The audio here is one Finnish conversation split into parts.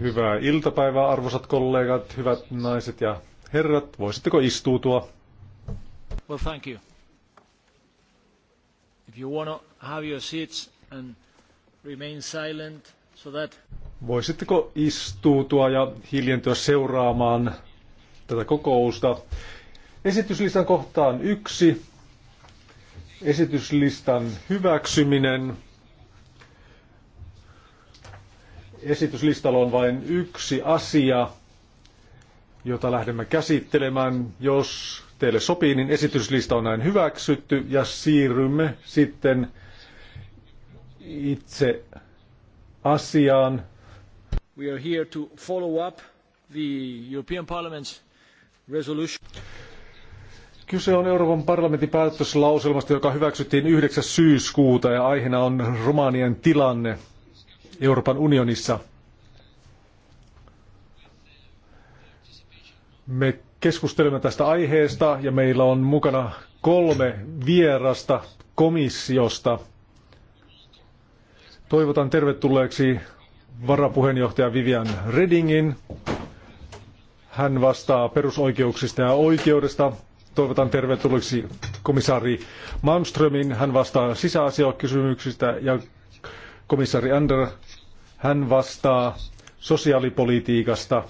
Hyvää iltapäivää, arvoisat kollegat, hyvät naiset ja herrat. Voisitteko istuutua? Well, thank you. If you want to have your seats and remain silent so that... Voisitteko istuutua ja hiljentyä seuraamaan tätä kokousta? Esityslistan kohtaan yksi. Esityslistan hyväksyminen. esityslistalla on vain yksi asia, jota lähdemme käsittelemään. Jos teille sopii, niin esityslista on näin hyväksytty ja siirrymme sitten itse asiaan. We are here to follow up the European Parliament's resolution. Kyse on Euroopan parlamentin päätöslauselmasta, joka hyväksyttiin 9. syyskuuta ja aiheena on Romanian tilanne. Euroopan unionissa. Me keskustelemme tästä aiheesta ja meillä on mukana kolme vierasta komissiosta. Toivotan tervetulleeksi varapuheenjohtaja Vivian Redingin. Hän vastaa perusoikeuksista ja oikeudesta. Toivotan tervetulleeksi komissaari Malmströmin. Hän vastaa sisäasiakysymyksistä ja komissaari Ander hän vastaa sosiaalipolitiikasta.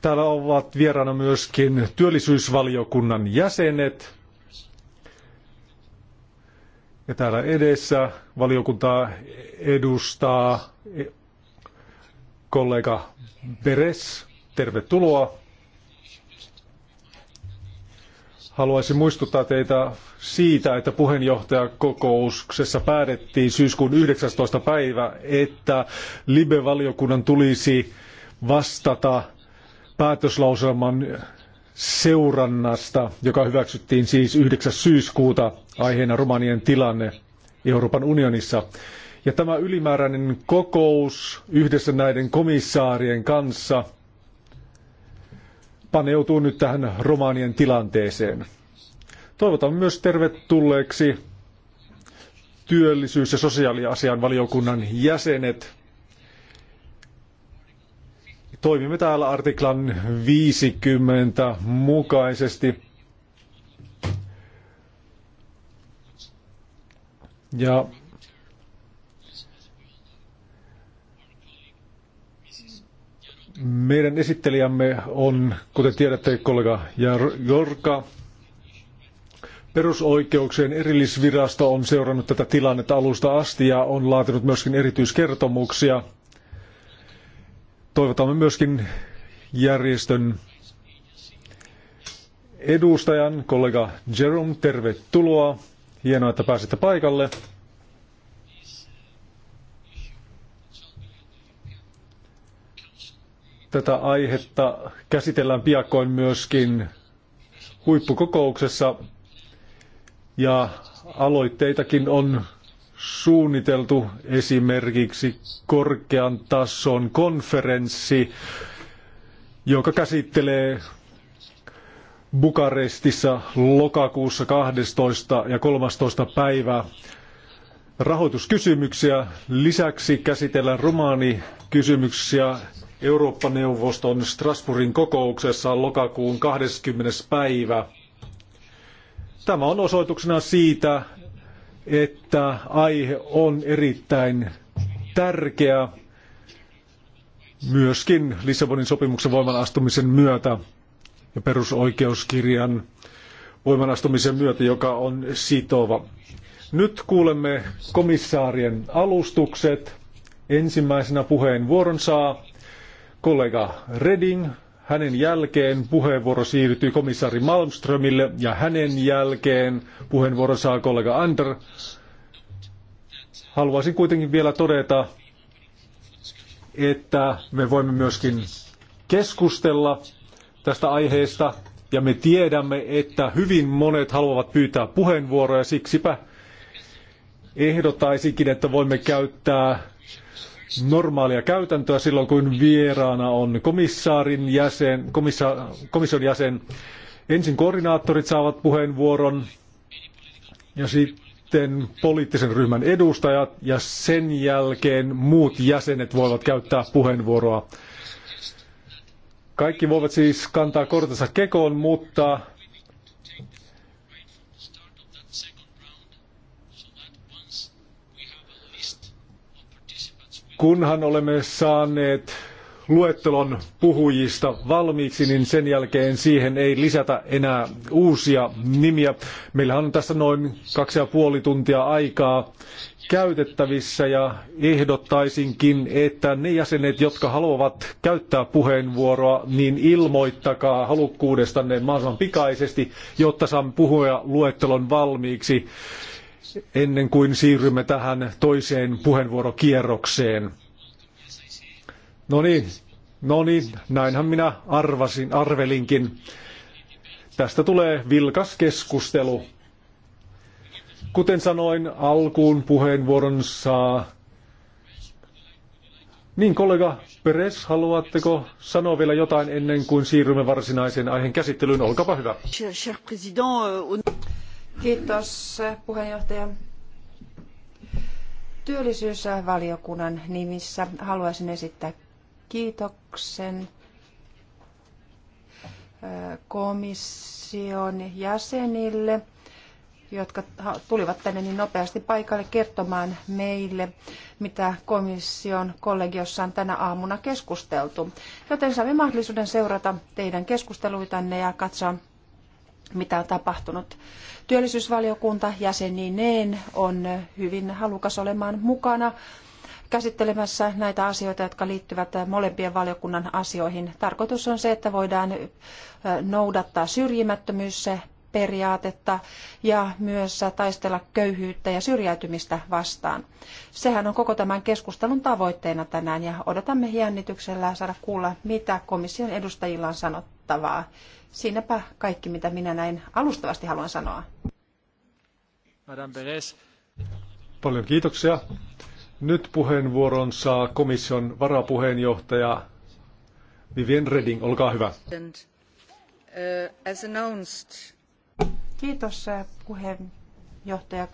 Täällä ovat vieraana myöskin työllisyysvaliokunnan jäsenet. Ja täällä edessä valiokuntaa edustaa kollega Beres. Tervetuloa. Haluaisin muistuttaa teitä siitä, että puheenjohtajakokouksessa päätettiin syyskuun 19. päivä, että Libe-valiokunnan tulisi vastata päätöslauselman seurannasta, joka hyväksyttiin siis 9. syyskuuta aiheena romanien tilanne Euroopan unionissa. Ja tämä ylimääräinen kokous yhdessä näiden komissaarien kanssa – paneutuu nyt tähän romaanien tilanteeseen. Toivotan myös tervetulleeksi työllisyys- ja sosiaaliasian valiokunnan jäsenet. Toimimme täällä artiklan 50 mukaisesti. Ja Meidän esittelijämme on, kuten tiedätte, kollega Jorka. Perusoikeuksien erillisvirasto on seurannut tätä tilannetta alusta asti ja on laatinut myöskin erityiskertomuksia. Toivotamme myöskin järjestön edustajan, kollega Jerome, tervetuloa. Hienoa, että pääsitte paikalle. Tätä aihetta käsitellään piakkoin myöskin huippukokouksessa ja aloitteitakin on suunniteltu esimerkiksi korkean tason konferenssi, joka käsittelee Bukarestissa lokakuussa 12. ja 13. päivää rahoituskysymyksiä. Lisäksi käsitellään romaanikysymyksiä Eurooppa-neuvoston Strasbourgin kokouksessa lokakuun 20. päivä. Tämä on osoituksena siitä, että aihe on erittäin tärkeä myöskin Lissabonin sopimuksen voimanastumisen myötä ja perusoikeuskirjan voimanastumisen myötä, joka on sitova. Nyt kuulemme komissaarien alustukset. Ensimmäisenä puheenvuoron saa kollega Reding. Hänen jälkeen puheenvuoro siirtyy komissaari Malmströmille ja hänen jälkeen puheenvuoro saa kollega Ander. Haluaisin kuitenkin vielä todeta, että me voimme myöskin keskustella tästä aiheesta ja me tiedämme, että hyvin monet haluavat pyytää puheenvuoroja, siksipä ehdottaisinkin, että voimme käyttää normaalia käytäntöä silloin, kun vieraana on komissaarin jäsen, komissa, komission jäsen. Ensin koordinaattorit saavat puheenvuoron ja sitten poliittisen ryhmän edustajat ja sen jälkeen muut jäsenet voivat käyttää puheenvuoroa. Kaikki voivat siis kantaa kortensa kekoon, mutta Kunhan olemme saaneet luettelon puhujista valmiiksi, niin sen jälkeen siihen ei lisätä enää uusia nimiä. Meillähän on tässä noin kaksi ja puoli tuntia aikaa käytettävissä ja ehdottaisinkin, että ne jäsenet, jotka haluavat käyttää puheenvuoroa, niin ilmoittakaa halukkuudestanne mahdollisimman pikaisesti, jotta saamme puhuja luettelon valmiiksi ennen kuin siirrymme tähän toiseen puheenvuorokierrokseen. No niin, no niin, näinhän minä arvasin, arvelinkin. Tästä tulee vilkas keskustelu. Kuten sanoin, alkuun puheenvuoron saa... Niin, kollega Peres, haluatteko sanoa vielä jotain ennen kuin siirrymme varsinaiseen aiheen käsittelyyn? Olkapa hyvä. Kiitos puheenjohtaja. Työllisyysvaliokunnan nimissä haluaisin esittää kiitoksen komission jäsenille, jotka tulivat tänne niin nopeasti paikalle kertomaan meille, mitä komission kollegiossa on tänä aamuna keskusteltu. Joten saamme mahdollisuuden seurata teidän keskusteluitanne ja katsoa, mitä on tapahtunut. Työllisyysvaliokunta jäsenineen on hyvin halukas olemaan mukana käsittelemässä näitä asioita, jotka liittyvät molempien valiokunnan asioihin. Tarkoitus on se, että voidaan noudattaa syrjimättömyysperiaatetta ja myös taistella köyhyyttä ja syrjäytymistä vastaan. Sehän on koko tämän keskustelun tavoitteena tänään ja odotamme jännityksellä saada kuulla, mitä komission edustajilla on sanottavaa. Siinäpä kaikki, mitä minä näin alustavasti haluan sanoa. Madame Beres. Paljon kiitoksia. Nyt puheenvuoron saa komission varapuheenjohtaja Vivien Reding. Olkaa hyvä. Uh, Kiitos uh, puheenjohtaja.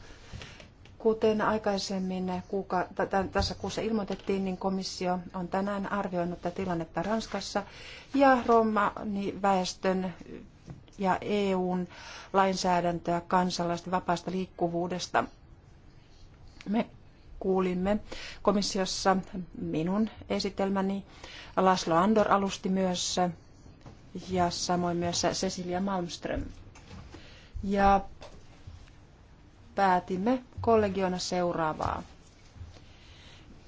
Kuten aikaisemmin kuuka, tässä kuussa ilmoitettiin, niin komissio on tänään arvioinut tätä tilannetta Ranskassa ja väestön ja EUn lainsäädäntöä kansalaisten vapaasta liikkuvuudesta. Me kuulimme komissiossa minun esitelmäni. Laslo Andor alusti myös ja samoin myös Cecilia Malmström. Ja päätimme kollegiona seuraavaa.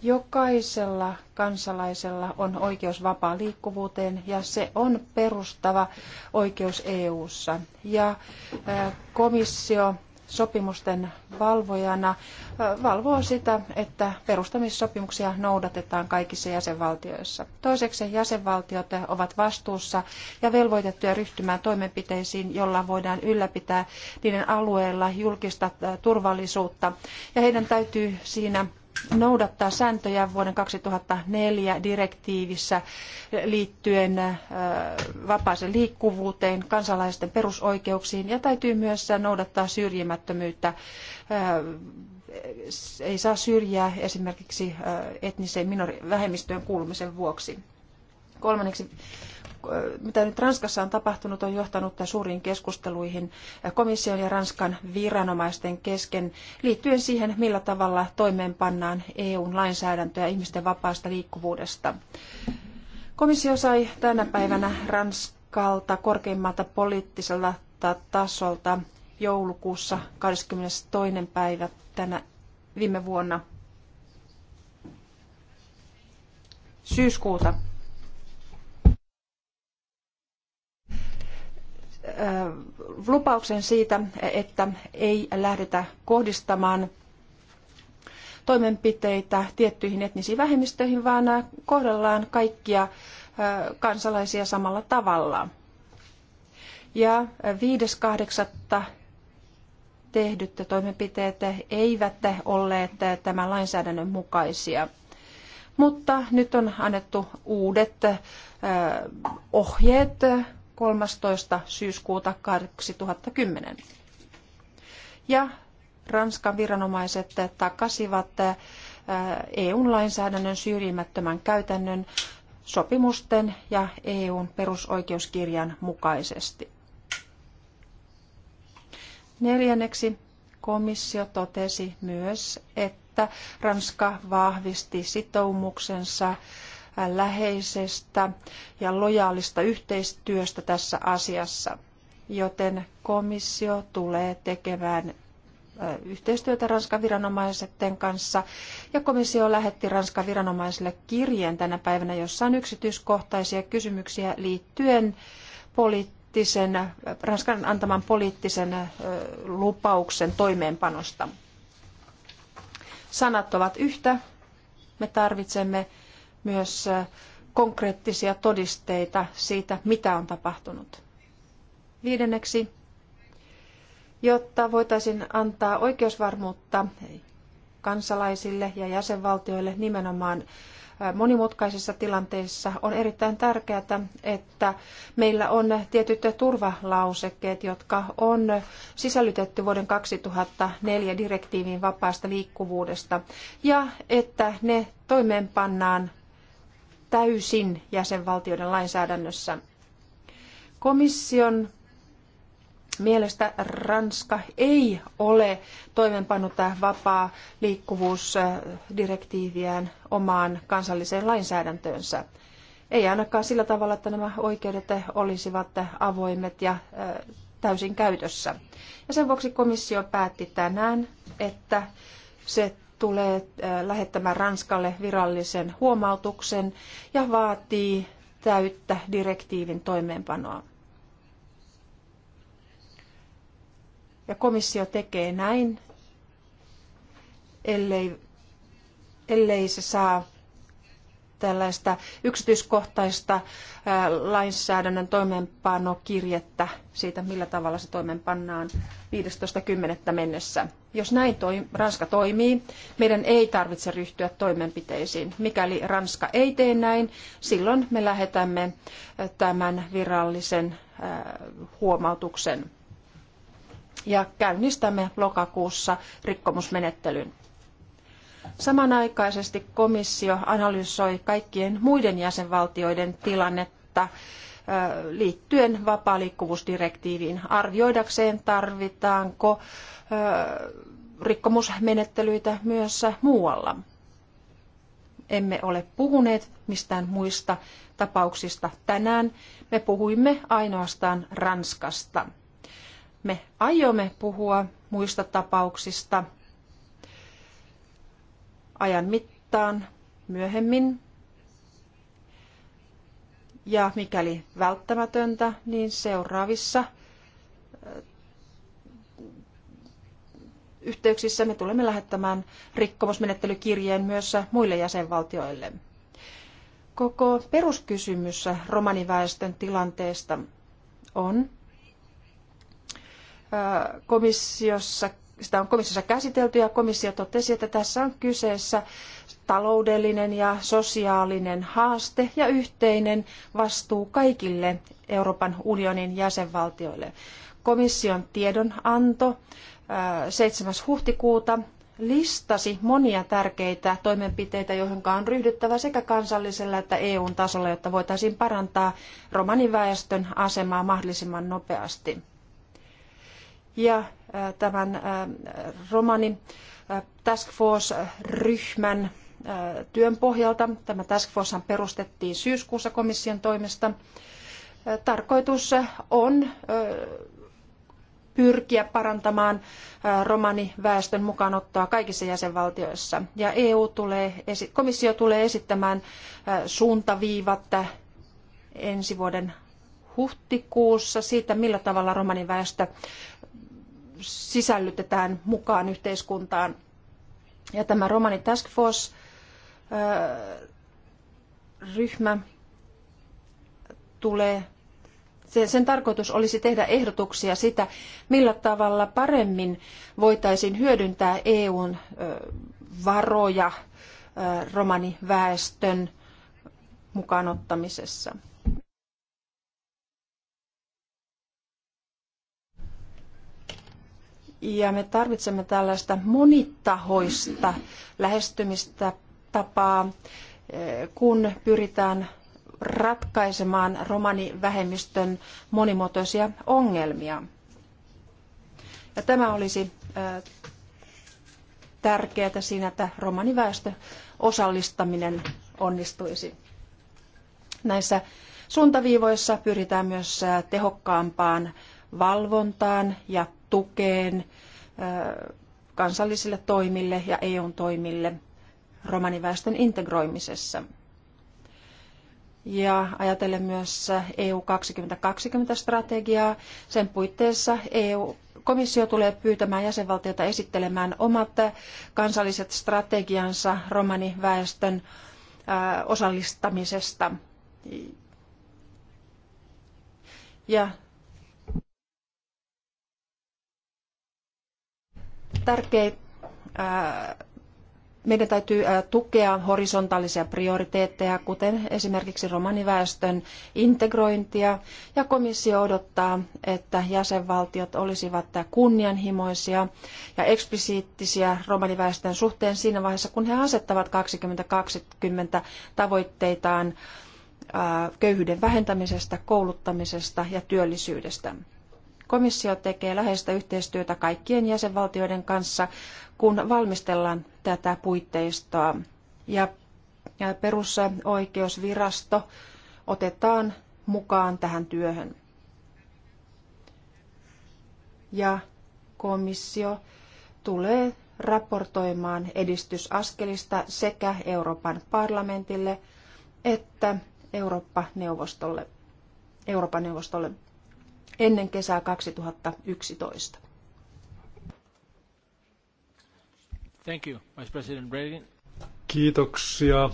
Jokaisella kansalaisella on oikeus vapaa liikkuvuuteen ja se on perustava oikeus EU:ssa. Ja komissio sopimusten valvojana valvoo sitä, että perustamissopimuksia noudatetaan kaikissa jäsenvaltioissa. Toiseksi jäsenvaltiot ovat vastuussa ja velvoitettuja ryhtymään toimenpiteisiin, joilla voidaan ylläpitää niiden alueella julkista turvallisuutta. Ja heidän täytyy siinä noudattaa sääntöjä vuoden 2004 direktiivissä liittyen vapaaseen liikkuvuuteen, kansalaisten perusoikeuksiin ja täytyy myös noudattaa syrjimättömyyttä. Ei saa syrjää esimerkiksi etniseen vähemmistöön kuulumisen vuoksi. Kolmanneksi, mitä nyt Ranskassa on tapahtunut, on johtanut suuriin keskusteluihin komission ja Ranskan viranomaisten kesken liittyen siihen, millä tavalla toimeenpannaan EUn lainsäädäntöä ihmisten vapaasta liikkuvuudesta. Komissio sai tänä päivänä Ranskalta korkeimmalta poliittiselta tasolta joulukuussa 22. päivä tänä viime vuonna syyskuuta lupauksen siitä, että ei lähdetä kohdistamaan toimenpiteitä tiettyihin etnisiin vähemmistöihin, vaan kohdellaan kaikkia kansalaisia samalla tavalla. Ja 5.8. tehdyt toimenpiteet eivät olleet tämän lainsäädännön mukaisia. Mutta nyt on annettu uudet ohjeet 13. syyskuuta 2010. Ja Ranskan viranomaiset takasivat äh, EUn lainsäädännön syrjimättömän käytännön sopimusten ja EUn perusoikeuskirjan mukaisesti. Neljänneksi komissio totesi myös, että Ranska vahvisti sitoumuksensa läheisestä ja lojaalista yhteistyöstä tässä asiassa, joten komissio tulee tekemään yhteistyötä Ranskan viranomaisten kanssa. Ja komissio lähetti Ranskan viranomaisille kirjeen tänä päivänä, jossa on yksityiskohtaisia kysymyksiä liittyen poliittisen, Ranskan antaman poliittisen lupauksen toimeenpanosta. Sanat ovat yhtä. Me tarvitsemme myös konkreettisia todisteita siitä, mitä on tapahtunut. Viidenneksi, jotta voitaisiin antaa oikeusvarmuutta kansalaisille ja jäsenvaltioille nimenomaan monimutkaisissa tilanteissa on erittäin tärkeää, että meillä on tietyt turvalausekkeet, jotka on sisällytetty vuoden 2004 direktiiviin vapaasta liikkuvuudesta ja että ne toimeenpannaan täysin jäsenvaltioiden lainsäädännössä. Komission mielestä Ranska ei ole toimenpannut vapaa liikkuvuusdirektiiviään omaan kansalliseen lainsäädäntöönsä. Ei ainakaan sillä tavalla, että nämä oikeudet olisivat avoimet ja täysin käytössä. Ja sen vuoksi komissio päätti tänään, että se tulee äh, lähettämään Ranskalle virallisen huomautuksen ja vaatii täyttä direktiivin toimeenpanoa. Ja komissio tekee näin, ellei, ellei se saa tällaista yksityiskohtaista lainsäädännön toimeenpanokirjettä siitä, millä tavalla se toimeenpannaan 15.10. mennessä. Jos näin toi, Ranska toimii, meidän ei tarvitse ryhtyä toimenpiteisiin. Mikäli Ranska ei tee näin, silloin me lähetämme tämän virallisen huomautuksen ja käynnistämme lokakuussa rikkomusmenettelyn. Samanaikaisesti komissio analysoi kaikkien muiden jäsenvaltioiden tilannetta liittyen vapaaliikkuvuusdirektiiviin arvioidakseen tarvitaanko rikkomusmenettelyitä myös muualla. Emme ole puhuneet mistään muista tapauksista tänään. Me puhuimme ainoastaan Ranskasta. Me aiomme puhua muista tapauksista ajan mittaan myöhemmin. Ja mikäli välttämätöntä, niin seuraavissa yhteyksissä me tulemme lähettämään rikkomusmenettelykirjeen myös muille jäsenvaltioille. Koko peruskysymys romaniväestön tilanteesta on komissiossa sitä on komissiossa käsitelty ja komissio totesi, että tässä on kyseessä taloudellinen ja sosiaalinen haaste ja yhteinen vastuu kaikille Euroopan unionin jäsenvaltioille. Komission tiedonanto 7. Äh, huhtikuuta listasi monia tärkeitä toimenpiteitä, joihin on ryhdyttävä sekä kansallisella että EUn tasolla, jotta voitaisiin parantaa romaniväestön asemaa mahdollisimman nopeasti ja äh, tämän äh, romani äh, Task Force-ryhmän työn pohjalta. Tämä Task Force perustettiin syyskuussa komission toimesta. Tarkoitus on pyrkiä parantamaan romaniväestön mukaanottoa kaikissa jäsenvaltioissa. Ja EU tulee, komissio tulee esittämään suuntaviivat ensi vuoden huhtikuussa siitä, millä tavalla romaniväestö sisällytetään mukaan yhteiskuntaan. Ja tämä Romani Task Force ryhmä tulee, sen tarkoitus olisi tehdä ehdotuksia sitä, millä tavalla paremmin voitaisiin hyödyntää EUn varoja romaniväestön mukaanottamisessa. Ja me tarvitsemme tällaista monitahoista lähestymistapaa, eh, kun pyritään ratkaisemaan romanivähemmistön monimuotoisia ongelmia. Ja tämä olisi eh, tärkeää siinä, että romaniväestö osallistaminen onnistuisi. Näissä suuntaviivoissa pyritään myös eh, tehokkaampaan valvontaan ja tukeen kansallisille toimille ja EUn toimille romaniväestön integroimisessa. Ja ajatellen myös EU 2020-strategiaa, sen puitteissa EU, komissio tulee pyytämään jäsenvaltioita esittelemään omat kansalliset strategiansa romaniväestön osallistamisesta. Ja tärkeä. Meidän täytyy tukea horisontaalisia prioriteetteja, kuten esimerkiksi romaniväestön integrointia, ja komissio odottaa, että jäsenvaltiot olisivat kunnianhimoisia ja eksplisiittisiä romaniväestön suhteen siinä vaiheessa, kun he asettavat 2020 tavoitteitaan köyhyyden vähentämisestä, kouluttamisesta ja työllisyydestä. Komissio tekee läheistä yhteistyötä kaikkien jäsenvaltioiden kanssa, kun valmistellaan tätä puitteistoa. Ja perusoikeusvirasto otetaan mukaan tähän työhön. Ja komissio tulee raportoimaan edistysaskelista sekä Euroopan parlamentille että Eurooppa-neuvostolle. Euroopan neuvostolle ennen kesää 2011. Thank you, Vice President Reagan. Kiitoksia.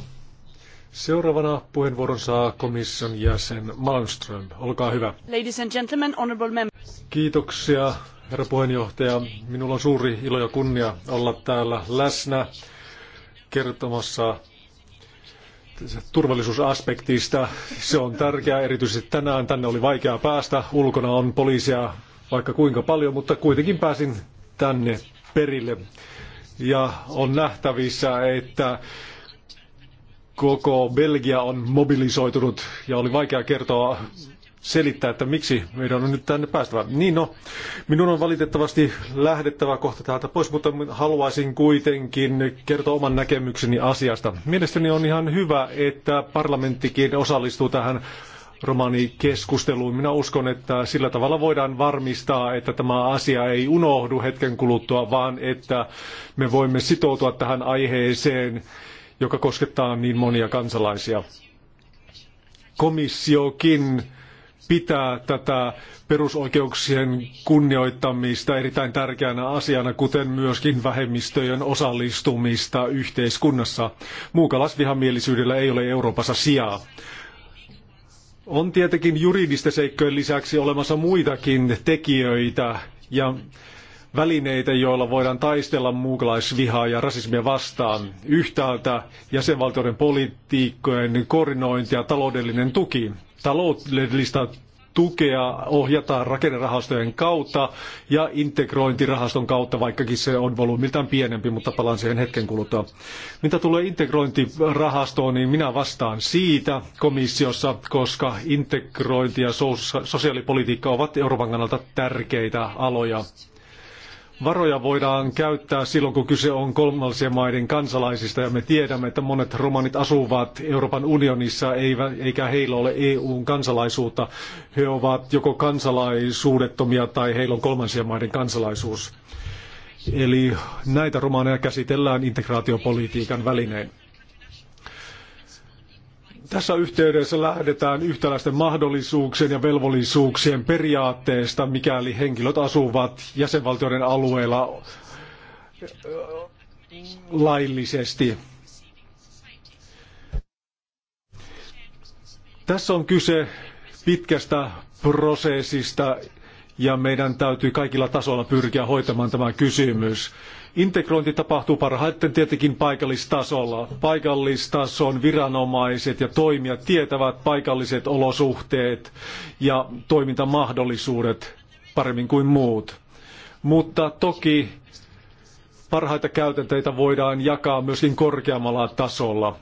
Seuraavana puheenvuoron saa komission jäsen Malmström. Olkaa hyvä. Ladies and gentlemen, honorable members. Kiitoksia, herra puheenjohtaja. Minulla on suuri ilo ja kunnia olla täällä läsnä kertomassa turvallisuusaspektista. Se on tärkeää, erityisesti tänään. Tänne oli vaikea päästä. Ulkona on poliisia vaikka kuinka paljon, mutta kuitenkin pääsin tänne perille. Ja on nähtävissä, että koko Belgia on mobilisoitunut ja oli vaikea kertoa selittää, että miksi meidän on nyt tänne päästävä. Niin no, minun on valitettavasti lähdettävä kohta täältä pois, mutta haluaisin kuitenkin kertoa oman näkemykseni asiasta. Mielestäni on ihan hyvä, että parlamenttikin osallistuu tähän romanikeskusteluun. Minä uskon, että sillä tavalla voidaan varmistaa, että tämä asia ei unohdu hetken kuluttua, vaan että me voimme sitoutua tähän aiheeseen, joka koskettaa niin monia kansalaisia. Komissiokin pitää tätä perusoikeuksien kunnioittamista erittäin tärkeänä asiana, kuten myöskin vähemmistöjen osallistumista yhteiskunnassa. Muukalaisvihamielisyydellä ei ole Euroopassa sijaa. On tietenkin juridisten seikkojen lisäksi olemassa muitakin tekijöitä ja välineitä, joilla voidaan taistella muukalaisvihaa ja rasismia vastaan. Yhtäältä jäsenvaltioiden politiikkojen koordinointi ja taloudellinen tuki taloudellista tukea ohjataan rakennerahastojen kautta ja integrointirahaston kautta, vaikkakin se on volyymiltaan pienempi, mutta palaan siihen hetken kuluttua. Mitä tulee integrointirahastoon, niin minä vastaan siitä komissiossa, koska integrointi ja sosiaalipolitiikka ovat Euroopan kannalta tärkeitä aloja. Varoja voidaan käyttää silloin, kun kyse on kolmansien maiden kansalaisista, ja me tiedämme, että monet romanit asuvat Euroopan unionissa, eikä heillä ole EUn kansalaisuutta. He ovat joko kansalaisuudettomia tai heillä on kolmansien maiden kansalaisuus. Eli näitä romaneja käsitellään integraatiopolitiikan välineen tässä yhteydessä lähdetään yhtäläisten mahdollisuuksien ja velvollisuuksien periaatteesta, mikäli henkilöt asuvat jäsenvaltioiden alueella äh, laillisesti. Tässä on kyse pitkästä prosessista ja meidän täytyy kaikilla tasoilla pyrkiä hoitamaan tämä kysymys. Integrointi tapahtuu parhaiten tietenkin paikallistasolla. Paikallistason viranomaiset ja toimijat tietävät paikalliset olosuhteet ja toimintamahdollisuudet paremmin kuin muut. Mutta toki parhaita käytänteitä voidaan jakaa myöskin korkeammalla tasolla.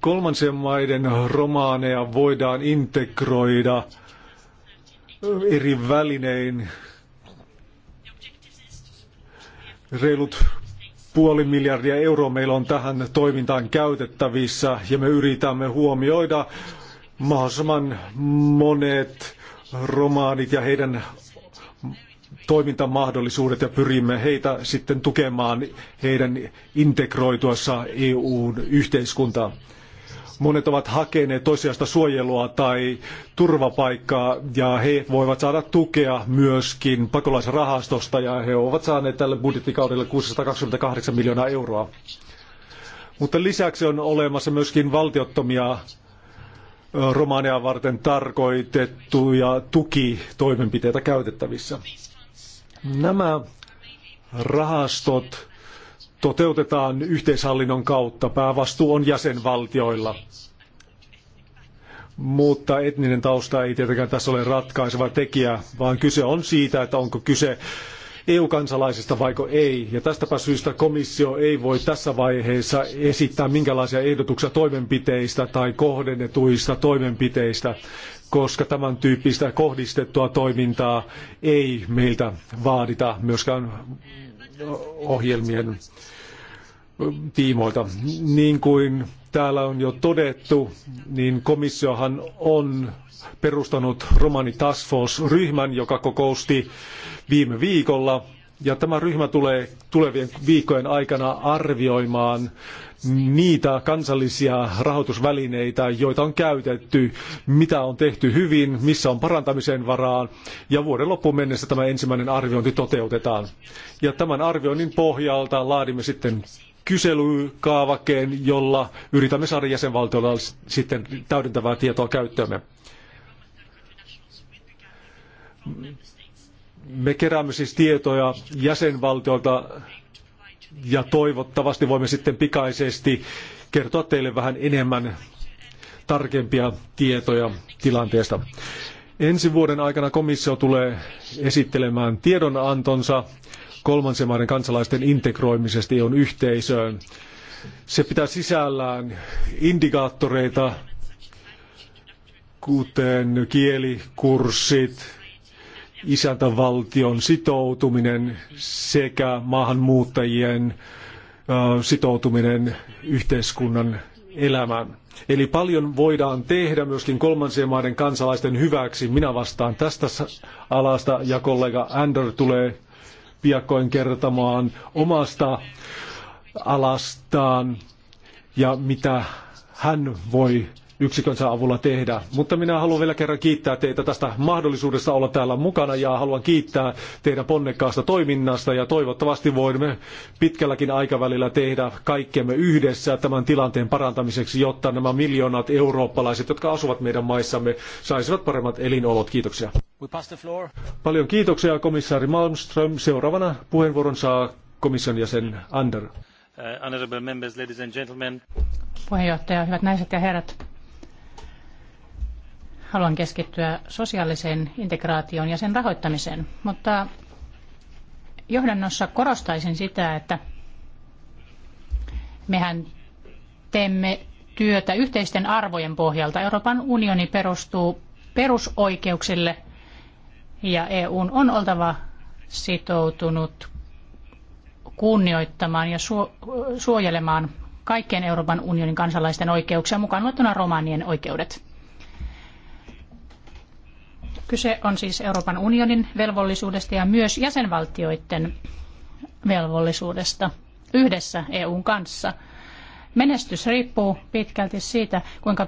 Kolmansien maiden romaaneja voidaan integroida eri välinein Reilut puoli miljardia euroa meillä on tähän toimintaan käytettävissä ja me yritämme huomioida mahdollisimman monet romaanit ja heidän toimintamahdollisuudet ja pyrimme heitä sitten tukemaan heidän integroituessa e n yhteiskuntaan. Monet ovat hakeneet toisiasta suojelua tai turvapaikkaa ja he voivat saada tukea myöskin pakolaisrahastosta ja he ovat saaneet tälle budjettikaudelle 628 miljoonaa euroa. Mutta lisäksi on olemassa myöskin valtiottomia Romaniaa varten tarkoitettuja tukitoimenpiteitä käytettävissä. Nämä rahastot toteutetaan yhteishallinnon kautta. Päävastuu on jäsenvaltioilla. Mutta etninen tausta ei tietenkään tässä ole ratkaiseva tekijä, vaan kyse on siitä, että onko kyse EU-kansalaisista vaiko ei. Ja tästäpä syystä komissio ei voi tässä vaiheessa esittää minkälaisia ehdotuksia toimenpiteistä tai kohdennetuista toimenpiteistä, koska tämän tyyppistä kohdistettua toimintaa ei meiltä vaadita myöskään ohjelmien tiimoilta. Niin kuin täällä on jo todettu, niin komissiohan on perustanut Romani Task Force-ryhmän, joka kokousti viime viikolla. Ja tämä ryhmä tulee tulevien viikkojen aikana arvioimaan niitä kansallisia rahoitusvälineitä, joita on käytetty, mitä on tehty hyvin, missä on parantamisen varaan, ja vuoden loppuun mennessä tämä ensimmäinen arviointi toteutetaan. Ja tämän arvioinnin pohjalta laadimme sitten kyselykaavakkeen, jolla yritämme saada jäsenvaltioilla sitten täydentävää tietoa käyttöömme. Me keräämme siis tietoja jäsenvaltioilta ja toivottavasti voimme sitten pikaisesti kertoa teille vähän enemmän tarkempia tietoja tilanteesta. Ensi vuoden aikana komissio tulee esittelemään tiedonantonsa kolmansien maiden kansalaisten integroimisesta EUn yhteisöön. Se pitää sisällään indikaattoreita, kuten kielikurssit, isäntävaltion sitoutuminen sekä maahanmuuttajien sitoutuminen yhteiskunnan elämään. Eli paljon voidaan tehdä myöskin kolmansien maiden kansalaisten hyväksi. Minä vastaan tästä alasta ja kollega Ander tulee piakkoin kertomaan omasta alastaan ja mitä hän voi yksikönsä avulla tehdä. Mutta minä haluan vielä kerran kiittää teitä tästä mahdollisuudesta olla täällä mukana ja haluan kiittää teidän ponnekkaasta toiminnasta ja toivottavasti voimme pitkälläkin aikavälillä tehdä kaikkemme yhdessä tämän tilanteen parantamiseksi, jotta nämä miljoonat eurooppalaiset, jotka asuvat meidän maissamme, saisivat paremmat elinolot. Kiitoksia. Paljon kiitoksia komissaari Malmström. Seuraavana puheenvuoron saa komission jäsen Ander. Uh, honorable members, ladies and gentlemen. Puheenjohtaja, hyvät naiset ja herrat haluan keskittyä sosiaaliseen integraatioon ja sen rahoittamiseen, mutta johdannossa korostaisin sitä, että mehän teemme työtä yhteisten arvojen pohjalta. Euroopan unioni perustuu perusoikeuksille ja EUn on oltava sitoutunut kunnioittamaan ja suojelemaan kaikkien Euroopan unionin kansalaisten oikeuksia, mukaan luettuna romanien oikeudet. Kyse on siis Euroopan unionin velvollisuudesta ja myös jäsenvaltioiden velvollisuudesta yhdessä EUn kanssa. Menestys riippuu pitkälti siitä, kuinka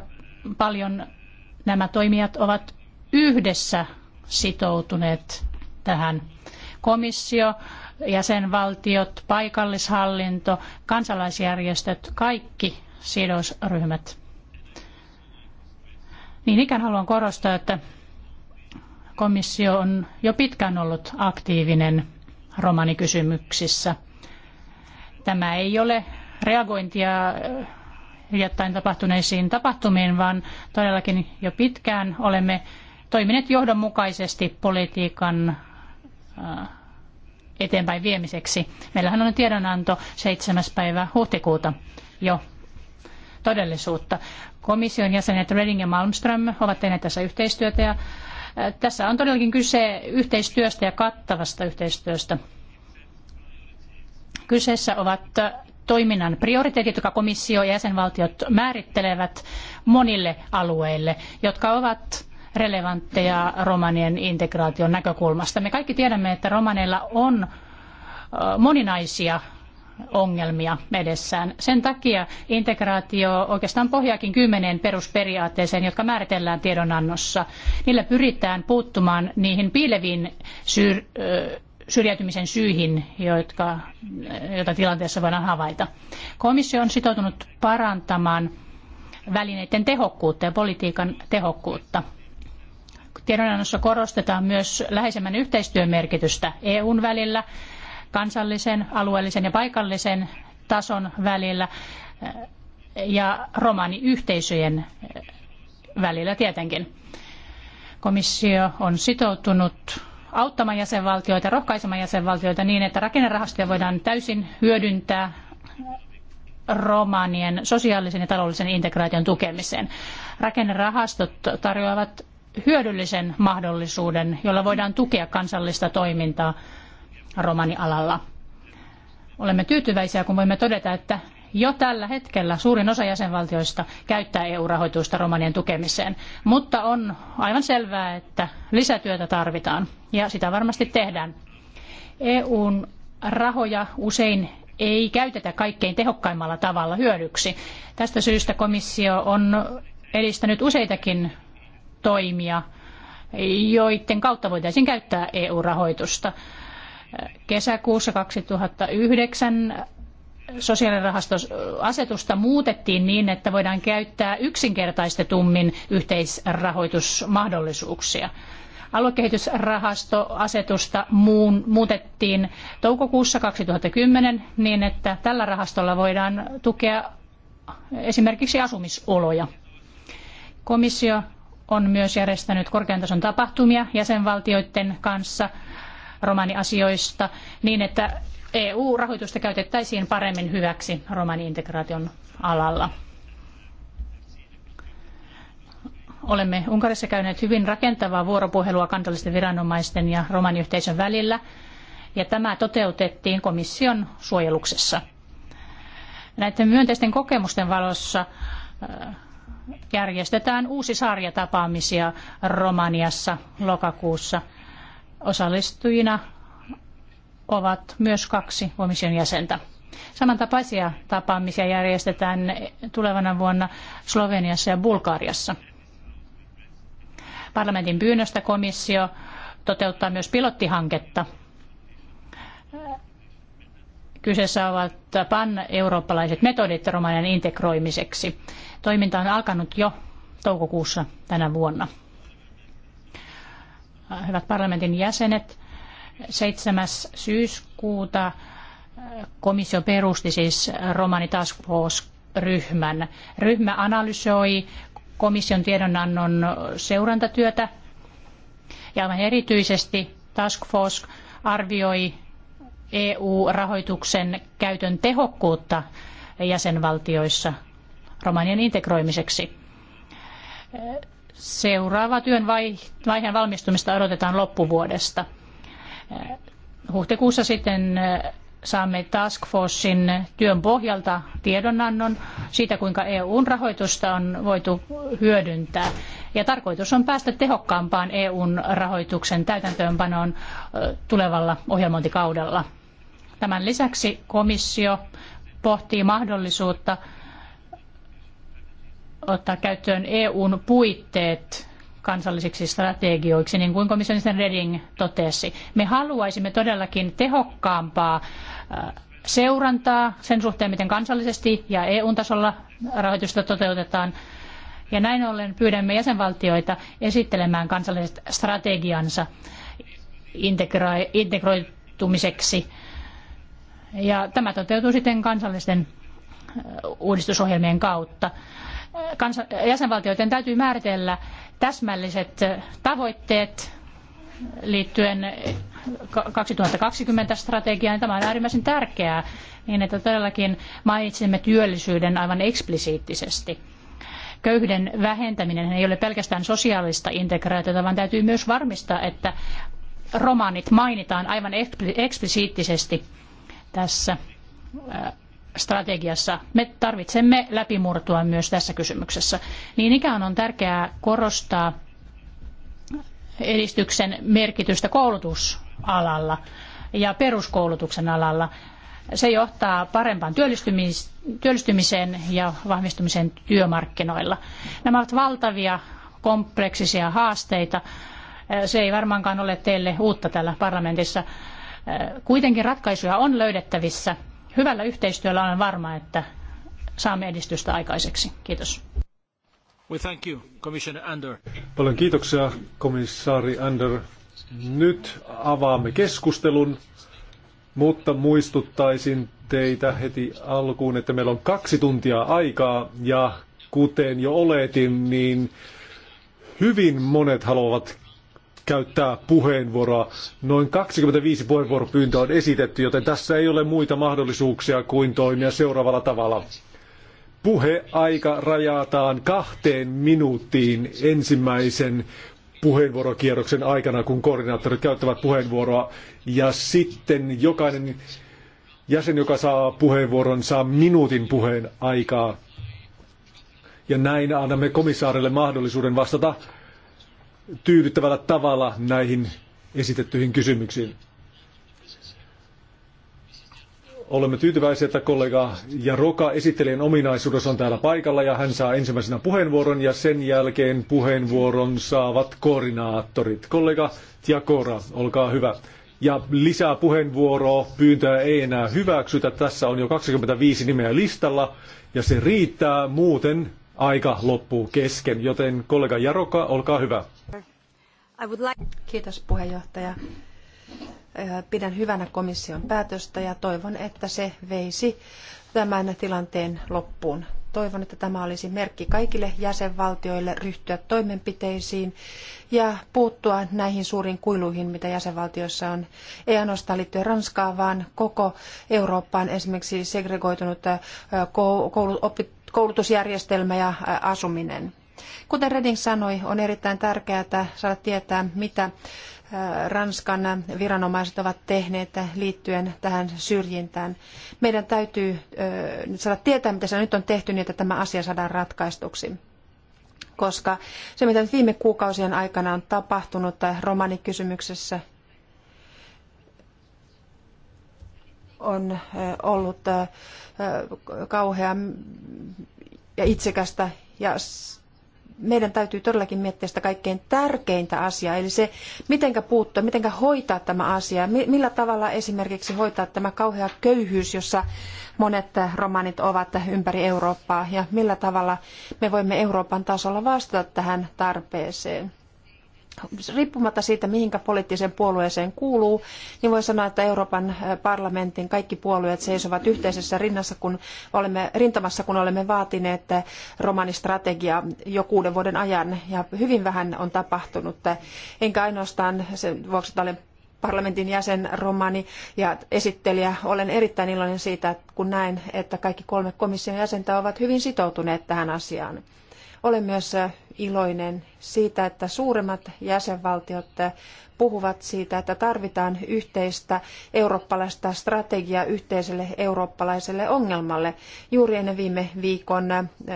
paljon nämä toimijat ovat yhdessä sitoutuneet tähän. Komissio, jäsenvaltiot, paikallishallinto, kansalaisjärjestöt, kaikki sidosryhmät. Niin ikään haluan korostaa, että komissio on jo pitkään ollut aktiivinen romanikysymyksissä. Tämä ei ole reagointia hiljattain tapahtuneisiin tapahtumiin, vaan todellakin jo pitkään olemme toimineet johdonmukaisesti politiikan äh, eteenpäin viemiseksi. Meillähän on tiedonanto 7. päivä huhtikuuta jo todellisuutta. Komission jäsenet Reding ja Malmström ovat tehneet tässä yhteistyötä ja tässä on todellakin kyse yhteistyöstä ja kattavasta yhteistyöstä. Kyseessä ovat toiminnan prioriteetit, jotka komissio ja jäsenvaltiot määrittelevät monille alueille, jotka ovat relevantteja romanien integraation näkökulmasta. Me kaikki tiedämme, että romaneilla on moninaisia ongelmia edessään. Sen takia integraatio oikeastaan pohjaakin kymmeneen perusperiaatteeseen, jotka määritellään tiedonannossa. Niillä pyritään puuttumaan niihin piileviin syr- syrjäytymisen syihin, jotka, joita tilanteessa voidaan havaita. Komissio on sitoutunut parantamaan välineiden tehokkuutta ja politiikan tehokkuutta. Tiedonannossa korostetaan myös läheisemmän yhteistyön merkitystä EUn välillä kansallisen, alueellisen ja paikallisen tason välillä ja romaniyhteisöjen välillä tietenkin. Komissio on sitoutunut auttamaan jäsenvaltioita, rohkaisemaan jäsenvaltioita niin, että rakennerahastoja voidaan täysin hyödyntää romaanien sosiaalisen ja taloudellisen integraation tukemiseen. Rakennerahastot tarjoavat hyödyllisen mahdollisuuden, jolla voidaan tukea kansallista toimintaa romanialalla. Olemme tyytyväisiä, kun voimme todeta, että jo tällä hetkellä suurin osa jäsenvaltioista käyttää EU-rahoitusta romanien tukemiseen, mutta on aivan selvää, että lisätyötä tarvitaan ja sitä varmasti tehdään. EUn rahoja usein ei käytetä kaikkein tehokkaimmalla tavalla hyödyksi. Tästä syystä komissio on edistänyt useitakin toimia, joiden kautta voitaisiin käyttää EU-rahoitusta. Kesäkuussa 2009 sosiaalirahastoasetusta muutettiin niin, että voidaan käyttää yksinkertaistetummin yhteisrahoitusmahdollisuuksia. Aluekehitysrahastoasetusta muun, muutettiin toukokuussa 2010 niin, että tällä rahastolla voidaan tukea esimerkiksi asumisoloja. Komissio on myös järjestänyt korkean tason tapahtumia jäsenvaltioiden kanssa – romaniasioista niin, että EU-rahoitusta käytettäisiin paremmin hyväksi romani-integraation alalla. Olemme Unkarissa käyneet hyvin rakentavaa vuoropuhelua kansallisten viranomaisten ja romaniyhteisön välillä, ja tämä toteutettiin komission suojeluksessa. Näiden myönteisten kokemusten valossa äh, järjestetään uusi sarja tapaamisia Romaniassa lokakuussa – Osallistujina ovat myös kaksi komission jäsentä. Samantapaisia tapaamisia järjestetään tulevana vuonna Sloveniassa ja Bulgariassa. Parlamentin pyynnöstä komissio toteuttaa myös pilottihanketta. Kyseessä ovat pan-eurooppalaiset metodit romanian integroimiseksi. Toiminta on alkanut jo toukokuussa tänä vuonna. Äh, hyvät parlamentin jäsenet. 7. syyskuuta äh, komissio perusti siis Romani Task Force-ryhmän. Ryhmä analysoi komission tiedonannon seurantatyötä ja aivan erityisesti Task Force arvioi EU-rahoituksen käytön tehokkuutta jäsenvaltioissa romanien integroimiseksi. Seuraava työn vaiheen valmistumista odotetaan loppuvuodesta. Huhtikuussa sitten saamme Task Forcein työn pohjalta tiedonannon siitä, kuinka EUn rahoitusta on voitu hyödyntää. Ja tarkoitus on päästä tehokkaampaan EUn rahoituksen täytäntöönpanoon tulevalla ohjelmointikaudella. Tämän lisäksi komissio pohtii mahdollisuutta ottaa käyttöön EUn puitteet kansallisiksi strategioiksi, niin kuin komission Reding totesi. Me haluaisimme todellakin tehokkaampaa äh, seurantaa sen suhteen, miten kansallisesti ja EU-tasolla rahoitusta toteutetaan. Ja näin ollen pyydämme jäsenvaltioita esittelemään kansalliset strategiansa integroitumiseksi. Ja tämä toteutuu sitten kansallisten äh, uudistusohjelmien kautta jäsenvaltioiden täytyy määritellä täsmälliset tavoitteet liittyen 2020 strategiaan. Tämä on äärimmäisen tärkeää, niin että todellakin mainitsemme työllisyyden aivan eksplisiittisesti. Köyhyyden vähentäminen ei ole pelkästään sosiaalista integraatiota, vaan täytyy myös varmistaa, että romanit mainitaan aivan eksplisiittisesti tässä strategiassa. Me tarvitsemme läpimurtoa myös tässä kysymyksessä. Niin ikään on tärkeää korostaa edistyksen merkitystä koulutusalalla ja peruskoulutuksen alalla. Se johtaa parempaan työllistymiseen ja vahvistumiseen työmarkkinoilla. Nämä ovat valtavia kompleksisia haasteita. Se ei varmaankaan ole teille uutta täällä parlamentissa. Kuitenkin ratkaisuja on löydettävissä hyvällä yhteistyöllä olen varma, että saamme edistystä aikaiseksi. Kiitos. We thank you, Commissioner Ander. Paljon kiitoksia, komissaari Ander. Nyt avaamme keskustelun, mutta muistuttaisin teitä heti alkuun, että meillä on kaksi tuntia aikaa ja kuten jo oletin, niin hyvin monet haluavat käyttää puheenvuoroa. Noin 25 puheenvuoropyyntöä on esitetty, joten tässä ei ole muita mahdollisuuksia kuin toimia seuraavalla tavalla. Puheaika rajataan kahteen minuuttiin ensimmäisen puheenvuorokierroksen aikana, kun koordinaattorit käyttävät puheenvuoroa. Ja sitten jokainen jäsen, joka saa puheenvuoron, saa minuutin puheen aikaa. Ja näin annamme komissaarille mahdollisuuden vastata tyydyttävällä tavalla näihin esitettyihin kysymyksiin. Olemme tyytyväisiä, että kollega Jaroka esittelijän ominaisuudessa on täällä paikalla ja hän saa ensimmäisenä puheenvuoron ja sen jälkeen puheenvuoron saavat koordinaattorit. Kollega Tiakora, olkaa hyvä. Ja lisää puheenvuoroa pyyntöä ei enää hyväksytä. Tässä on jo 25 nimeä listalla ja se riittää. Muuten aika loppuu kesken, joten kollega Jaroka, olkaa hyvä. Kiitos puheenjohtaja. Pidän hyvänä komission päätöstä ja toivon, että se veisi tämän tilanteen loppuun. Toivon, että tämä olisi merkki kaikille jäsenvaltioille ryhtyä toimenpiteisiin ja puuttua näihin suuriin kuiluihin, mitä jäsenvaltioissa on. Ei ainoastaan liittyen Ranskaan, vaan koko Eurooppaan esimerkiksi segregoitunut koulut, opit, koulutusjärjestelmä ja asuminen. Kuten Reding sanoi, on erittäin tärkeää saada tietää, mitä Ranskan viranomaiset ovat tehneet liittyen tähän syrjintään. Meidän täytyy nyt saada tietää, mitä se nyt on tehty, niin että tämä asia saadaan ratkaistuksi. Koska se, mitä nyt viime kuukausien aikana on tapahtunut romanikysymyksessä, on ollut kauhean ja itsekästä ja meidän täytyy todellakin miettiä sitä kaikkein tärkeintä asiaa, eli se, miten puuttua, miten hoitaa tämä asia, millä tavalla esimerkiksi hoitaa tämä kauhea köyhyys, jossa monet romanit ovat ympäri Eurooppaa, ja millä tavalla me voimme Euroopan tasolla vastata tähän tarpeeseen riippumatta siitä, mihinkä poliittiseen puolueeseen kuuluu, niin voi sanoa, että Euroopan parlamentin kaikki puolueet seisovat yhteisessä rinnassa, kun olemme, rintamassa, kun olemme vaatineet romanistrategiaa jo kuuden vuoden ajan, ja hyvin vähän on tapahtunut. Enkä ainoastaan sen vuoksi, että olen parlamentin jäsen, romani ja esittelijä. Olen erittäin iloinen siitä, kun näen, että kaikki kolme komission jäsentä ovat hyvin sitoutuneet tähän asiaan. Olen myös iloinen siitä, että suuremmat jäsenvaltiot puhuvat siitä, että tarvitaan yhteistä eurooppalaista strategiaa yhteiselle eurooppalaiselle ongelmalle juuri ennen viime viikon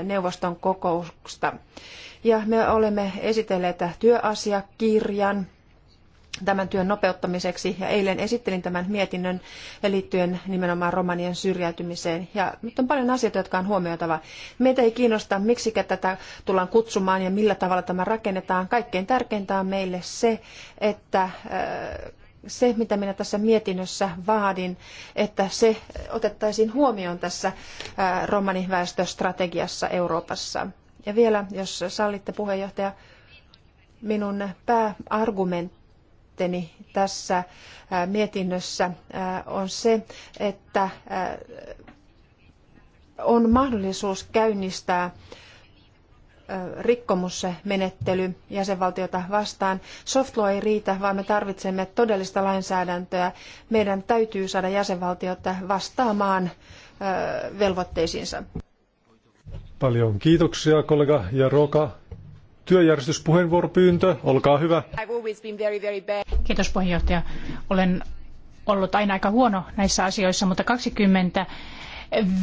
neuvoston kokousta. Ja me olemme esitelleet työasiakirjan tämän työn nopeuttamiseksi ja eilen esittelin tämän mietinnön liittyen nimenomaan romanien syrjäytymiseen. Ja nyt on paljon asioita, jotka on huomioitava. Meitä ei kiinnosta, miksi tätä tullaan kutsumaan ja millä tavalla tämä rakennetaan. Kaikkein tärkeintä on meille se, että äh, se, mitä minä tässä mietinnössä vaadin, että se otettaisiin huomioon tässä äh, romaniväestöstrategiassa Euroopassa. Ja vielä, jos sallitte puheenjohtaja, minun pääargumentti kommenttini tässä äh, mietinnössä äh, on se, että äh, on mahdollisuus käynnistää rikkomusmenettely jäsenvaltiota vastaan. Soft law ei riitä, vaan me tarvitsemme todellista lainsäädäntöä. Meidän täytyy saada jäsenvaltiota vastaamaan velvoitteisiinsa. Paljon kiitoksia kollega Jaroka työjärjestyspuheenvuoropyyntö. Olkaa hyvä. Kiitos puheenjohtaja. Olen ollut aina aika huono näissä asioissa, mutta 20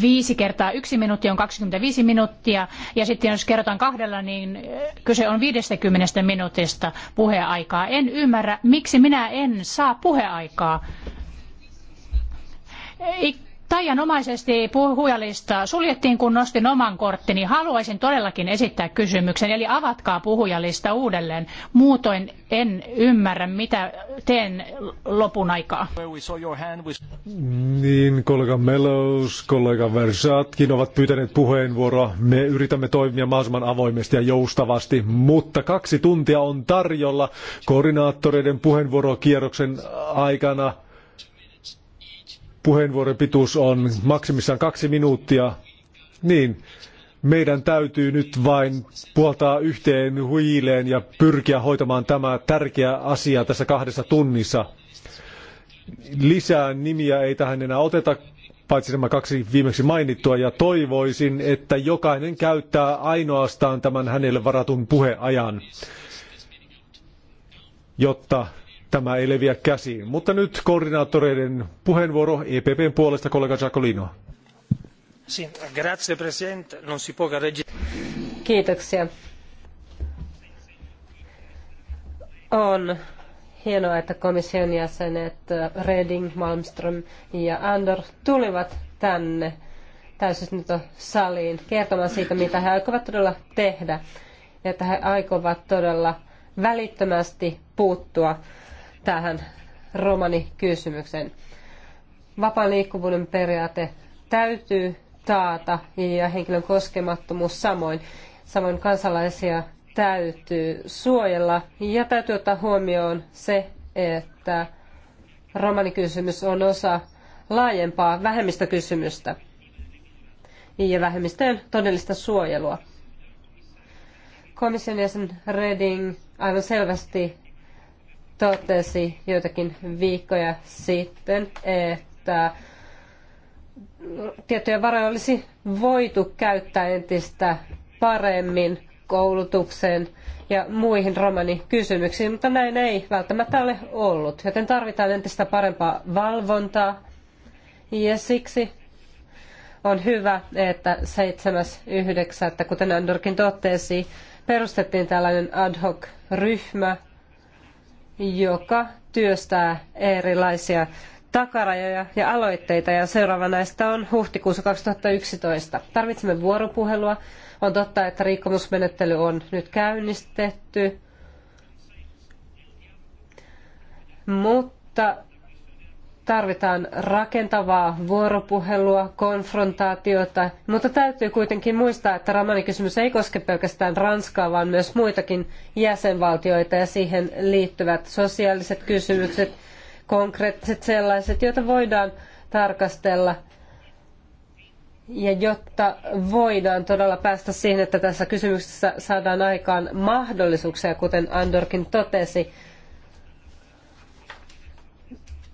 viisi kertaa yksi minuutti on 25 minuuttia. Ja sitten jos kerrotaan kahdella, niin eh, kyse on 50 minuutista puheaikaa. En ymmärrä, miksi minä en saa puheaikaa. Eh, taianomaisesti puhujalista suljettiin, kun nostin oman korttini. Haluaisin todellakin esittää kysymyksen, eli avatkaa puhujalista uudelleen. Muutoin en ymmärrä, mitä teen lopun aikaa. Niin, kollega Melous, kollega Versatkin ovat pyytäneet puheenvuoroa. Me yritämme toimia mahdollisimman avoimesti ja joustavasti, mutta kaksi tuntia on tarjolla koordinaattoreiden puheenvuorokierroksen aikana puheenvuoron pituus on maksimissaan kaksi minuuttia, niin meidän täytyy nyt vain puhaltaa yhteen huijileen ja pyrkiä hoitamaan tämä tärkeä asia tässä kahdessa tunnissa. Lisää nimiä ei tähän enää oteta, paitsi nämä kaksi viimeksi mainittua, ja toivoisin, että jokainen käyttää ainoastaan tämän hänelle varatun puheajan, jotta tämä ei leviä käsiin. Mutta nyt koordinaattoreiden puheenvuoro EPPn puolesta kollega Giacolino. Kiitoksia. On hienoa, että komission jäsenet Reding, Malmström ja Andor tulivat tänne täysistuntosaliin kertomaan siitä, mitä he aikovat todella tehdä. Ja että he aikovat todella välittömästi puuttua tähän romanikysymykseen. Vapaan liikkuvuuden periaate täytyy taata ja henkilön koskemattomuus samoin. Samoin kansalaisia täytyy suojella ja täytyy ottaa huomioon se, että romanikysymys on osa laajempaa vähemmistökysymystä ja vähemmistöjen todellista suojelua. Komission jäsen Reding aivan selvästi totesi joitakin viikkoja sitten, että tiettyjä varoja olisi voitu käyttää entistä paremmin koulutukseen ja muihin romanikysymyksiin, mutta näin ei välttämättä ole ollut. Joten tarvitaan entistä parempaa valvontaa ja siksi on hyvä, että 7.9., kuten Andorkin totesi, perustettiin tällainen ad hoc ryhmä, joka työstää erilaisia takarajoja ja aloitteita ja seuraava näistä on huhtikuussa 2011. Tarvitsemme vuoropuhelua. On totta, että rikkomusmenettely on nyt käynnistetty, mutta tarvitaan rakentavaa vuoropuhelua, konfrontaatiota, mutta täytyy kuitenkin muistaa, että kysymys ei koske pelkästään Ranskaa, vaan myös muitakin jäsenvaltioita ja siihen liittyvät sosiaaliset kysymykset, konkreettiset sellaiset, joita voidaan tarkastella. Ja jotta voidaan todella päästä siihen, että tässä kysymyksessä saadaan aikaan mahdollisuuksia, kuten Andorkin totesi,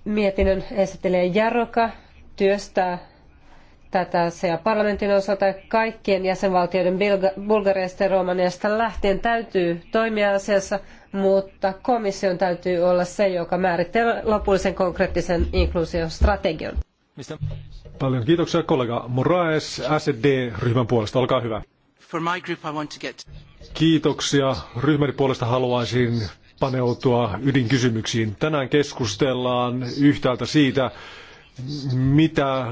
Mietinnön esittelee Jaroka työstää tätä asiaa parlamentin osalta. Kaikkien jäsenvaltioiden Bulgariasta ja Romaniasta lähtien täytyy toimia asiassa, mutta komission täytyy olla se, joka määrittelee lopullisen konkreettisen inkluusiostrategian. Paljon kiitoksia kollega Moraes SD-ryhmän puolesta. Olkaa hyvä. Kiitoksia. Ryhmäni puolesta haluaisin paneutua ydinkysymyksiin. Tänään keskustellaan yhtäältä siitä, mitä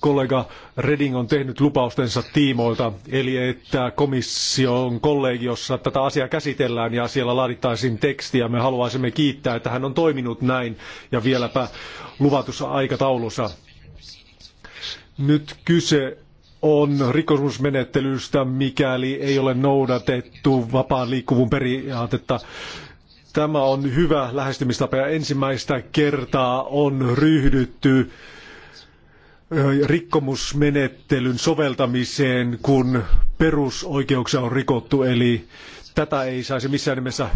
kollega Reding on tehnyt lupaustensa tiimoilta, eli että komission kollegiossa tätä asiaa käsitellään ja siellä laadittaisiin tekstiä. Me haluaisimme kiittää, että hän on toiminut näin ja vieläpä luvatussa aikataulussa. Nyt kyse on rikosmusmenettelystä, mikäli ei ole noudatettu vapaan liikkuvuuden periaatetta Tämä on hyvä lähestymistapa ja ensimmäistä kertaa on ryhdytty rikkomusmenettelyn soveltamiseen, kun perusoikeuksia on rikottu, eli tätä ei saisi missään nimessä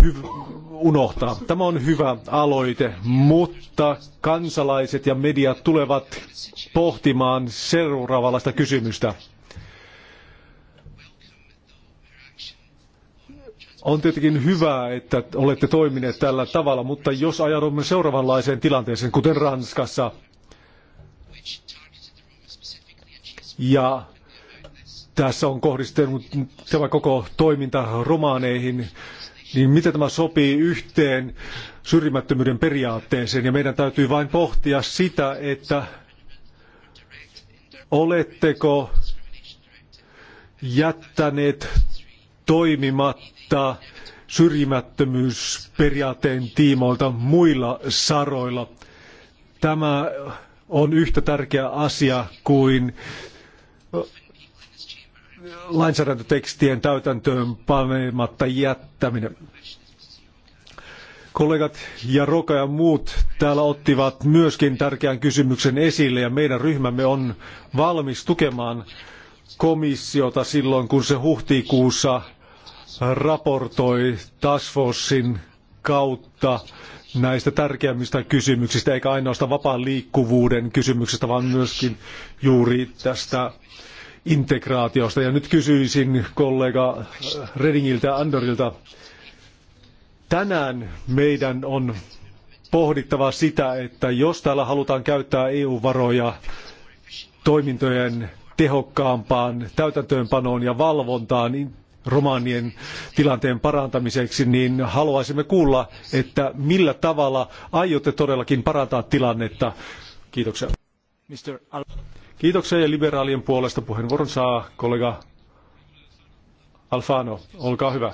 unohtaa. Tämä on hyvä aloite, mutta kansalaiset ja mediat tulevat pohtimaan seuraavanlaista kysymystä. On tietenkin hyvä, että olette toimineet tällä tavalla, mutta jos ajaudumme seuraavanlaiseen tilanteeseen, kuten Ranskassa, ja tässä on kohdistunut tämä koko toiminta romaaneihin, niin miten tämä sopii yhteen syrjimättömyyden periaatteeseen? Ja meidän täytyy vain pohtia sitä, että oletteko jättäneet toimimatta toimintaa syrjimättömyysperiaatteen tiimoilta muilla saroilla. Tämä on yhtä tärkeä asia kuin lainsäädäntötekstien täytäntöön panematta jättäminen. Kollegat ja Roka ja muut täällä ottivat myöskin tärkeän kysymyksen esille ja meidän ryhmämme on valmis tukemaan komissiota silloin, kun se huhtikuussa raportoi tasvossin kautta näistä tärkeimmistä kysymyksistä, eikä ainoastaan vapaan liikkuvuuden kysymyksestä, vaan myöskin juuri tästä integraatiosta. Ja nyt kysyisin kollega Redingiltä ja Andorilta. Tänään meidän on pohdittava sitä, että jos täällä halutaan käyttää EU-varoja toimintojen tehokkaampaan täytäntöönpanoon ja valvontaan, niin romaanien tilanteen parantamiseksi, niin haluaisimme kuulla, että millä tavalla aiotte todellakin parantaa tilannetta. Kiitoksia. Kiitoksia ja liberaalien puolesta puheenvuoron saa kollega Alfano. Olkaa hyvä.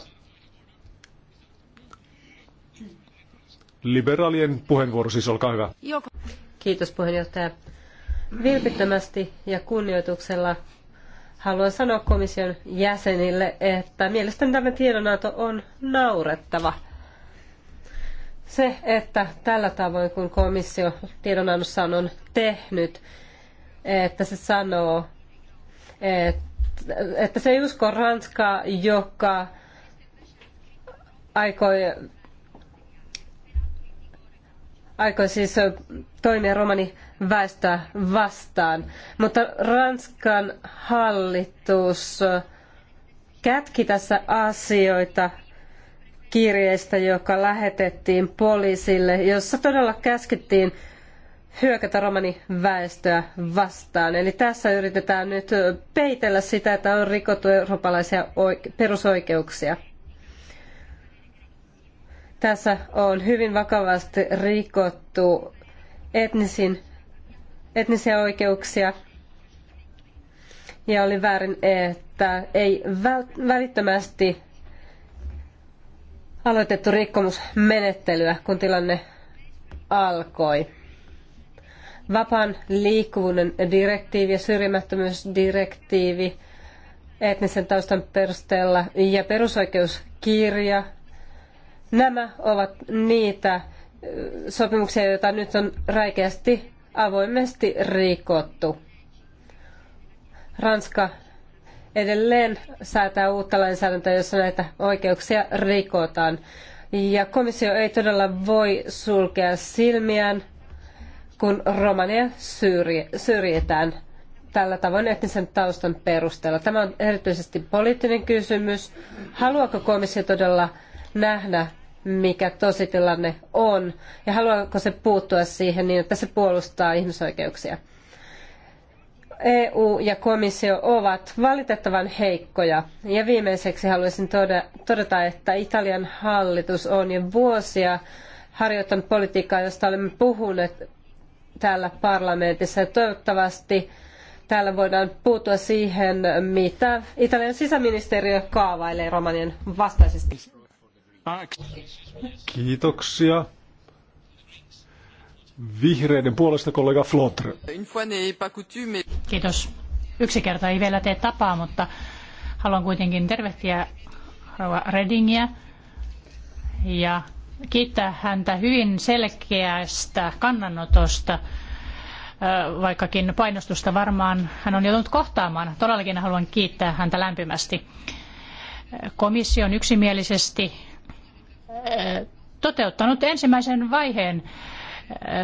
Liberaalien puheenvuoro siis, olkaa hyvä. Kiitos puheenjohtaja. Vilpittömästi ja kunnioituksella haluan sanoa komission jäsenille, että mielestäni tämä tiedonanto on naurettava. Se, että tällä tavoin kun komissio tiedonannossaan on tehnyt, että se sanoo, että se ei usko Ranskaa, joka aikoi aikoi siis toimia romaniväestöä vastaan. Mutta Ranskan hallitus kätki tässä asioita kirjeestä, joka lähetettiin poliisille, jossa todella käskettiin hyökätä romaniväestöä vastaan. Eli tässä yritetään nyt peitellä sitä, että on rikottu eurooppalaisia perusoikeuksia. Tässä on hyvin vakavasti rikottu etnisin, etnisiä oikeuksia ja oli väärin, että ei välittömästi aloitettu rikkomusmenettelyä, kun tilanne alkoi. Vapaan liikkuvuuden direktiivi ja syrjimättömyysdirektiivi etnisen taustan perusteella ja perusoikeuskirja Nämä ovat niitä sopimuksia, joita nyt on räikeästi avoimesti rikottu. Ranska edelleen säätää uutta lainsäädäntöä, jossa näitä oikeuksia rikotaan. Ja komissio ei todella voi sulkea silmiään, kun romaneja syrjitään tällä tavoin etnisen taustan perusteella. Tämä on erityisesti poliittinen kysymys. Haluaako komissio todella nähdä mikä tositilanne on ja haluaako se puuttua siihen niin, että se puolustaa ihmisoikeuksia. EU ja komissio ovat valitettavan heikkoja. Ja viimeiseksi haluaisin todeta, että Italian hallitus on jo vuosia harjoittanut politiikkaa, josta olemme puhuneet täällä parlamentissa. Ja toivottavasti täällä voidaan puuttua siihen, mitä Italian sisäministeriö kaavailee romanien vastaisesti. Kiitoksia. Vihreiden puolesta kollega Flotre. Kiitos. Yksi kerta ei vielä tee tapaa, mutta haluan kuitenkin tervehtiä rouva Redingiä ja kiittää häntä hyvin selkeästä kannanotosta, vaikkakin painostusta varmaan hän on joutunut kohtaamaan. Todellakin haluan kiittää häntä lämpimästi. Komission yksimielisesti toteuttanut ensimmäisen vaiheen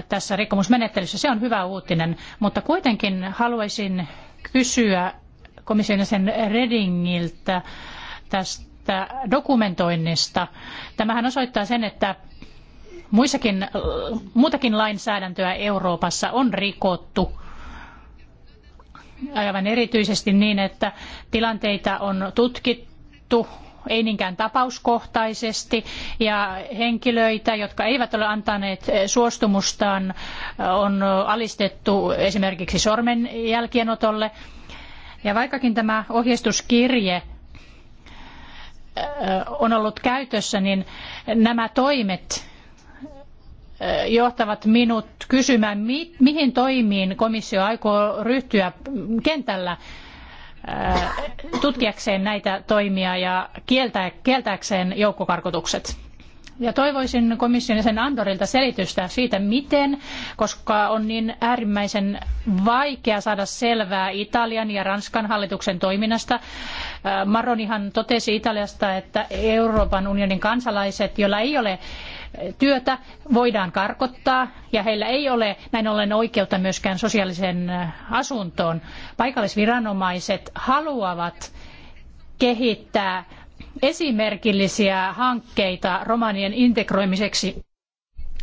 tässä rikkomusmenettelyssä. Se on hyvä uutinen, mutta kuitenkin haluaisin kysyä komission sen Redingiltä tästä dokumentoinnista. Tämähän osoittaa sen, että muissakin, muutakin lainsäädäntöä Euroopassa on rikottu aivan erityisesti niin, että tilanteita on tutkittu ei niinkään tapauskohtaisesti ja henkilöitä, jotka eivät ole antaneet eh, suostumustaan, eh, on alistettu esimerkiksi sormenjälkienotolle. Ja vaikkakin tämä ohjeistuskirje eh, on ollut käytössä, niin nämä toimet johtavat minut kysymään, mihin toimiin komissio aikoo ryhtyä kentällä tutkiakseen näitä toimia ja kieltää, kieltääkseen joukkokarkotukset. Ja toivoisin komission sen Andorilta selitystä siitä, miten, koska on niin äärimmäisen vaikea saada selvää Italian ja Ranskan hallituksen toiminnasta. Maronihan totesi Italiasta, että Euroopan unionin kansalaiset, joilla ei ole työtä voidaan karkottaa ja heillä ei ole näin ollen oikeutta myöskään sosiaaliseen äh, asuntoon. Paikallisviranomaiset haluavat kehittää esimerkillisiä hankkeita romanien integroimiseksi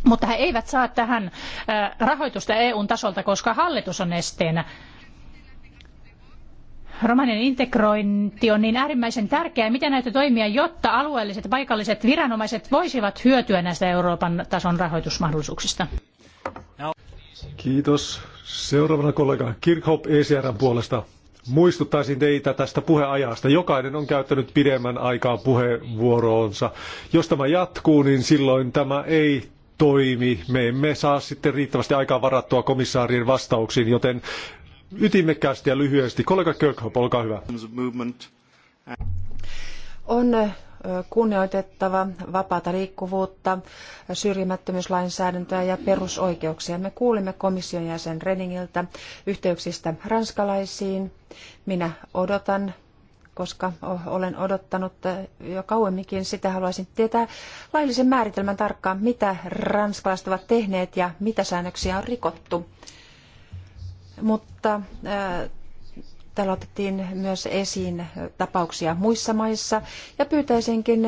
mutta he eivät saa tähän äh, rahoitusta EUn tasolta, koska hallitus on esteenä romanien integrointi on niin äärimmäisen tärkeää. Miten näitä toimia, jotta alueelliset ja paikalliset viranomaiset voisivat hyötyä näistä Euroopan tason rahoitusmahdollisuuksista? Kiitos. Seuraavana kollega Kirchhoff ECRn puolesta. Muistuttaisin teitä tästä puheajasta. Jokainen on käyttänyt pidemmän aikaa puheenvuoroonsa. Jos tämä jatkuu, niin silloin tämä ei toimi. Me emme saa sitten riittävästi aikaa varattua komissaarien vastauksiin, joten ytimekkäästi ja lyhyesti. Kollega Kirkhope, olkaa hyvä. On kunnioitettava vapaata liikkuvuutta, syrjimättömyyslainsäädäntöä ja perusoikeuksia. Me kuulimme komission jäsen Redingiltä yhteyksistä ranskalaisiin. Minä odotan koska olen odottanut jo kauemminkin sitä. Haluaisin tietää laillisen määritelmän tarkkaan, mitä ranskalaiset ovat tehneet ja mitä säännöksiä on rikottu. Mutta äh, täällä otettiin myös esiin tapauksia muissa maissa ja pyytäisinkin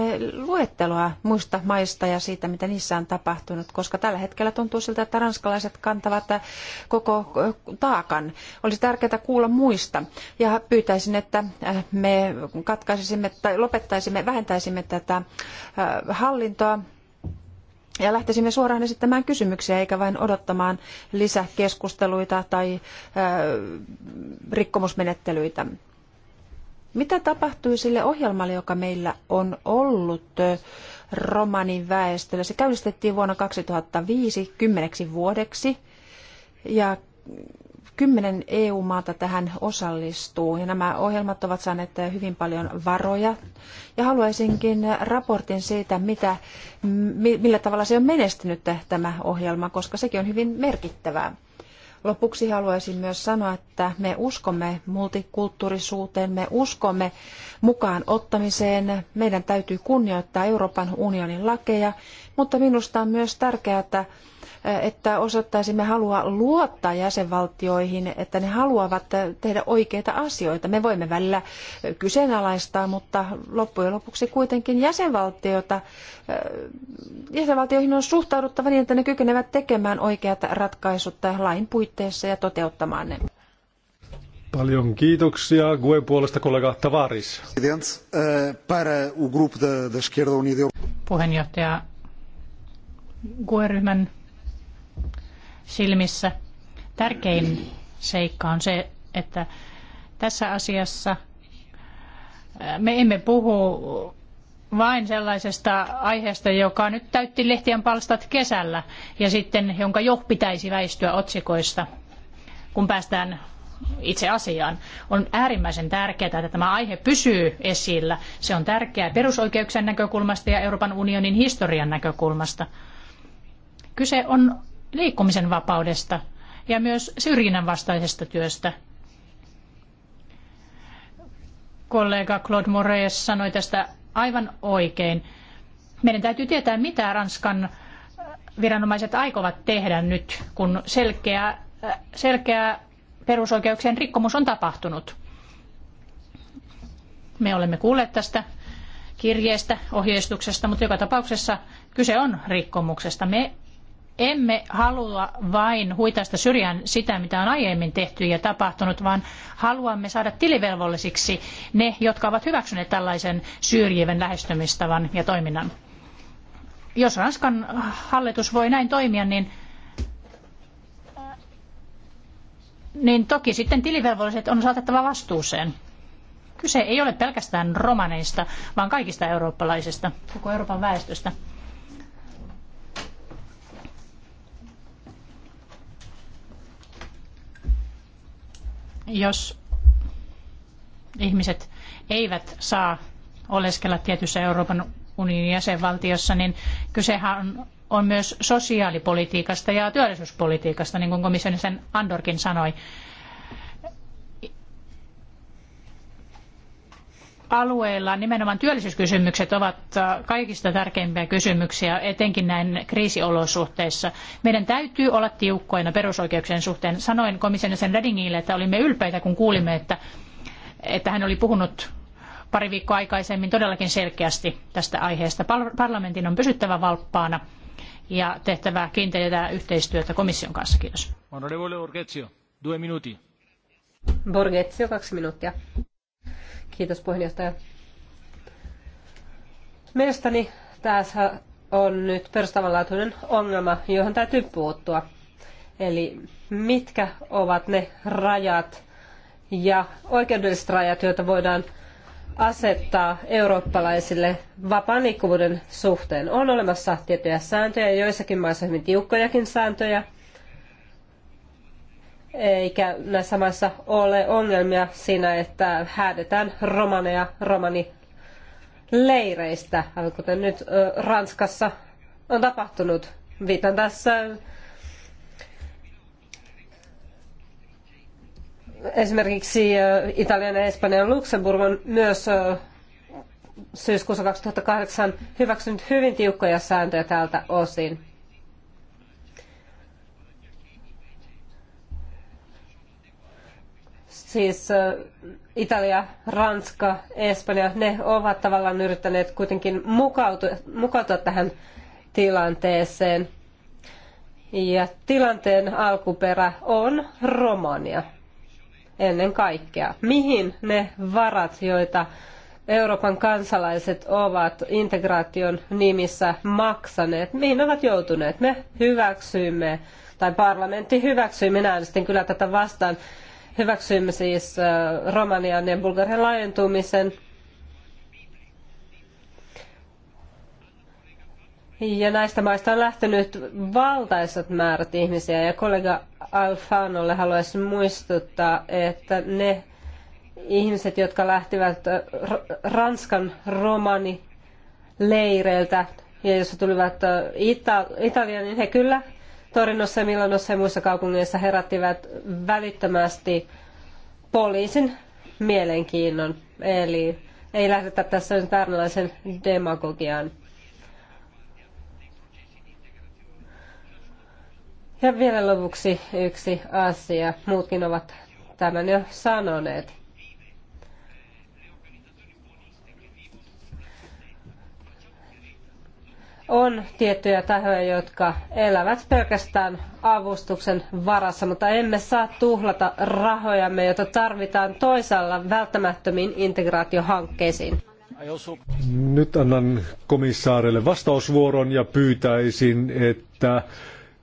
luetteloa muista maista ja siitä, mitä niissä on tapahtunut, koska tällä hetkellä tuntuu siltä, että ranskalaiset kantavat äh, koko äh, taakan. Olisi tärkeää kuulla muista ja pyytäisin, että me katkaisisimme tai lopettaisimme, vähentäisimme tätä hallintoa ja lähtisimme suoraan esittämään kysymyksiä eikä vain odottamaan lisäkeskusteluita tai rikkomusmenettelyitä. Mitä tapahtui sille ohjelmalle, joka meillä on ollut romanin Se käynnistettiin vuonna 2005 kymmeneksi vuodeksi ja Kymmenen EU-maata tähän osallistuu ja nämä ohjelmat ovat saaneet hyvin paljon varoja. Ja haluaisinkin raportin siitä, mitä, millä tavalla se on menestynyt tämä ohjelma, koska sekin on hyvin merkittävää. Lopuksi haluaisin myös sanoa, että me uskomme multikulttuurisuuteen, me uskomme mukaan ottamiseen. Meidän täytyy kunnioittaa Euroopan unionin lakeja, mutta minusta on myös tärkeää, että että osoittaisimme halua luottaa jäsenvaltioihin, että ne haluavat tehdä oikeita asioita. Me voimme välillä kyseenalaistaa, mutta loppujen lopuksi kuitenkin jäsenvaltioita äh, jäsenvaltioihin on suhtauduttava niin, että ne kykenevät tekemään oikeat ratkaisut tai lain puitteissa ja toteuttamaan ne. Paljon kiitoksia. Guen puolesta kollega Tavaris. Eh, Puheenjohtaja, GUE-ryhmän silmissä tärkein seikka on se, että tässä asiassa me emme puhu vain sellaisesta aiheesta, joka nyt täytti lehtien palstat kesällä ja sitten jonka jo pitäisi väistyä otsikoista, kun päästään itse asiaan. On äärimmäisen tärkeää, että tämä aihe pysyy esillä. Se on tärkeää perusoikeuksien näkökulmasta ja Euroopan unionin historian näkökulmasta. Kyse on liikkumisen vapaudesta ja myös syrjinnän vastaisesta työstä. Kollega Claude Moraes sanoi tästä aivan oikein. Meidän täytyy tietää, mitä Ranskan äh, viranomaiset aikovat tehdä nyt, kun selkeä, äh, selkeä perusoikeuksien rikkomus on tapahtunut. Me olemme kuulleet tästä kirjeestä, ohjeistuksesta, mutta joka tapauksessa kyse on rikkomuksesta. Me emme halua vain huitaista syrjään sitä, mitä on aiemmin tehty ja tapahtunut, vaan haluamme saada tilivelvollisiksi ne, jotka ovat hyväksyneet tällaisen syrjivän lähestymistavan ja toiminnan. Jos Ranskan hallitus voi näin toimia, niin niin toki sitten tilivelvolliset on saatettava vastuuseen. Kyse ei ole pelkästään romaneista, vaan kaikista eurooppalaisista, koko Euroopan väestöstä. Jos ihmiset eivät saa oleskella tietyssä Euroopan unionin jäsenvaltiossa, niin kysehän on myös sosiaalipolitiikasta ja työllisyyspolitiikasta, niin kuin komission sen Andorkin sanoi. alueilla nimenomaan työllisyyskysymykset ovat äh, kaikista tärkeimpiä kysymyksiä, etenkin näin kriisiolosuhteissa. Meidän täytyy olla tiukkoina perusoikeuksien suhteen. Sanoin komission sen Redingille, että olimme ylpeitä, kun kuulimme, että, että hän oli puhunut pari viikkoa aikaisemmin todellakin selkeästi tästä aiheesta. Parlamentin on pysyttävä valppaana ja tehtävä kiinteitä yhteistyötä komission kanssa. Kiitos. Borghezio, kaksi minuuttia. Kiitos puheenjohtaja. Mielestäni tässä on nyt perustavanlaatuinen ongelma, johon täytyy puuttua. Eli mitkä ovat ne rajat ja oikeudelliset rajat, joita voidaan asettaa eurooppalaisille vapaan liikkuvuuden suhteen. On olemassa tiettyjä sääntöjä, joissakin maissa hyvin tiukkojakin sääntöjä, eikä näissä maissa ole ongelmia siinä, että häädetään romaneja romani leireistä, kuten nyt Ranskassa on tapahtunut. Viitan tässä esimerkiksi Italian ja Espanjan Luxemburg on myös syyskuussa 2008 hyväksynyt hyvin tiukkoja sääntöjä tältä osin. Siis Italia, Ranska, Espanja, ne ovat tavallaan yrittäneet kuitenkin mukautua, mukautua tähän tilanteeseen. Ja tilanteen alkuperä on Romania ennen kaikkea. Mihin ne varat, joita Euroopan kansalaiset ovat integraation nimissä maksaneet, mihin ovat joutuneet? Me hyväksyimme, tai parlamentti hyväksyi, minä äänestin kyllä tätä vastaan, Hyväksyimme siis äh, Romanian ja Bulgarian laajentumisen. Ja näistä maista on lähtenyt valtaisat määrät ihmisiä ja kollega Alfanolle haluaisin muistuttaa, että ne ihmiset, jotka lähtivät äh, Ranskan romani leireiltä ja jos tulivat äh, Ita- Italiaan, niin he kyllä Torinossa, Milanossa ja muissa kaupungeissa herättivät välittömästi poliisin mielenkiinnon. Eli ei lähdetä tässä nyt vääränlaisen demagogiaan. Ja vielä lopuksi yksi asia. Muutkin ovat tämän jo sanoneet. on tiettyjä tahoja, jotka elävät pelkästään avustuksen varassa, mutta emme saa tuhlata rahojamme, joita tarvitaan toisaalla välttämättömiin integraatiohankkeisiin. Nyt annan komissaarille vastausvuoron ja pyytäisin, että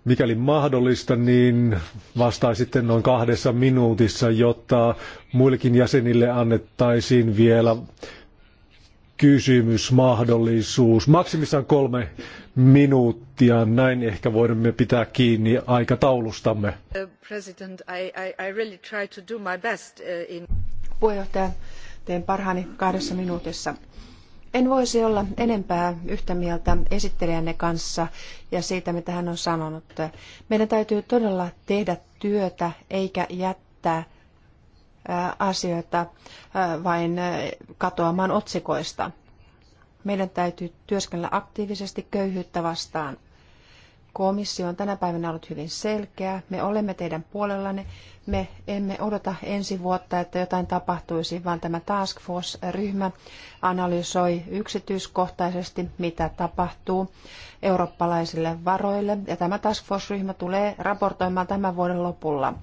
mikäli mahdollista, niin vastaisitte noin kahdessa minuutissa, jotta muillekin jäsenille annettaisiin vielä kysymys, mahdollisuus. Maksimissaan kolme minuuttia. Näin ehkä voimme pitää kiinni aikataulustamme. Uh, President, I, uh, Puheenjohtaja, teen parhaani kahdessa minuutissa. En voisi olla enempää yhtä mieltä esittelijänne kanssa ja siitä, mitä hän on sanonut. Meidän täytyy todella tehdä työtä eikä jättää asioita vain katoamaan otsikoista. Meidän täytyy työskennellä aktiivisesti köyhyyttä vastaan. Komissio on tänä päivänä ollut hyvin selkeä. Me olemme teidän puolellanne. Me emme odota ensi vuotta, että jotain tapahtuisi, vaan tämä Task Force-ryhmä analysoi yksityiskohtaisesti, mitä tapahtuu eurooppalaisille varoille. Ja tämä Task Force-ryhmä tulee raportoimaan tämän vuoden lopulla.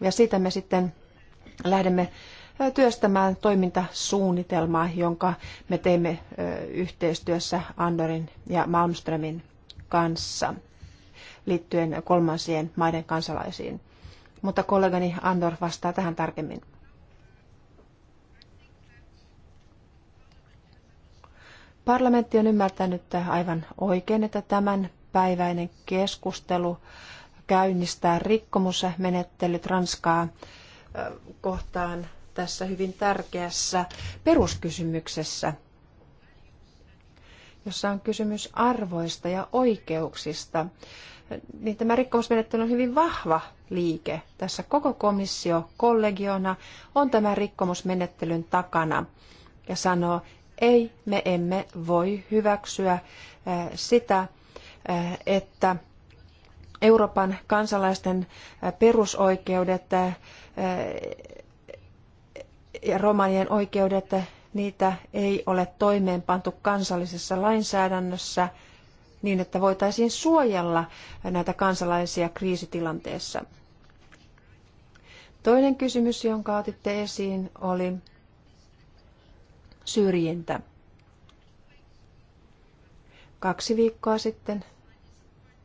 Ja siitä me sitten lähdemme työstämään toimintasuunnitelmaa, jonka me teemme yhteistyössä Andorin ja Malmströmin kanssa liittyen kolmansien maiden kansalaisiin. Mutta kollegani Andor vastaa tähän tarkemmin. Parlamentti on ymmärtänyt aivan oikein, että tämän päiväinen keskustelu käynnistää rikkomusmenettely Ranskaa kohtaan tässä hyvin tärkeässä peruskysymyksessä, jossa on kysymys arvoista ja oikeuksista, niin tämä rikkomusmenettely on hyvin vahva liike. Tässä koko komissio kollegiona on tämän rikkomusmenettelyn takana ja sanoo, ei, me emme voi hyväksyä sitä, että Euroopan kansalaisten perusoikeudet ja romanien oikeudet, niitä ei ole toimeenpantu kansallisessa lainsäädännössä niin, että voitaisiin suojella näitä kansalaisia kriisitilanteessa. Toinen kysymys, jonka otitte esiin, oli syrjintä. Kaksi viikkoa sitten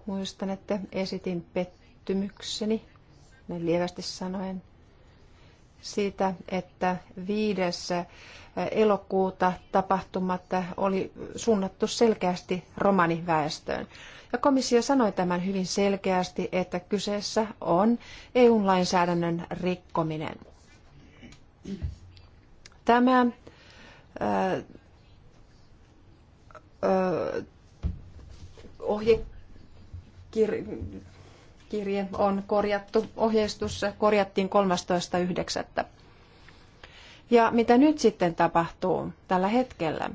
Muistan, että esitin pettymykseni, näin lievästi sanoen, siitä, että 5. elokuuta tapahtumat oli suunnattu selkeästi romaniväestöön. Ja komissio sanoi tämän hyvin selkeästi, että kyseessä on EU-lainsäädännön rikkominen. Tämä äh, äh, ohje kir- kirje on korjattu, ohjeistus korjattiin 13.9. Ja mitä nyt sitten tapahtuu tällä hetkellä?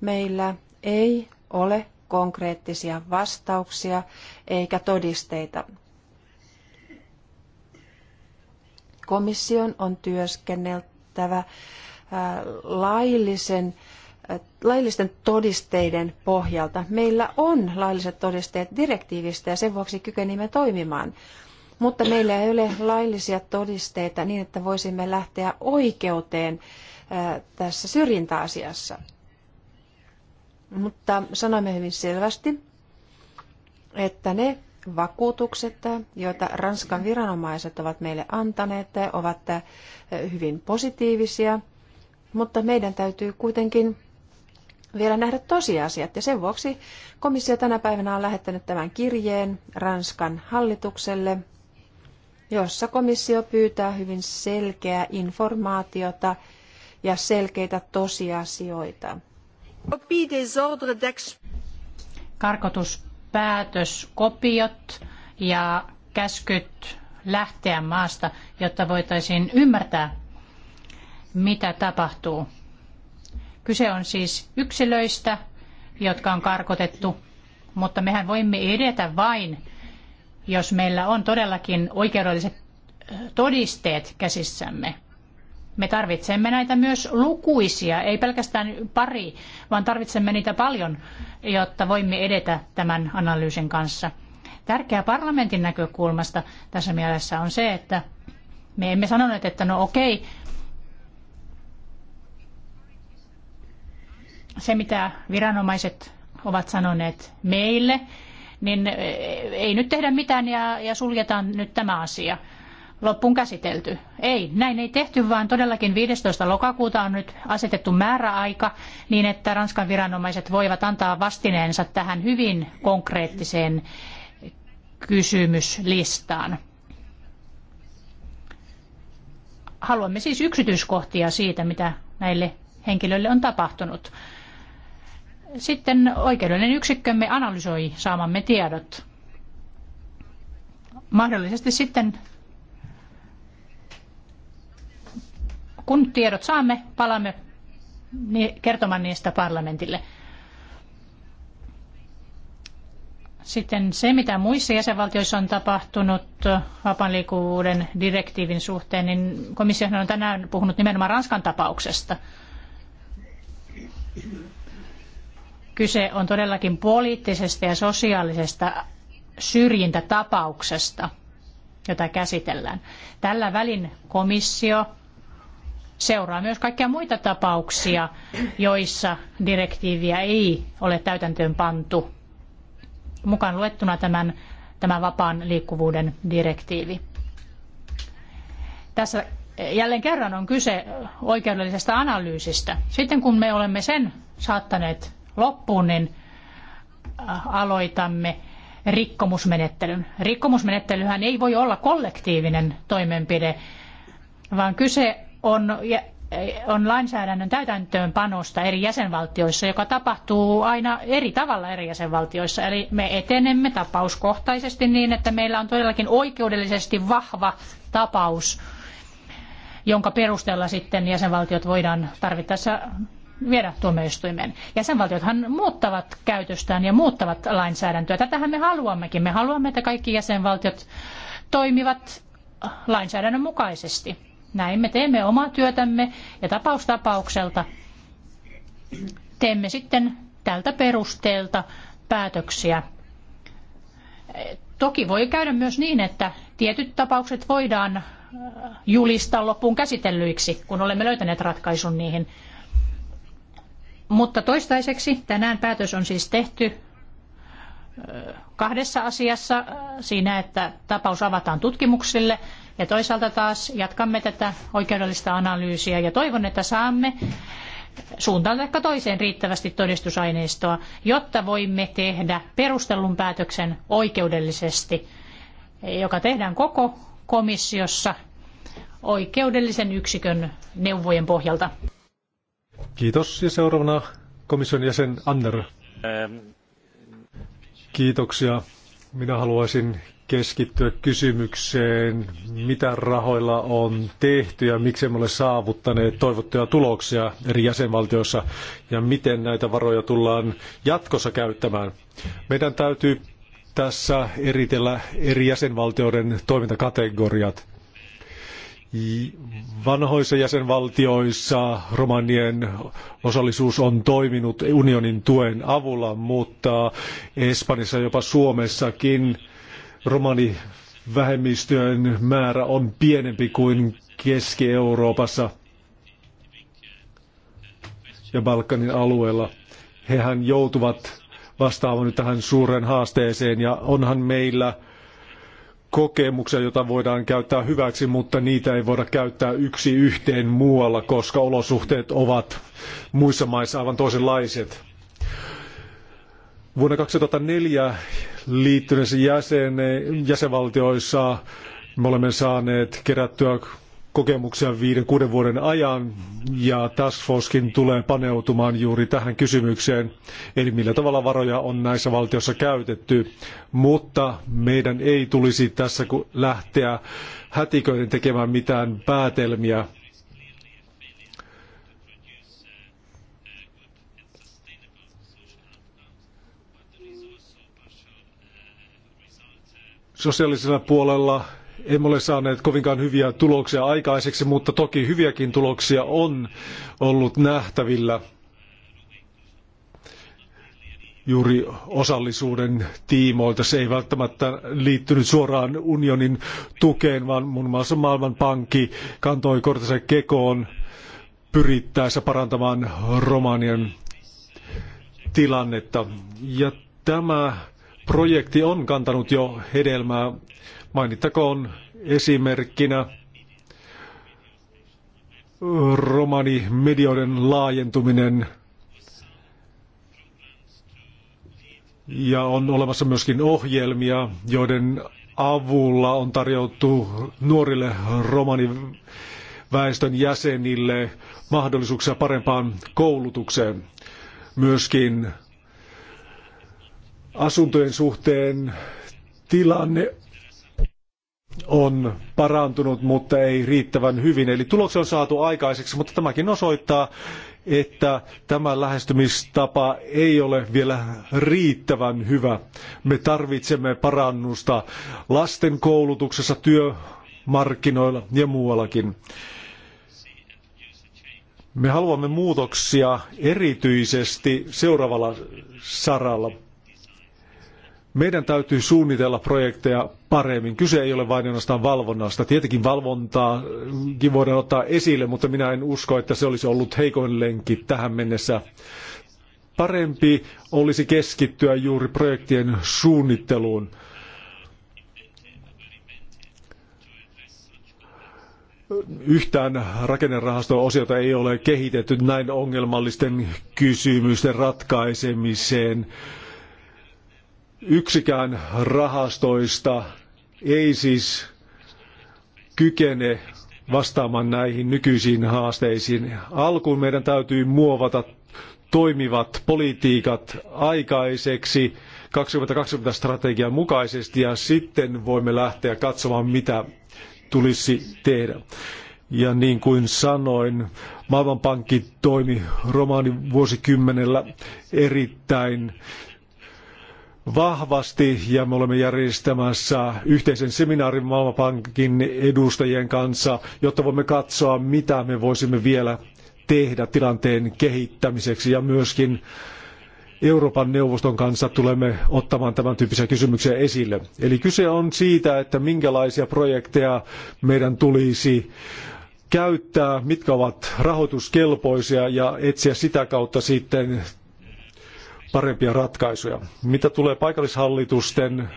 Meillä ei ole konkreettisia vastauksia eikä todisteita. Komission on työskenneltävä laillisen laillisten todisteiden pohjalta. Meillä on lailliset todisteet direktiivistä ja sen vuoksi kykenimme toimimaan. Mutta meillä ei ole laillisia todisteita niin, että voisimme lähteä oikeuteen tässä syrjintäasiassa. Mutta sanoimme hyvin selvästi, että ne vakuutukset, joita Ranskan viranomaiset ovat meille antaneet, ovat hyvin positiivisia, mutta meidän täytyy kuitenkin vielä nähdä tosiasiat. Ja sen vuoksi komissio tänä päivänä on lähettänyt tämän kirjeen Ranskan hallitukselle, jossa komissio pyytää hyvin selkeää informaatiota ja selkeitä tosiasioita. Karkotuspäätös, kopiot ja käskyt lähteä maasta, jotta voitaisiin ymmärtää, mitä tapahtuu. Kyse on siis yksilöistä, jotka on karkotettu, mutta mehän voimme edetä vain, jos meillä on todellakin oikeudelliset äh, todisteet käsissämme. Me tarvitsemme näitä myös lukuisia, ei pelkästään pari, vaan tarvitsemme niitä paljon, jotta voimme edetä tämän analyysin kanssa. Tärkeää parlamentin näkökulmasta tässä mielessä on se, että me emme sanoneet, että no okei, se, mitä viranomaiset ovat sanoneet meille, niin e, ei nyt tehdä mitään ja, ja suljetaan nyt tämä asia. Loppuun käsitelty. Ei, näin ei tehty, vaan todellakin 15. lokakuuta on nyt asetettu määräaika niin, että Ranskan viranomaiset voivat antaa vastineensa tähän hyvin konkreettiseen kysymyslistaan. Haluamme siis yksityiskohtia siitä, mitä näille henkilöille on tapahtunut sitten oikeudellinen yksikkömme analysoi saamamme tiedot. Mahdollisesti sitten, kun tiedot saamme, palaamme kertomaan niistä parlamentille. Sitten se, mitä muissa jäsenvaltioissa on tapahtunut vapaanliikkuvuuden direktiivin suhteen, niin komissio on tänään puhunut nimenomaan Ranskan tapauksesta. Kyse on todellakin poliittisesta ja sosiaalisesta syrjintätapauksesta, jota käsitellään. Tällä välin komissio seuraa myös kaikkia muita tapauksia, joissa direktiiviä ei ole täytäntöön pantu, mukaan luettuna tämän, tämän vapaan liikkuvuuden direktiivi. Tässä jälleen kerran on kyse oikeudellisesta analyysistä. Sitten kun me olemme sen saattaneet loppuun, niin äh, aloitamme rikkomusmenettelyn. Rikkomusmenettelyhän ei voi olla kollektiivinen toimenpide, vaan kyse on, on lainsäädännön täytäntöönpanosta eri jäsenvaltioissa, joka tapahtuu aina eri tavalla eri jäsenvaltioissa. Eli me etenemme tapauskohtaisesti niin, että meillä on todellakin oikeudellisesti vahva tapaus, jonka perusteella sitten jäsenvaltiot voidaan tarvittaessa viedä tuomioistuimeen. Jäsenvaltiothan muuttavat käytöstään ja muuttavat lainsäädäntöä. Tätähän me haluammekin. Me haluamme, että kaikki jäsenvaltiot toimivat lainsäädännön mukaisesti. Näin me teemme omaa työtämme ja tapaustapaukselta teemme sitten tältä perusteelta päätöksiä. Toki voi käydä myös niin, että tietyt tapaukset voidaan äh, julistaa loppuun käsitellyiksi, kun olemme löytäneet ratkaisun niihin. Mutta toistaiseksi tänään päätös on siis tehty kahdessa asiassa siinä, että tapaus avataan tutkimuksille ja toisaalta taas jatkamme tätä oikeudellista analyysiä ja toivon, että saamme suuntaan tai toiseen riittävästi todistusaineistoa, jotta voimme tehdä perustellun päätöksen oikeudellisesti, joka tehdään koko komissiossa oikeudellisen yksikön neuvojen pohjalta. Kiitos. Ja seuraavana komission jäsen Anner. Ähm. Kiitoksia. Minä haluaisin keskittyä kysymykseen, mitä rahoilla on tehty ja miksi emme ole saavuttaneet toivottuja tuloksia eri jäsenvaltioissa ja miten näitä varoja tullaan jatkossa käyttämään. Meidän täytyy tässä eritellä eri jäsenvaltioiden toimintakategoriat vanhoissa jäsenvaltioissa romanien osallisuus on toiminut unionin tuen avulla, mutta Espanjassa jopa Suomessakin romani vähemmistöjen määrä on pienempi kuin Keski-Euroopassa ja Balkanin alueella. Hehän joutuvat vastaamaan nyt tähän suureen haasteeseen ja onhan meillä kokemuksia, joita voidaan käyttää hyväksi, mutta niitä ei voida käyttää yksi yhteen muualla, koska olosuhteet ovat muissa maissa aivan toisenlaiset. Vuonna 2004 liittyneissä jäsen, jäsenvaltioissa me olemme saaneet kerättyä kokemuksia viiden, kuuden vuoden ajan, ja Task Forcekin tulee paneutumaan juuri tähän kysymykseen, eli millä tavalla varoja on näissä valtioissa käytetty, mutta meidän ei tulisi tässä lähteä hätiköiden tekemään mitään päätelmiä, Sosiaalisella puolella emme ole saaneet kovinkaan hyviä tuloksia aikaiseksi, mutta toki hyviäkin tuloksia on ollut nähtävillä juuri osallisuuden tiimoilta. Se ei välttämättä liittynyt suoraan unionin tukeen, vaan muun muassa Maailmanpankki kantoi kortensa kekoon pyrittäessä parantamaan Romanian tilannetta. Ja tämä projekti on kantanut jo hedelmää Mainittakoon esimerkkinä romanimedioiden laajentuminen ja on olemassa myöskin ohjelmia, joiden avulla on tarjottu nuorille romaniväestön jäsenille mahdollisuuksia parempaan koulutukseen. Myöskin asuntojen suhteen tilanne on parantunut, mutta ei riittävän hyvin. Eli tuloksia on saatu aikaiseksi, mutta tämäkin osoittaa, että tämä lähestymistapa ei ole vielä riittävän hyvä. Me tarvitsemme parannusta lasten koulutuksessa, työmarkkinoilla ja muuallakin. Me haluamme muutoksia erityisesti seuraavalla saralla. Meidän täytyy suunnitella projekteja paremmin. Kyse ei ole vain ainoastaan valvonnasta. Tietenkin valvontaakin voidaan ottaa esille, mutta minä en usko, että se olisi ollut heikoin lenkki tähän mennessä. Parempi olisi keskittyä juuri projektien suunnitteluun. yhtään rakennerahasto-osiota ei ole kehitetty näin ongelmallisten kysymysten ratkaisemiseen. Yksikään rahastoista ei siis kykene vastaamaan näihin nykyisiin haasteisiin. Alkuun meidän täytyy muovata toimivat politiikat aikaiseksi 2020-strategian mukaisesti ja sitten voimme lähteä katsomaan, mitä tulisi tehdä. Ja niin kuin sanoin, Maailmanpankki toimi romaanivuosikymmenellä erittäin vahvasti ja me olemme järjestämässä yhteisen seminaarin Maailmanpankin edustajien kanssa, jotta voimme katsoa, mitä me voisimme vielä tehdä tilanteen kehittämiseksi ja myöskin Euroopan neuvoston kanssa tulemme ottamaan tämän tyyppisiä kysymyksiä esille. Eli kyse on siitä, että minkälaisia projekteja meidän tulisi käyttää, mitkä ovat rahoituskelpoisia ja etsiä sitä kautta sitten parempia ratkaisuja. Mitä tulee paikallishallitusten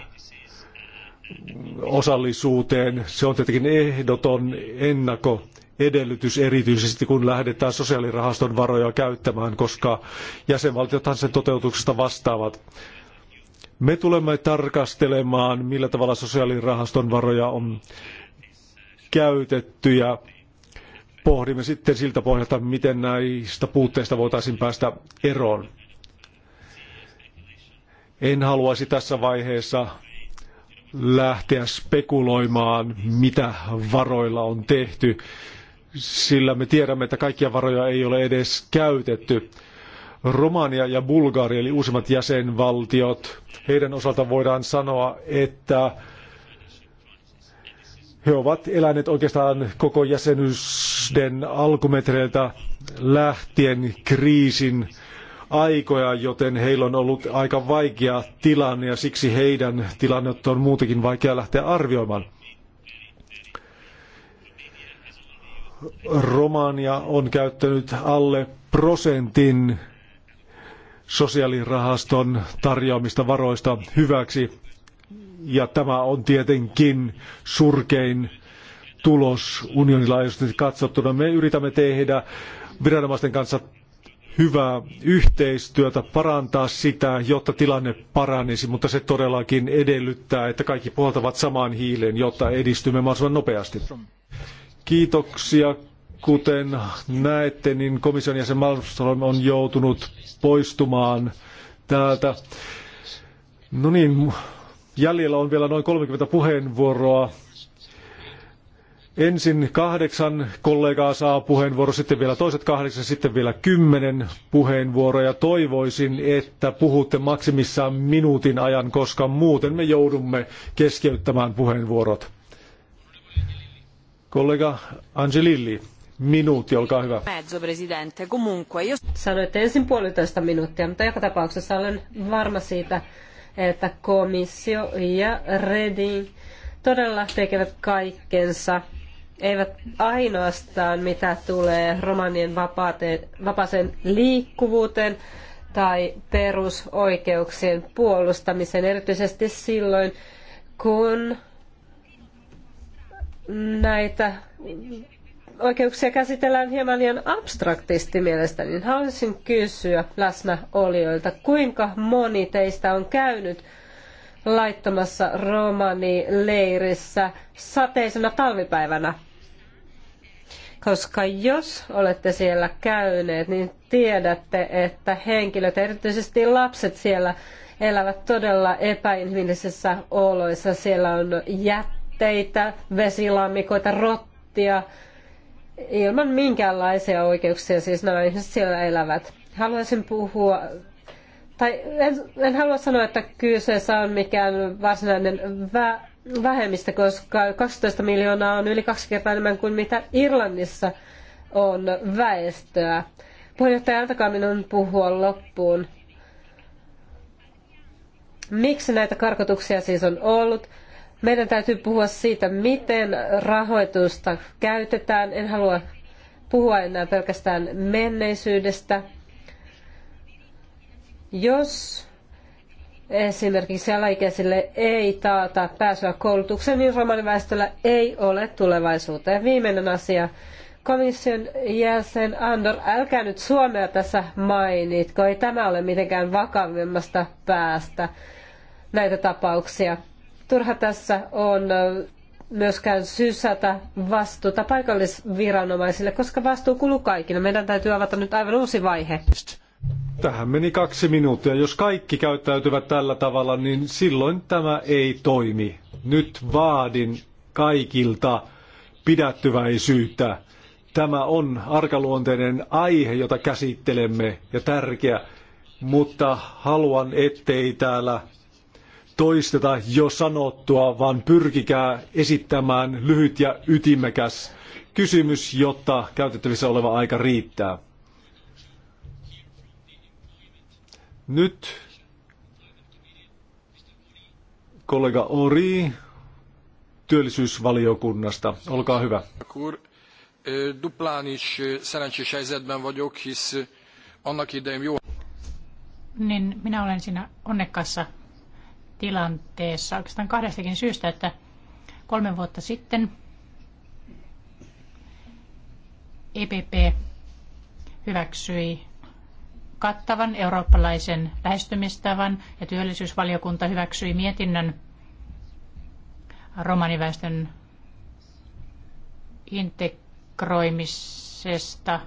osallisuuteen, se on tietenkin ehdoton ennako edellytys erityisesti kun lähdetään sosiaalirahaston varoja käyttämään, koska jäsenvaltiothan sen toteutuksesta vastaavat. Me tulemme tarkastelemaan, millä tavalla sosiaalirahaston varoja on käytetty ja pohdimme sitten siltä pohjalta, miten näistä puutteista voitaisiin päästä eroon. En haluaisi tässä vaiheessa lähteä spekuloimaan, mitä varoilla on tehty, sillä me tiedämme, että kaikkia varoja ei ole edes käytetty. Romania ja Bulgaria, eli uusimmat jäsenvaltiot, heidän osalta voidaan sanoa, että he ovat eläneet oikeastaan koko jäsenyyden alkumetreiltä lähtien kriisin aikoja, joten heillä on ollut aika vaikea tilanne ja siksi heidän tilannetta on muutenkin vaikea lähteä arvioimaan. Romania on käyttänyt alle prosentin sosiaalirahaston tarjoamista varoista hyväksi. Ja tämä on tietenkin surkein tulos unionin laajuisesti katsottuna. Me yritämme tehdä viranomaisten kanssa hyvää yhteistyötä, parantaa sitä, jotta tilanne paranisi, mutta se todellakin edellyttää, että kaikki puhaltavat samaan hiileen, jotta edistymme mahdollisimman nopeasti. Kiitoksia. Kuten näette, niin komission jäsen Malmström on joutunut poistumaan täältä. No niin, jäljellä on vielä noin 30 puheenvuoroa. Ensin kahdeksan kollegaa saa puheenvuoro, sitten vielä toiset kahdeksan, sitten vielä kymmenen ja Toivoisin, että puhutte maksimissaan minuutin ajan, koska muuten me joudumme keskeyttämään puheenvuorot. Kollega Angelilli, minuutti, olkaa hyvä. Mezzo, presidente. Comunque, ensin puolitoista minuuttia, mutta joka tapauksessa olen varma siitä, että komissio ja Reding todella tekevät kaikkensa – eivät ainoastaan mitä tulee romanien vapaaseen liikkuvuuteen tai perusoikeuksien puolustamiseen, erityisesti silloin, kun näitä oikeuksia käsitellään hieman liian abstraktisti mielestäni, niin haluaisin kysyä läsnäolijoilta, kuinka moni teistä on käynyt laittomassa romani-leirissä sateisena talvipäivänä koska jos olette siellä käyneet, niin tiedätte, että henkilöt, erityisesti lapset siellä, elävät todella epäinhimillisissä oloissa. Siellä on jätteitä, vesilammikoita, rottia, ilman minkäänlaisia oikeuksia siis nämä ihmiset siellä elävät. Haluaisin puhua, tai en, en halua sanoa, että kyseessä on mikään varsinainen vä, vähemmistä, koska 12 miljoonaa on yli kaksi kertaa enemmän kuin mitä Irlannissa on väestöä. Puheenjohtaja, antakaa minun puhua loppuun. Miksi näitä karkotuksia siis on ollut? Meidän täytyy puhua siitä, miten rahoitusta käytetään. En halua puhua enää pelkästään menneisyydestä. Jos esimerkiksi alaikäisille ei taata pääsyä koulutukseen, niin romaniväestöllä ei ole tulevaisuutta. Ja viimeinen asia. Komission jäsen Andor, älkää nyt Suomea tässä mainitko. Ei tämä ole mitenkään vakavimmasta päästä näitä tapauksia. Turha tässä on myöskään sysätä vastuuta paikallisviranomaisille, koska vastuu kuluu kaikille. Meidän täytyy avata nyt aivan uusi vaihe. Tähän meni kaksi minuuttia. Jos kaikki käyttäytyvät tällä tavalla, niin silloin tämä ei toimi. Nyt vaadin kaikilta pidättyväisyyttä. Tämä on arkaluonteinen aihe, jota käsittelemme ja tärkeä, mutta haluan, ettei täällä toisteta jo sanottua, vaan pyrkikää esittämään lyhyt ja ytimekäs kysymys, jotta käytettävissä oleva aika riittää. Nyt kollega Ori työllisyysvaliokunnasta. Olkaa hyvä. Duplán is szerencsés helyzetben vagyok, hisz annak idején jó... Niin minä olen siinä onnekkaassa tilanteessa oikeastaan kahdestakin syystä, että kolme vuotta sitten EPP hyväksyi kattavan eurooppalaisen lähestymistavan ja työllisyysvaliokunta hyväksyi mietinnön romaniväestön integroimisesta,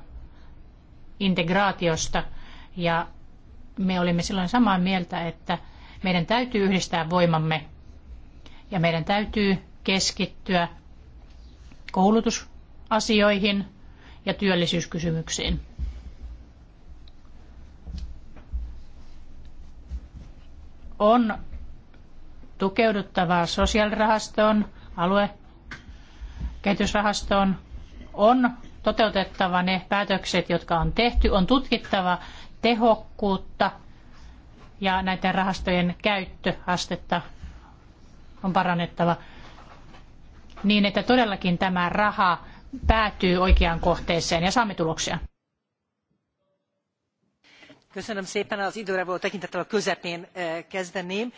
integraatiosta ja me olimme silloin samaa mieltä, että meidän täytyy yhdistää voimamme ja meidän täytyy keskittyä koulutusasioihin ja työllisyyskysymyksiin. on tukeuduttava sosiaalirahastoon, aluekehitysrahastoon, on toteutettava ne päätökset, jotka on tehty, on tutkittava tehokkuutta ja näiden rahastojen käyttöastetta on parannettava niin, että todellakin tämä raha päätyy oikeaan kohteeseen ja saamme tuloksia az időre való tekintettel a közepén eh, kezdeném.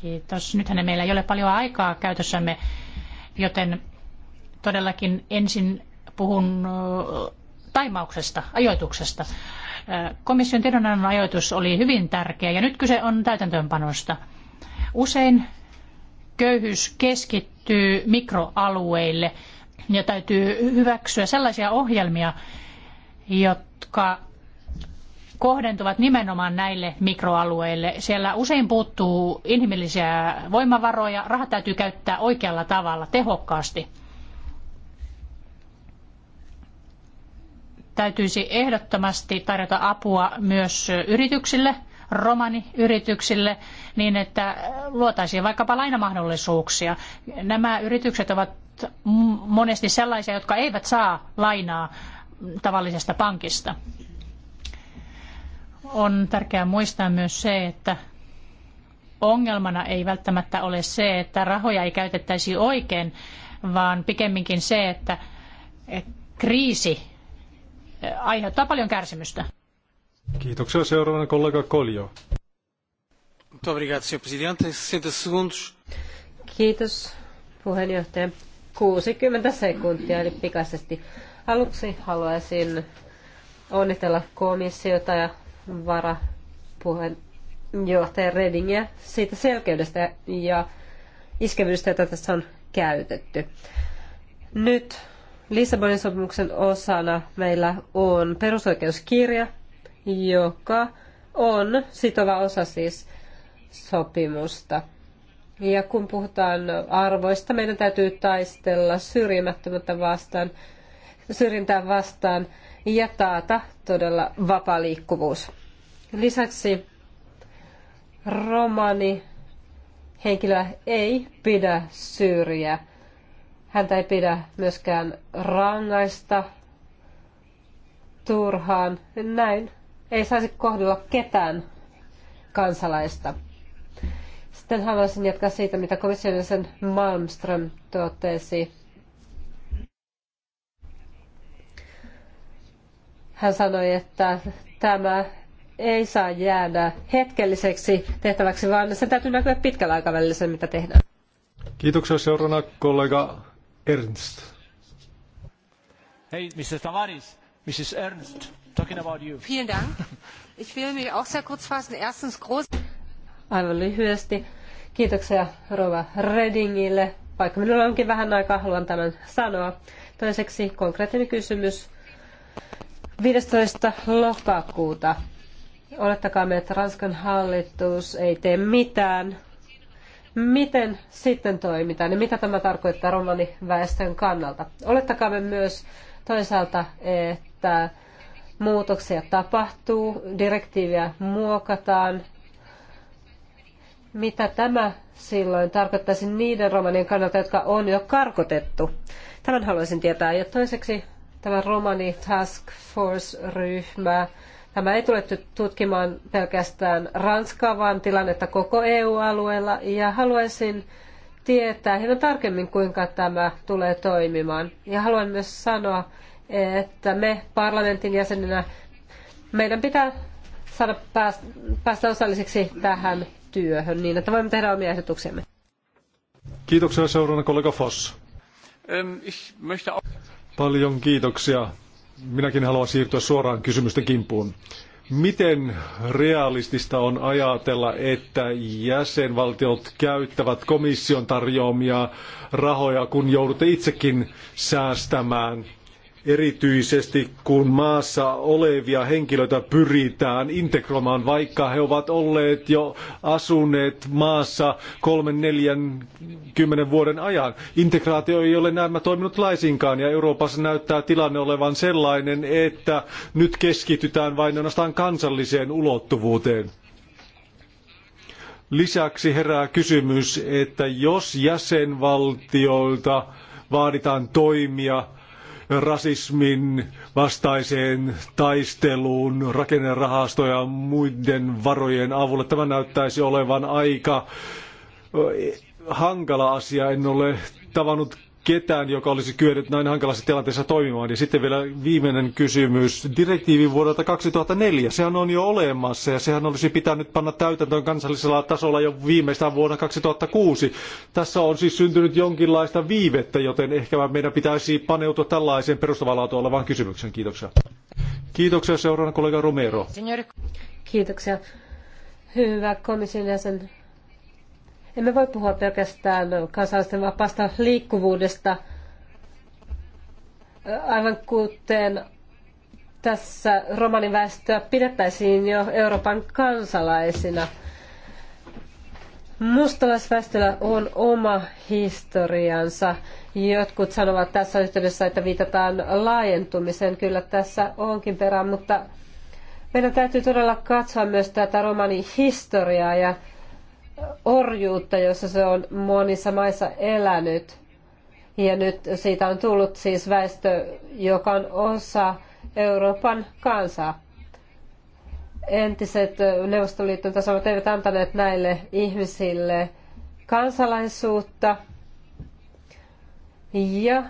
Kiitos. Nythän meillä ei ole paljon aikaa käytössämme, joten todellakin ensin puhun eh, taimauksesta, ajoituksesta. Eh, komission tiedonannon ajoitus oli hyvin tärkeä ja nyt kyse on täytäntöönpanosta. Usein köyhyys keskittyy mikroalueille ja täytyy hyväksyä sellaisia ohjelmia, jotka kohdentuvat nimenomaan näille mikroalueille. Siellä usein puuttuu inhimillisiä voimavaroja, rahat täytyy käyttää oikealla tavalla, tehokkaasti. Täytyisi ehdottomasti tarjota apua myös yrityksille, romaniyrityksille, niin että luotaisiin vaikkapa lainamahdollisuuksia. Nämä yritykset ovat monesti sellaisia, jotka eivät saa lainaa tavallisesta pankista on tärkeää muistaa myös se, että ongelmana ei välttämättä ole se, että rahoja ei käytettäisi oikein, vaan pikemminkin se, että kriisi eh, aiheuttaa paljon kärsimystä. Kiitoksia. Seuraavana kollega Koljo. Kiitos puheenjohtaja. 60 sekuntia eli pikaisesti. Aluksi haluaisin onnitella komissiota ja varapuheenjohtaja Redingiä siitä selkeydestä ja iskevyydestä, jota tässä on käytetty. Nyt Lissabonin sopimuksen osana meillä on perusoikeuskirja, joka on sitova osa siis sopimusta. Ja kun puhutaan arvoista, meidän täytyy taistella syrjimättömättä vastaan, syrjintää vastaan ja taata todella vapaa liikkuvuus. Lisäksi romani henkilöä ei pidä syrjiä. Häntä ei pidä myöskään rangaista turhaan. Näin ei saisi kohdella ketään kansalaista. Sitten haluaisin jatkaa siitä, mitä komission sen Malmström totesi Hän sanoi, että tämä ei saa jäädä hetkelliseksi tehtäväksi, vaan sen täytyy näkyä pitkällä aikavälillä sen, mitä tehdään. Kiitoksia seurana kollega Ernst. Hei, Mr. Tavares, Mrs. Ernst, talking about you. Vielen Dank. Ich will mich auch sehr kurz fassen. Erstens groß... Aivan lyhyesti. Kiitoksia Rova Redingille. Vaikka minulla onkin vähän aikaa, haluan tämän sanoa. Toiseksi konkreettinen kysymys. 15. lokakuuta. Olettakaamme, että Ranskan hallitus ei tee mitään. Miten sitten toimitaan ja mitä tämä tarkoittaa romaniväestön kannalta? Olettakaamme myös toisaalta, että muutoksia tapahtuu, direktiiviä muokataan. Mitä tämä silloin tarkoittaisi niiden romanien kannalta, jotka on jo karkotettu? Tämän haluaisin tietää. Ja toiseksi tämä Romani Task Force-ryhmä. Tämä ei tule tutkimaan pelkästään Ranskaa, vaan tilannetta koko EU-alueella. Ja haluaisin tietää hieman tarkemmin, kuinka tämä tulee toimimaan. Ja haluan myös sanoa, että me parlamentin jäseninä meidän pitää saada päästä osalliseksi tähän työhön niin, että voimme tehdä omia ehdotuksiamme. Kiitoksia seuraavana kollega Foss. Ähm, Paljon kiitoksia. Minäkin haluan siirtyä suoraan kysymysten kimpuun. Miten realistista on ajatella, että jäsenvaltiot käyttävät komission tarjoamia rahoja, kun joudutte itsekin säästämään – erityisesti kun maassa olevia henkilöitä pyritään integroimaan, vaikka he ovat olleet jo asuneet maassa kolmen, neljän, kymmenen vuoden ajan. Integraatio ei ole näemmä toiminut laisinkaan ja Euroopassa näyttää tilanne olevan sellainen, että nyt keskitytään vain ainoastaan kansalliseen ulottuvuuteen. Lisäksi herää kysymys, että jos jäsenvaltioilta vaaditaan toimia, rasismin vastaiseen taisteluun, rakennerahastoja ja muiden varojen avulla. Tämä näyttäisi olevan aika hankala asia. En ole tavannut ketään, joka olisi kyennyt näin hankalassa tilanteessa toimimaan. Ja sitten vielä viimeinen kysymys. Direktiivi vuodelta 2004, sehän on jo olemassa ja sehän olisi pitänyt panna täytäntöön kansallisella tasolla jo viimeistään vuonna 2006. Tässä on siis syntynyt jonkinlaista viivettä, joten ehkä meidän pitäisi paneutua tällaiseen perustavanlaatu olevaan kysymykseen. Kiitoksia. Kiitoksia seuraavana kollega Romero. Kiitoksia. Hyvä komission jäsen emme voi puhua pelkästään kansalaisten vapaasta liikkuvuudesta, aivan kuten tässä romaniväestöä pidettäisiin jo Euroopan kansalaisina. Mustalaisväestöllä on oma historiansa. Jotkut sanovat tässä yhteydessä, että viitataan laajentumiseen. Kyllä tässä onkin perään, mutta meidän täytyy todella katsoa myös tätä romanin historiaa ja orjuutta, jossa se on monissa maissa elänyt. Ja nyt siitä on tullut siis väestö, joka on osa Euroopan kansaa. Entiset Neuvostoliiton tasavat eivät antaneet näille ihmisille kansalaisuutta. Ja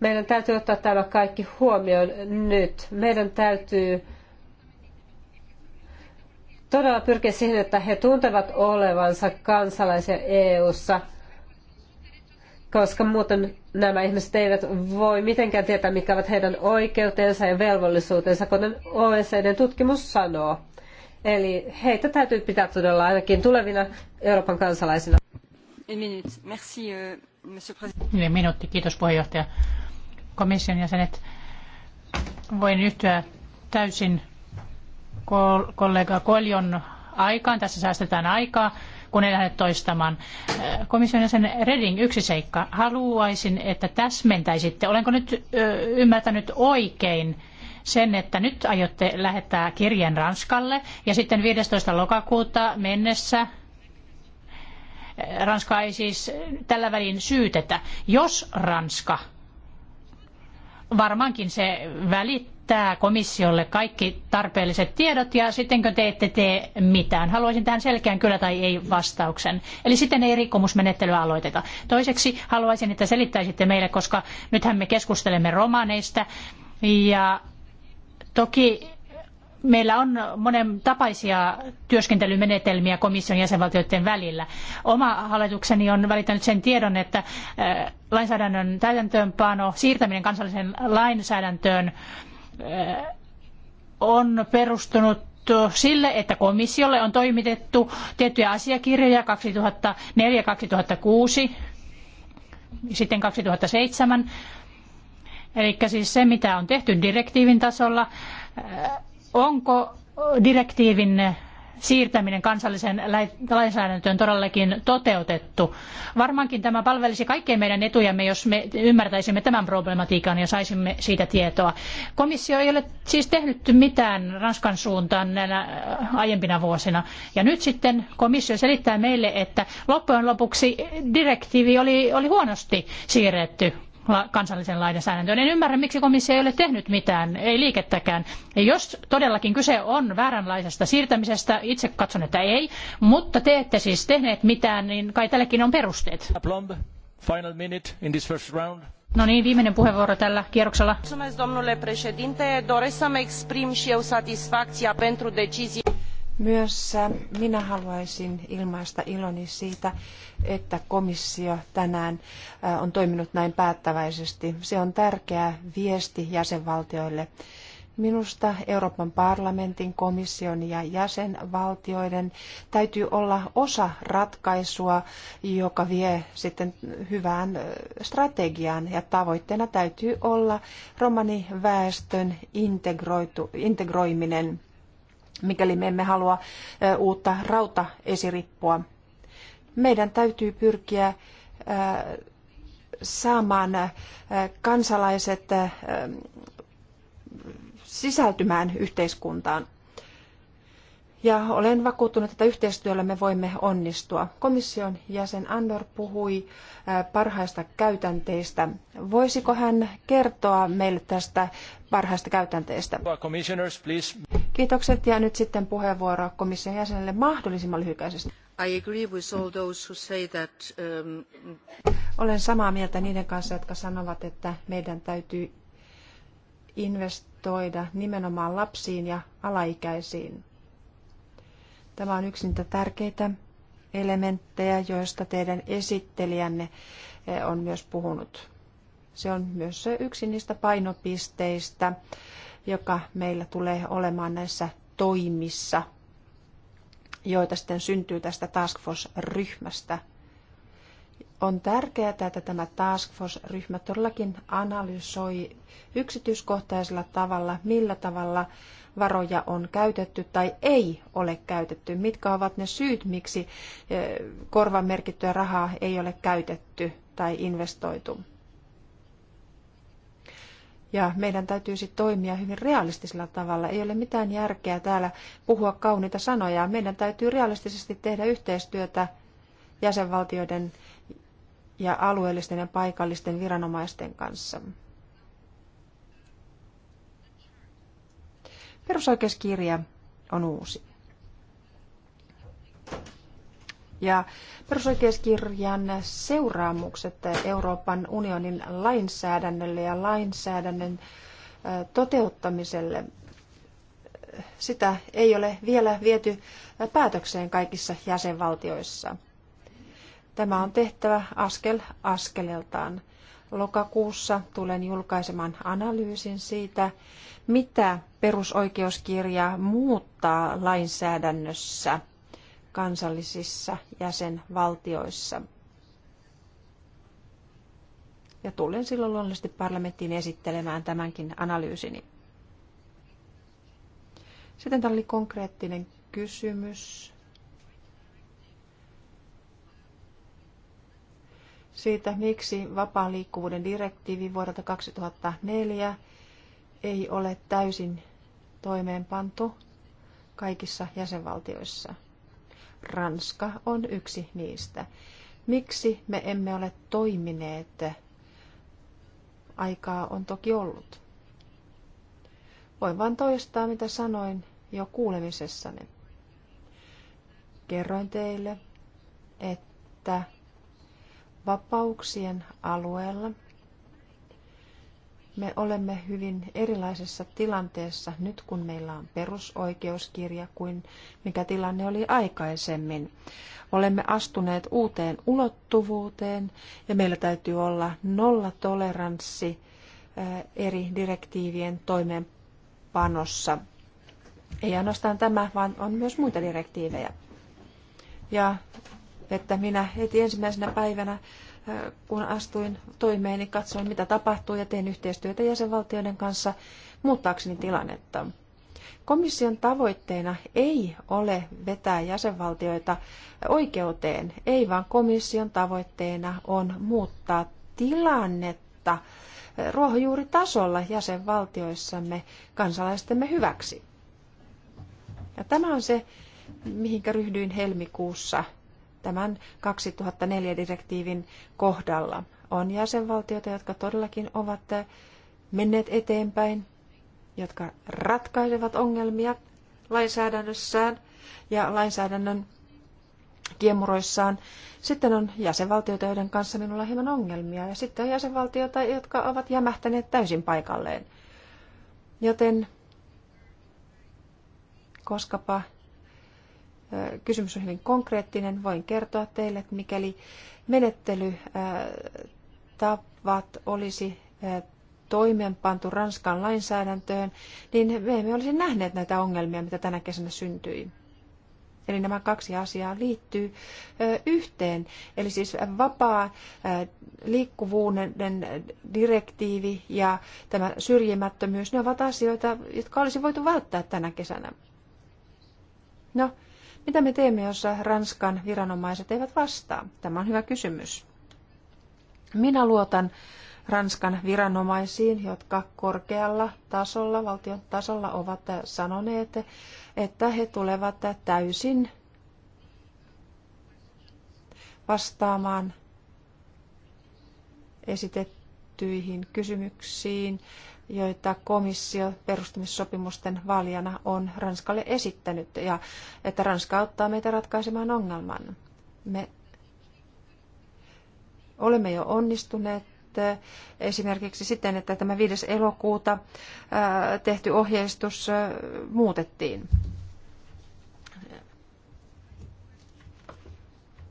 meidän täytyy ottaa tämä kaikki huomioon nyt. Meidän täytyy todella pyrkiä siihen, että he tuntevat olevansa kansalaisia EU-ssa, koska muuten nämä ihmiset eivät voi mitenkään tietää, mitkä ovat heidän oikeutensa ja velvollisuutensa, kuten oecd tutkimus sanoo. Eli heitä täytyy pitää todella ainakin tulevina Euroopan kansalaisina. Euh, minuutti, kiitos puheenjohtaja. Komission jäsenet, voin yhtyä täysin kollega Koljon aikaan. Tässä säästetään aikaa, kun ei lähde toistamaan. Äh, komission jäsen Reding, yksi seikka. Haluaisin, että täsmentäisitte. Olenko nyt ymmärtänyt oikein sen, että nyt aiotte lähettää kirjeen Ranskalle ja sitten 15. lokakuuta mennessä äh, Ranska ei siis tällä välin syytetä. Jos Ranska varmaankin se välit, lähettää komissiolle kaikki tarpeelliset tiedot ja sittenkö te ette tee mitään? Haluaisin tähän selkeän kyllä tai ei vastauksen. Eli sitten ei rikkomusmenettelyä aloiteta. Toiseksi haluaisin, että selittäisitte meille, koska nythän me keskustelemme romaneista ja toki meillä on monen tapaisia työskentelymenetelmiä komission jäsenvaltioiden välillä. Oma hallitukseni on välittänyt sen tiedon, että äh, lainsäädännön täytäntöönpano, siirtäminen kansalliseen lainsäädäntöön on perustunut sille, että komissiolle on toimitettu tiettyjä asiakirjoja 2004-2006, sitten 2007. Eli siis se, mitä on tehty direktiivin tasolla, onko direktiivin siirtäminen kansalliseen lainsäädäntöön todellakin toteutettu. Varmaankin tämä palvelisi kaikkien meidän etujamme, jos me ymmärtäisimme tämän problematiikan ja saisimme siitä tietoa. Komissio ei ole siis tehnyt mitään Ranskan suuntaan näinä äh, aiempina vuosina. Ja nyt sitten komissio selittää meille, että loppujen lopuksi direktiivi oli, oli huonosti siirretty kansallisen lainsäädäntöön. En ymmärrä, miksi komissio ei ole tehnyt mitään, ei liikettäkään. jos todellakin kyse on vääränlaisesta siirtämisestä, itse katson, että ei, mutta te ette siis tehneet mitään, niin kai tällekin on perusteet. Plomb, final minute in this first round. No niin, viimeinen puheenvuoro tällä kierroksella. Mulțumesc, domnule președinte. Doresc să-mi exprim și eu satisfacția pentru decizie. Myös äh, minä haluaisin ilmaista iloni siitä, että komissio tänään äh, on toiminut näin päättäväisesti. Se on tärkeä viesti jäsenvaltioille. Minusta Euroopan parlamentin, komission ja jäsenvaltioiden täytyy olla osa ratkaisua, joka vie sitten hyvään äh, strategiaan. Ja tavoitteena täytyy olla romaniväestön integroitu, integroiminen – mikäli me emme halua uutta rautaesirippua. Meidän täytyy pyrkiä saamaan kansalaiset sisältymään yhteiskuntaan. Ja olen vakuuttunut, että yhteistyöllä me voimme onnistua. Komission jäsen Andor puhui parhaista käytänteistä. Voisiko hän kertoa meille tästä parhaista käytänteistä? Kiitokset ja nyt sitten puheenvuoro komission jäsenelle mahdollisimman lyhykäisesti. That, um... Olen samaa mieltä niiden kanssa, jotka sanovat, että meidän täytyy investoida nimenomaan lapsiin ja alaikäisiin Tämä on yksi niitä tärkeitä elementtejä, joista teidän esittelijänne eh, on myös puhunut. Se on myös yksi niistä painopisteistä, joka meillä tulee olemaan näissä toimissa, joita sitten syntyy tästä Task Force-ryhmästä. On tärkeää, että tämä Task Force-ryhmä todellakin analysoi yksityiskohtaisella tavalla, millä tavalla varoja on käytetty tai ei ole käytetty? Mitkä ovat ne syyt, miksi eh, korvamerkittyä rahaa ei ole käytetty tai investoitu? Ja meidän täytyisi toimia hyvin realistisella tavalla. Ei ole mitään järkeä täällä puhua kauniita sanoja. Meidän täytyy realistisesti tehdä yhteistyötä jäsenvaltioiden ja alueellisten ja paikallisten viranomaisten kanssa. Perusoikeuskirja on uusi. Ja perusoikeuskirjan seuraamukset Euroopan unionin lainsäädännölle ja lainsäädännön toteuttamiselle, sitä ei ole vielä viety päätökseen kaikissa jäsenvaltioissa. Tämä on tehtävä askel askeleltaan lokakuussa tulen julkaisemaan analyysin siitä, mitä perusoikeuskirja muuttaa lainsäädännössä kansallisissa jäsenvaltioissa. Ja tulen silloin luonnollisesti parlamenttiin esittelemään tämänkin analyysini. Sitten tämä oli konkreettinen kysymys siitä, miksi vapaan liikkuvuuden direktiivi vuodelta 2004 ei ole täysin toimeenpantu kaikissa jäsenvaltioissa. Ranska on yksi niistä. Miksi me emme ole toimineet? Aikaa on toki ollut. Voin vain toistaa, mitä sanoin jo kuulemisessani. Kerroin teille, että vapauksien alueella me olemme hyvin erilaisessa tilanteessa nyt, kun meillä on perusoikeuskirja kuin mikä tilanne oli aikaisemmin. Olemme astuneet uuteen ulottuvuuteen ja meillä täytyy olla nolla toleranssi eh, eri direktiivien toimeenpanossa. Ei ainoastaan tämä, vaan on myös muita direktiivejä. Ja että minä heti ensimmäisenä päivänä, kun astuin toimeen, niin katsoin, mitä tapahtuu ja tein yhteistyötä jäsenvaltioiden kanssa muuttaakseni tilannetta. Komission tavoitteena ei ole vetää jäsenvaltioita oikeuteen, ei vaan komission tavoitteena on muuttaa tilannetta ruohonjuuritasolla jäsenvaltioissamme kansalaistemme hyväksi. Ja tämä on se, mihinkä ryhdyin helmikuussa tämän 2004 direktiivin kohdalla. On jäsenvaltioita, jotka todellakin ovat menneet eteenpäin, jotka ratkaisevat ongelmia lainsäädännössään ja lainsäädännön kiemuroissaan. Sitten on jäsenvaltioita, joiden kanssa minulla on hieman ongelmia, ja sitten on jäsenvaltioita, jotka ovat jämähtäneet täysin paikalleen. Joten koskapa Kysymys on hyvin konkreettinen. Voin kertoa teille, että mikäli menettelytavat olisi toimeenpantu Ranskan lainsäädäntöön, niin me emme olisi nähneet näitä ongelmia, mitä tänä kesänä syntyi. Eli nämä kaksi asiaa liittyy yhteen. Eli siis vapaa liikkuvuuden direktiivi ja tämä syrjimättömyys, ne ovat asioita, jotka olisi voitu välttää tänä kesänä. No, mitä me teemme, jos Ranskan viranomaiset eivät vastaa? Tämä on hyvä kysymys. Minä luotan Ranskan viranomaisiin, jotka korkealla tasolla, valtion tasolla ovat sanoneet, että he tulevat täysin vastaamaan esitettyihin kysymyksiin joita komissio perustamissopimusten valjana on Ranskalle esittänyt ja että Ranska auttaa meitä ratkaisemaan ongelman. Me olemme jo onnistuneet eh, esimerkiksi siten, että tämä 5. elokuuta eh, tehty ohjeistus eh, muutettiin.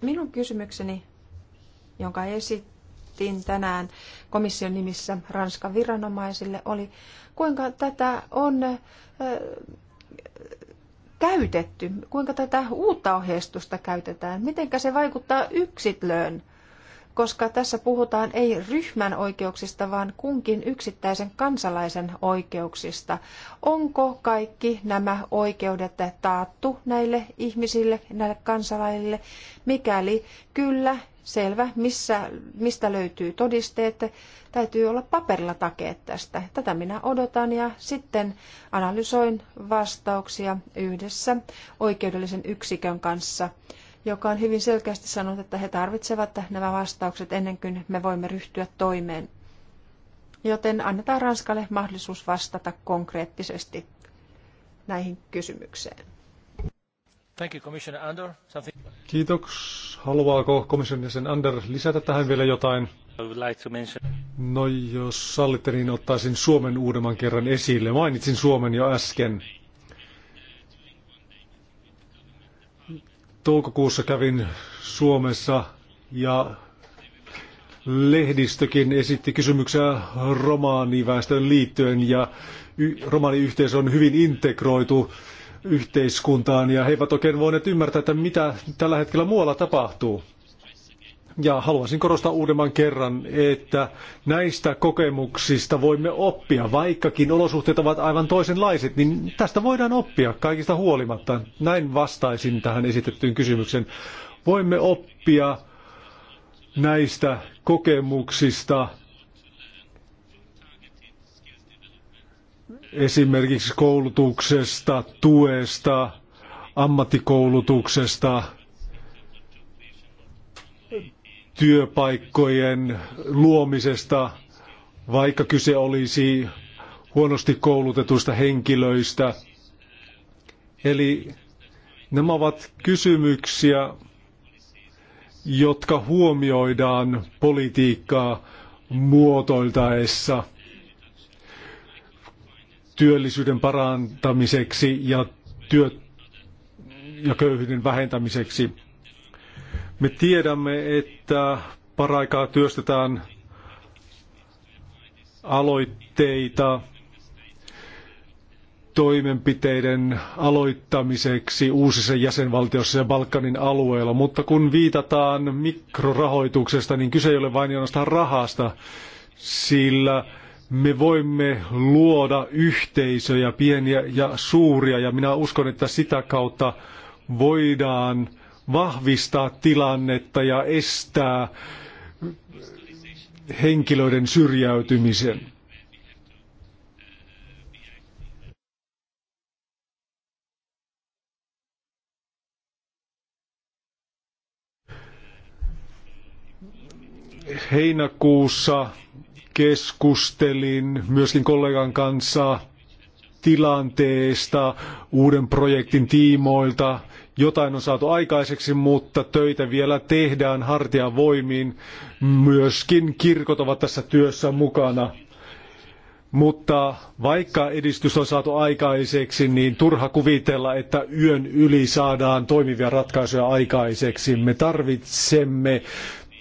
Minun kysymykseni, jonka esit esitettiin tänään komission nimissä Ranskan viranomaisille, oli kuinka tätä on käytetty, kuinka tätä uutta ohjeistusta käytetään, miten se vaikuttaa yksilöön, koska tässä puhutaan ei ryhmän oikeuksista, vaan kunkin yksittäisen kansalaisen oikeuksista. Onko kaikki nämä oikeudet taattu näille ihmisille, näille kansalaisille? Mikäli kyllä, Selvä, missä, mistä löytyy todisteet, täytyy olla paperilla takeet tästä. Tätä minä odotan ja sitten analysoin vastauksia yhdessä oikeudellisen yksikön kanssa, joka on hyvin selkeästi sanonut, että he tarvitsevat nämä vastaukset ennen kuin me voimme ryhtyä toimeen. Joten annetaan Ranskalle mahdollisuus vastata konkreettisesti näihin kysymykseen. Thank you, Commissioner Something... Kiitoks. Haluaako komission jäsen Ander lisätä tähän vielä jotain? I would like to mention... No jos sallitte, niin ottaisin Suomen uudemman kerran esille. Mainitsin Suomen jo äsken. Toukokuussa kävin Suomessa ja lehdistökin esitti kysymyksiä romaaniväestön liittyen ja y- romaaniyhteisö on hyvin integroitu yhteiskuntaan ja he eivät oikein voineet ymmärtää, että mitä tällä hetkellä muualla tapahtuu. Ja haluaisin korostaa uudemman kerran, että näistä kokemuksista voimme oppia, vaikkakin olosuhteet ovat aivan toisenlaiset, niin tästä voidaan oppia kaikista huolimatta. Näin vastaisin tähän esitettyyn kysymykseen. Voimme oppia näistä kokemuksista esimerkiksi koulutuksesta, tuesta, ammattikoulutuksesta, työpaikkojen luomisesta, vaikka kyse olisi huonosti koulutetuista henkilöistä. Eli nämä ovat kysymyksiä, jotka huomioidaan politiikkaa muotoiltaessa työllisyyden parantamiseksi ja, työ- ja köyhyyden vähentämiseksi. Me tiedämme, että paraikaa työstetään aloitteita toimenpiteiden aloittamiseksi uusissa jäsenvaltioissa ja Balkanin alueella, mutta kun viitataan mikrorahoituksesta, niin kyse ei ole vain ainoastaan rahasta, sillä me voimme luoda yhteisöjä, pieniä ja suuria, ja minä uskon, että sitä kautta voidaan vahvistaa tilannetta ja estää henkilöiden syrjäytymisen. Heinäkuussa keskustelin myöskin kollegan kanssa tilanteesta uuden projektin tiimoilta. Jotain on saatu aikaiseksi, mutta töitä vielä tehdään hartian voimin. Myöskin kirkot ovat tässä työssä mukana. Mutta vaikka edistys on saatu aikaiseksi, niin turha kuvitella, että yön yli saadaan toimivia ratkaisuja aikaiseksi. Me tarvitsemme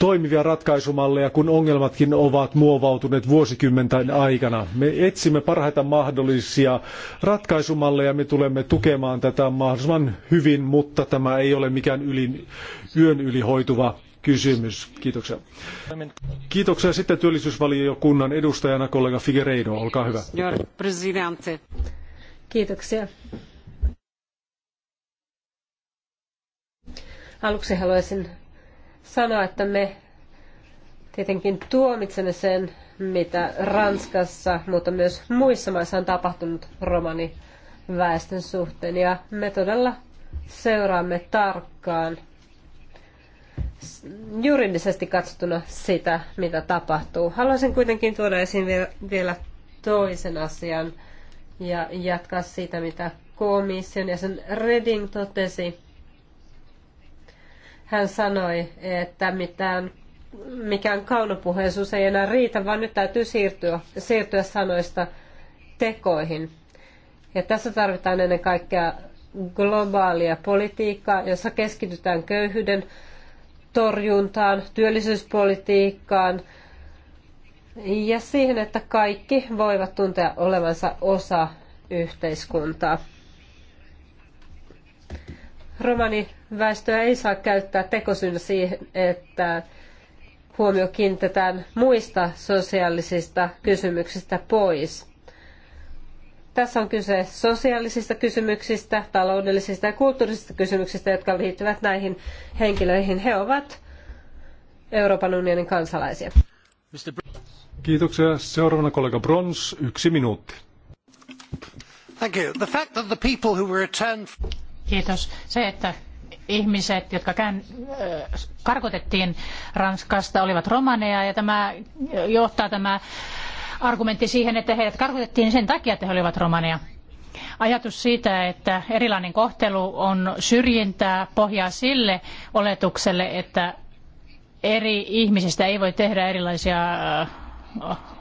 toimivia ratkaisumalleja, kun ongelmatkin ovat muovautuneet vuosikymmenten aikana. Me etsimme parhaita mahdollisia ratkaisumalleja, me tulemme tukemaan tätä mahdollisimman hyvin, mutta tämä ei ole mikään ylin, yön yli hoituva kysymys. Kiitoksia. Kiitoksia sitten työllisyysvaliokunnan edustajana kollega Figueiredo, olkaa hyvä. Kiitoksia. Aluksi haluaisin sanoa, että me tietenkin tuomitsemme sen, mitä Ranskassa, mutta myös muissa maissa on tapahtunut romani väestön suhteen. Ja me todella seuraamme tarkkaan juridisesti katsottuna sitä, mitä tapahtuu. Haluaisin kuitenkin tuoda esiin vielä toisen asian ja jatkaa siitä, mitä komission ja sen Reding totesi. Hän sanoi, että mitään, mikään kaunopuheisuus ei enää riitä, vaan nyt täytyy siirtyä, siirtyä sanoista tekoihin. Ja tässä tarvitaan ennen kaikkea globaalia politiikkaa, jossa keskitytään köyhyyden torjuntaan, työllisyyspolitiikkaan ja siihen, että kaikki voivat tuntea olevansa osa yhteiskuntaa romaniväestöä ei saa käyttää tekosyynä siihen, että huomio kiinnitetään muista sosiaalisista kysymyksistä pois. Tässä on kyse sosiaalisista kysymyksistä, taloudellisista ja kulttuurisista kysymyksistä, jotka liittyvät näihin henkilöihin. He ovat Euroopan unionin kansalaisia. Kiitoksia. Seuraavana kollega Brons, yksi minuutti. Thank you. The fact that the people who were returned... Kiitos. Se, että ihmiset, jotka kään, karkotettiin Ranskasta, olivat romaneja ja tämä johtaa tämä argumentti siihen, että heidät karkotettiin sen takia, että he olivat romaneja. Ajatus siitä, että erilainen kohtelu on syrjintää, pohjaa sille oletukselle, että eri ihmisistä ei voi tehdä erilaisia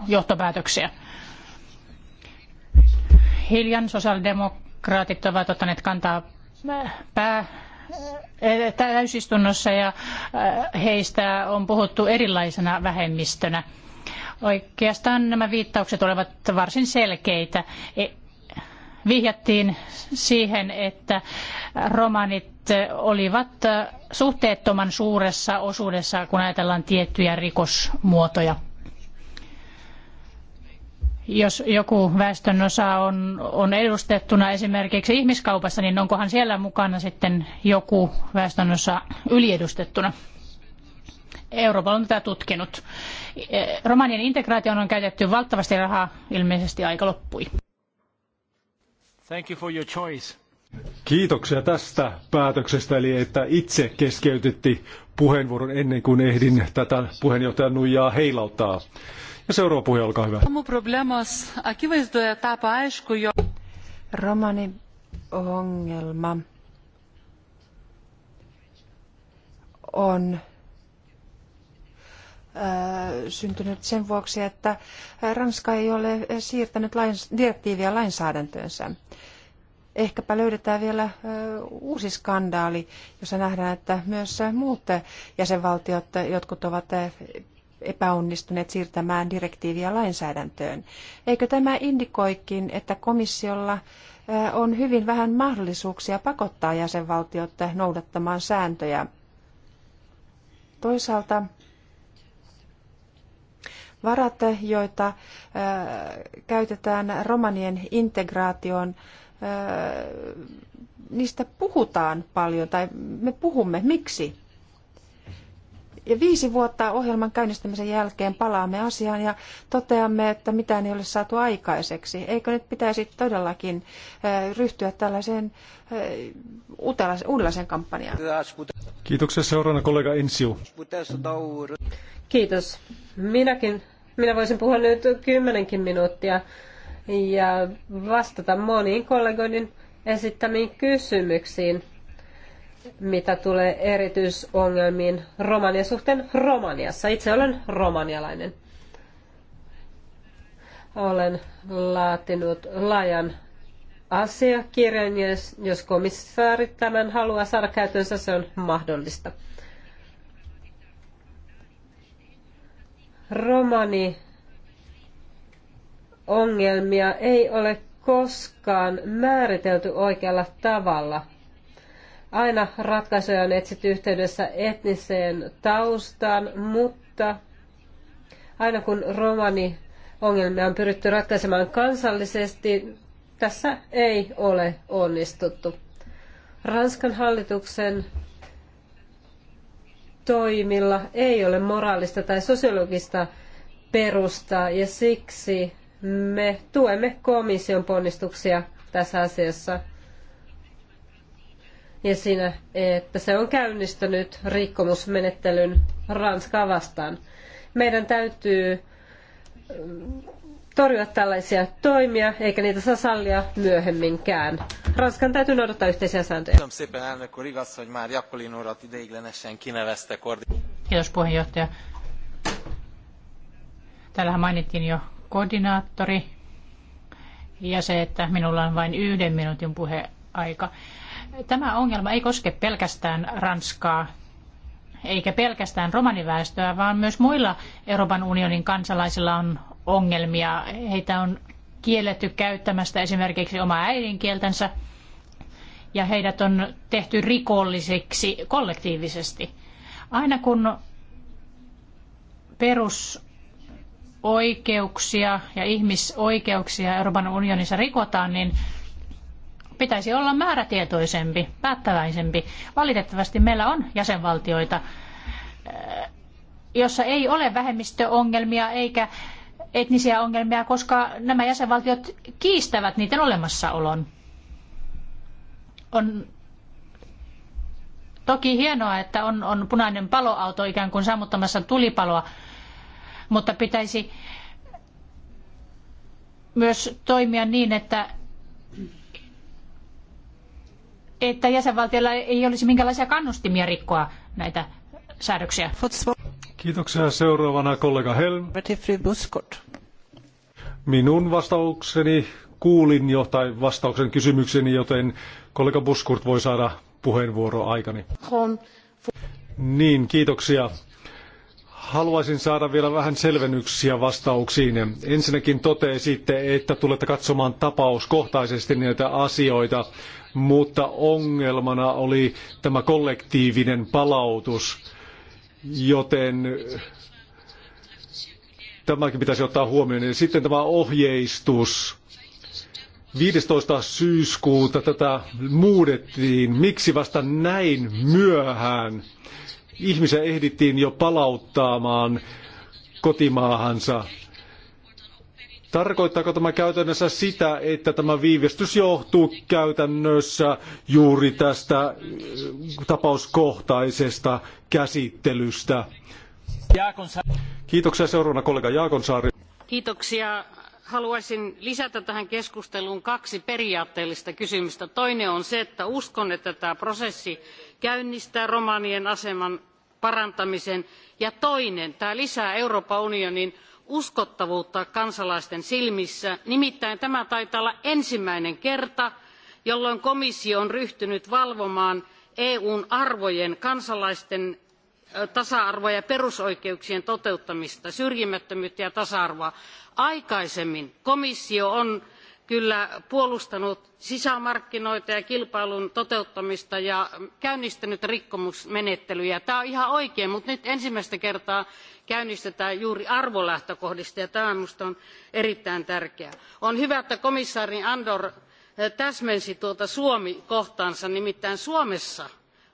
johtopäätöksiä. Hiljan sosiaalidemokraatit ovat ottaneet kantaa pää täysistunnossa ja heistä on puhuttu erilaisena vähemmistönä. Oikeastaan nämä viittaukset olivat varsin selkeitä. E, vihjattiin siihen, että romanit olivat suhteettoman suuressa osuudessa, kun ajatellaan tiettyjä rikosmuotoja jos joku väestön osa on, on edustettuna esimerkiksi ihmiskaupassa, niin onkohan siellä mukana sitten joku väestön osa yliedustettuna? Euroopan on tätä tutkinut. Romanien integraation on käytetty valtavasti rahaa, ilmeisesti aika loppui. Thank you for your choice. Kiitoksia tästä päätöksestä, eli että itse keskeytytti puheenvuoron ennen kuin ehdin tätä puheenjohtajan nuijaa heilauttaa. Ja seuraava puhuja, olkaa hyvä. Problemos, akivaizdoja tapa aisku jo... Romani ongelma on äh, syntynyt sen vuoksi, että Ranska ei ole siirtänyt lains, direktiiviä lainsäädäntöönsä. Ehkäpä löydetään vielä äh, uusi skandaali, jossa nähdään, että myös muut jäsenvaltiot, jotkut ovat äh, epäonnistuneet siirtämään direktiiviä lainsäädäntöön. Eikö tämä indikoikin, että komissiolla on hyvin vähän mahdollisuuksia pakottaa jäsenvaltiot noudattamaan sääntöjä? Toisaalta varat, joita käytetään romanien integraatioon, niistä puhutaan paljon, tai me puhumme. Miksi? Ja viisi vuotta ohjelman käynnistämisen jälkeen palaamme asiaan ja toteamme, että mitään ei ole saatu aikaiseksi. Eikö nyt pitäisi todellakin ryhtyä tällaiseen uudenlaiseen kampanjaan? Kiitoksia seuraavana kollega Ensiu. Kiitos. Minäkin, minä voisin puhua nyt kymmenenkin minuuttia ja vastata moniin kollegoiden esittämiin kysymyksiin mitä tulee erityisongelmiin romania suhteen Romaniassa. Itse olen romanialainen. Olen laatinut laajan asiakirjan, jos komissaari tämän haluaa saada käytönsä, se on mahdollista. Romani ongelmia ei ole koskaan määritelty oikealla tavalla – Aina ratkaisuja on etsitty yhteydessä etniseen taustaan, mutta aina kun romani ongelmia on pyritty ratkaisemaan kansallisesti, tässä ei ole onnistuttu. Ranskan hallituksen toimilla ei ole moraalista tai sosiologista perustaa ja siksi me tuemme komission ponnistuksia tässä asiassa ja siinä, että se on käynnistänyt rikkomusmenettelyn Ranskaa vastaan. Meidän täytyy mm, torjua tällaisia toimia, eikä niitä saa sallia myöhemminkään. Ranskan täytyy noudattaa yhteisiä sääntöjä. Kiitos puheenjohtaja. Täällähän mainittiin jo koordinaattori ja se, että minulla on vain yhden minuutin puheaika tämä ongelma ei koske pelkästään Ranskaa eikä pelkästään romaniväestöä, vaan myös muilla Euroopan unionin kansalaisilla on ongelmia. Heitä on kielletty käyttämästä esimerkiksi omaa äidinkieltänsä ja heidät on tehty rikollisiksi kollektiivisesti. Aina kun perusoikeuksia ja ihmisoikeuksia Euroopan unionissa rikotaan, niin pitäisi olla määrätietoisempi, päättäväisempi. Valitettavasti meillä on jäsenvaltioita, äh, jossa ei ole vähemmistöongelmia eikä etnisiä ongelmia, koska nämä jäsenvaltiot kiistävät niiden olemassaolon. On toki hienoa, että on, on punainen paloauto ikään kuin sammuttamassa tulipaloa, mutta pitäisi myös toimia niin, että että jäsenvaltiolla ei olisi minkälaisia kannustimia rikkoa näitä säädöksiä. Kiitoksia. Seuraavana kollega Helm. Minun vastaukseni kuulin jo, tai vastauksen kysymykseni, joten kollega Buskurt voi saada puheenvuoro aikani. Niin, kiitoksia. Haluaisin saada vielä vähän selvennyksiä vastauksiin. Ensinnäkin totesitte, että tulette katsomaan tapauskohtaisesti näitä asioita mutta ongelmana oli tämä kollektiivinen palautus, joten tämäkin pitäisi ottaa huomioon. Ja sitten tämä ohjeistus. 15. syyskuuta tätä muudettiin. Miksi vasta näin myöhään? Ihmisiä ehdittiin jo palauttaamaan kotimaahansa. Tarkoittaako tämä käytännössä sitä, että tämä viivästys johtuu käytännössä juuri tästä äh, tapauskohtaisesta käsittelystä? Kiitoksia seuraavana kollega Jaakonsaari. Kiitoksia. Haluaisin lisätä tähän keskusteluun kaksi periaatteellista kysymystä. Toinen on se, että uskon, että tämä prosessi käynnistää romanien aseman parantamisen. Ja toinen, tämä lisää Euroopan unionin uskottavuutta kansalaisten silmissä. Nimittäin tämä taitaa olla ensimmäinen kerta, jolloin komissio on ryhtynyt valvomaan EUn arvojen kansalaisten tasa-arvoa ja perusoikeuksien toteuttamista, syrjimättömyyttä ja tasa-arvoa. Aikaisemmin komissio on kyllä puolustanut sisämarkkinoita ja kilpailun toteuttamista ja käynnistänyt rikkomusmenettelyjä. Tämä on ihan oikein, mutta nyt ensimmäistä kertaa käynnistetään juuri arvolähtökohdista ja tämä minusta on erittäin tärkeää. On hyvä, että komissaari Andor täsmensi tuota Suomi-kohtaansa, nimittäin Suomessa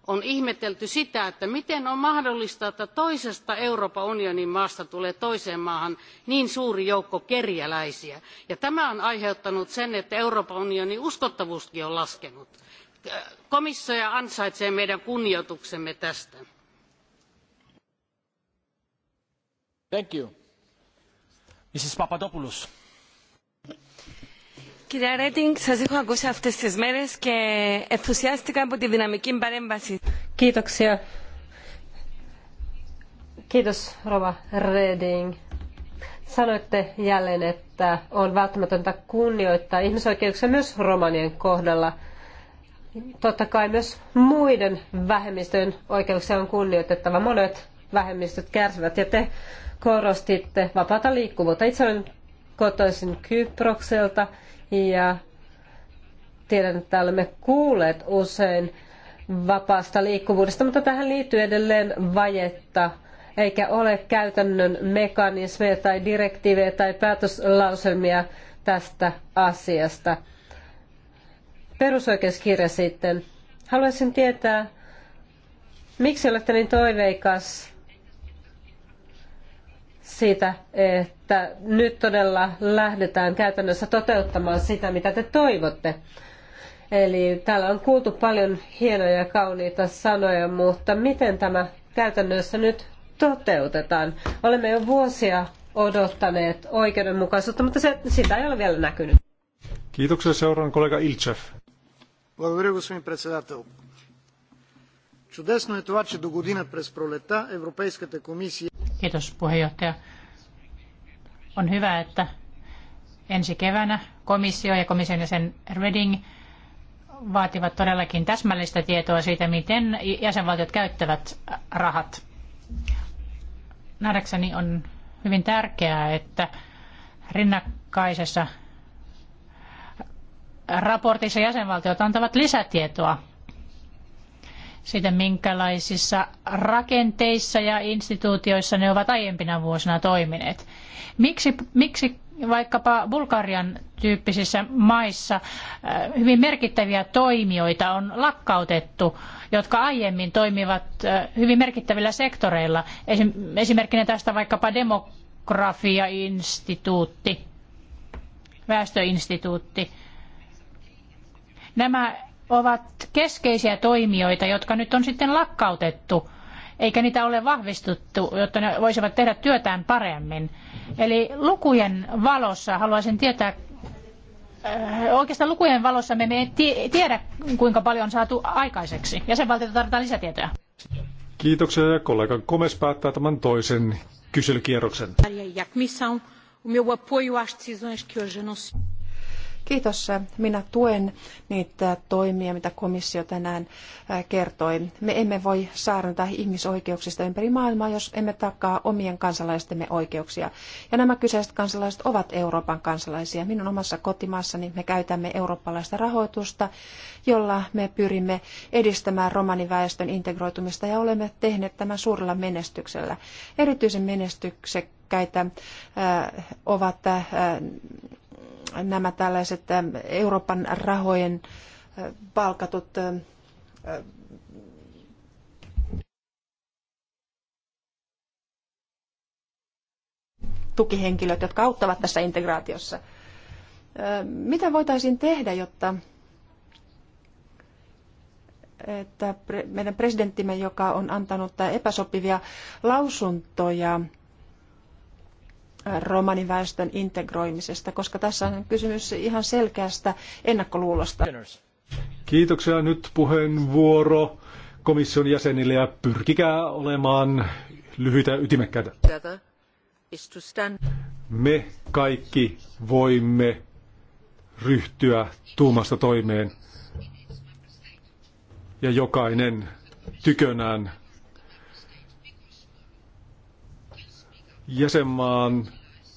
on ihmetelty sitä, että miten on mahdollista, että toisesta Euroopan unionin maasta tulee toiseen maahan niin suuri joukko kerjäläisiä. Ja tämä on aiheuttanut sen, että Euroopan unionin uskottavuuskin on laskenut. Komissio ansaitsee meidän kunnioituksemme tästä. Thank you. Mrs. Papadopoulos. Κυρία Ρέτινγκ, σα έχω ακούσει αυτέ τι μέρε και ενθουσιάστηκα από τη δυναμική παρέμβαση. Κοίταξε. Kiitos, Rova Reding. Sanoitte jälleen, että on välttämätöntä kunnioittaa ihmisoikeuksia myös romanien kohdalla. Totta kai myös muiden vähemmistöjen oikeuksia on kunnioitettava. Monet vähemmistöt kärsivät ja te korostitte vapaata liikkuvuutta. Itse olen kotoisin Kyprokselta ja tiedän, että olemme kuulleet usein vapaasta liikkuvuudesta, mutta tähän liittyy edelleen vajetta, eikä ole käytännön mekanismeja tai direktiivejä tai päätöslauselmia tästä asiasta. Perusoikeuskirja sitten. Haluaisin tietää, miksi olette niin toiveikas siitä, että nyt todella lähdetään käytännössä toteuttamaan sitä, mitä te toivotte. Eli täällä on kuultu paljon hienoja ja kauniita sanoja, mutta miten tämä käytännössä nyt toteutetaan? Olemme jo vuosia odottaneet oikeudenmukaisuutta, mutta se, sitä ei ole vielä näkynyt. Kiitoksia seuraan kollega Ilchev. Чудесно е това, че до година през пролета Европейската комисия Kiitos puheenjohtaja. On hyvä, että ensi keväänä komissio ja komission jäsen Reding vaativat todellakin täsmällistä tietoa siitä, miten jäsenvaltiot käyttävät rahat. Nähdäkseni on hyvin tärkeää, että rinnakkaisessa raportissa jäsenvaltiot antavat lisätietoa siitä, minkälaisissa rakenteissa ja instituutioissa ne ovat aiempina vuosina toimineet. Miksi, miksi vaikkapa Bulgarian tyyppisissä maissa äh, hyvin merkittäviä toimijoita on lakkautettu, jotka aiemmin toimivat äh, hyvin merkittävillä sektoreilla. Esimerkkinä tästä vaikkapa demografiainstituutti, väestöinstituutti. Nämä ovat keskeisiä toimijoita, jotka nyt on sitten lakkautettu, eikä niitä ole vahvistettu, jotta ne voisivat tehdä työtään paremmin. Eli lukujen valossa haluaisin tietää, äh, oikeastaan lukujen valossa me emme tiedä, kuinka paljon on saatu aikaiseksi. Jäsenvaltiota tarvitaan lisätietoja. Kiitoksia ja kollegan Komes päättää tämän toisen kyselykierroksen. Kiitos. Minä tuen niitä toimia, mitä komissio tänään kertoi. Me emme voi saarnata ihmisoikeuksista ympäri maailmaa, jos emme takaa omien kansalaistemme oikeuksia. Ja nämä kyseiset kansalaiset ovat Euroopan kansalaisia. Minun omassa kotimaassani me käytämme eurooppalaista rahoitusta, jolla me pyrimme edistämään romaniväestön integroitumista ja olemme tehneet tämän suurella menestyksellä. Erityisen menestyksekkäitä ovat nämä tällaiset ähm, Euroopan rahojen äh, palkatut äh, tukihenkilöt, jotka auttavat tässä integraatiossa. Äh, mitä voitaisiin tehdä, jotta että meidän presidenttimme, joka on antanut epäsopivia lausuntoja romaniväestön integroimisesta, koska tässä on kysymys ihan selkeästä ennakkoluulosta. Kiitoksia. Nyt puheenvuoro komission jäsenille ja pyrkikää olemaan lyhyitä ja ytimekkäitä. Me kaikki voimme ryhtyä tuumasta toimeen ja jokainen tykönään jäsenmaan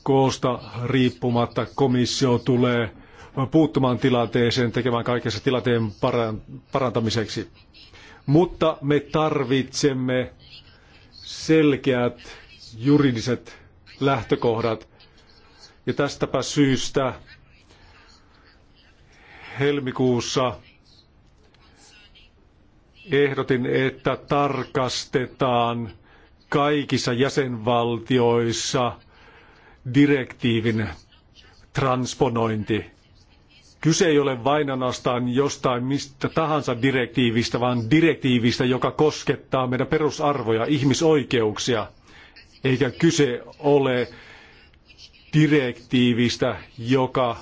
koosta riippumatta komissio tulee puuttumaan tilanteeseen, tekemään kaikessa tilanteen parantamiseksi. Mutta me tarvitsemme selkeät juridiset lähtökohdat. Ja tästäpä syystä helmikuussa ehdotin, että tarkastetaan kaikissa jäsenvaltioissa direktiivin transponointi. Kyse ei ole vain ainoastaan jostain mistä tahansa direktiivistä, vaan direktiivistä, joka koskettaa meidän perusarvoja, ihmisoikeuksia. Eikä kyse ole direktiivistä, joka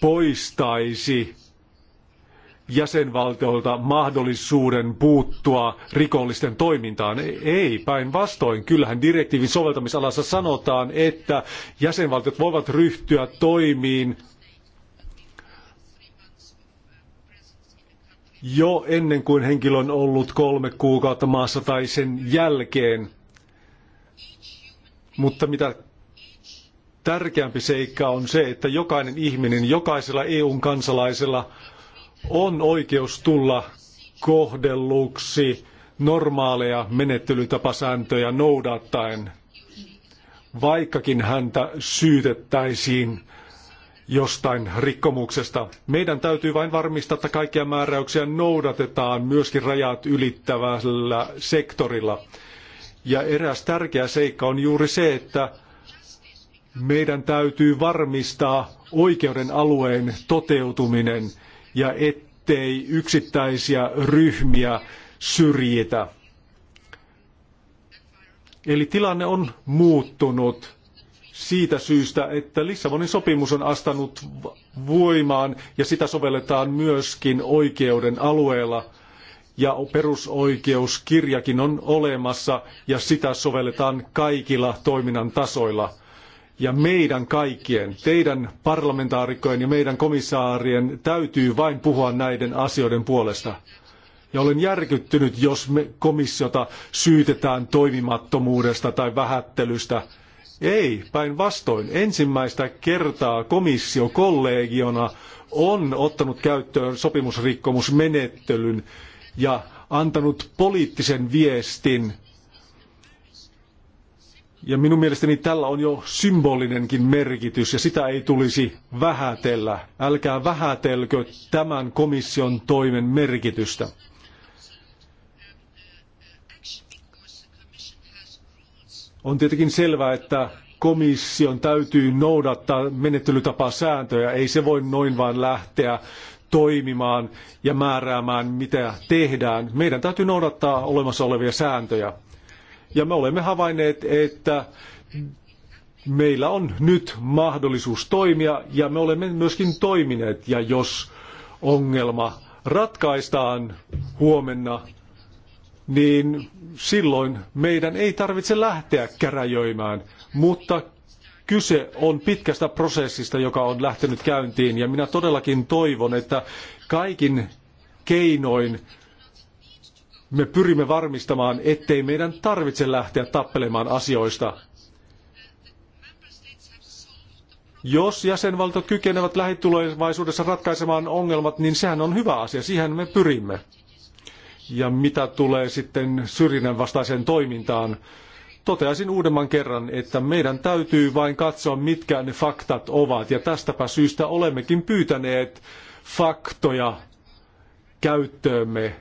poistaisi jäsenvaltiolta mahdollisuuden puuttua rikollisten toimintaan. Ei, päinvastoin. Kyllähän direktiivin soveltamisalassa sanotaan, että jäsenvaltiot voivat ryhtyä toimiin jo ennen kuin henkilö on ollut kolme kuukautta maassa tai sen jälkeen. Mutta mitä tärkeämpi seikka on se, että jokainen ihminen, jokaisella EUn kansalaisella – on oikeus tulla kohdelluksi normaaleja menettelytapasääntöjä noudattaen, vaikkakin häntä syytettäisiin jostain rikkomuksesta. Meidän täytyy vain varmistaa, että kaikkia määräyksiä noudatetaan myöskin rajat ylittävällä sektorilla. Ja eräs tärkeä seikka on juuri se, että meidän täytyy varmistaa oikeuden alueen toteutuminen ja ettei yksittäisiä ryhmiä syrjitä. Eli tilanne on muuttunut siitä syystä, että Lissabonin sopimus on astanut voimaan ja sitä sovelletaan myöskin oikeuden alueella. Ja perusoikeuskirjakin on olemassa ja sitä sovelletaan kaikilla toiminnan tasoilla – ja meidän kaikkien, teidän parlamentaarikkojen ja meidän komissaarien täytyy vain puhua näiden asioiden puolesta. Ja olen järkyttynyt, jos me komissiota syytetään toimimattomuudesta tai vähättelystä. Ei, päinvastoin. Ensimmäistä kertaa komissio kollegiona on ottanut käyttöön sopimusrikkomusmenettelyn ja antanut poliittisen viestin ja minun mielestäni tällä on jo symbolinenkin merkitys ja sitä ei tulisi vähätellä. Älkää vähätelkö tämän komission toimen merkitystä. On tietenkin selvää, että komission täytyy noudattaa menettelytapasääntöjä. Ei se voi noin vain lähteä toimimaan ja määräämään, mitä tehdään. Meidän täytyy noudattaa olemassa olevia sääntöjä. Ja me olemme havainneet, että meillä on nyt mahdollisuus toimia ja me olemme myöskin toimineet. Ja jos ongelma ratkaistaan huomenna, niin silloin meidän ei tarvitse lähteä käräjöimään, mutta kyse on pitkästä prosessista, joka on lähtenyt käyntiin ja minä todellakin toivon, että kaikin keinoin me pyrimme varmistamaan, ettei meidän tarvitse lähteä tappelemaan asioista. Jos jäsenvaltiot kykenevät lähitulevaisuudessa ratkaisemaan ongelmat, niin sehän on hyvä asia. Siihen me pyrimme. Ja mitä tulee sitten syrjinnän vastaiseen toimintaan, toteaisin uudemman kerran, että meidän täytyy vain katsoa, mitkä ne faktat ovat. Ja tästäpä syystä olemmekin pyytäneet faktoja käyttöömme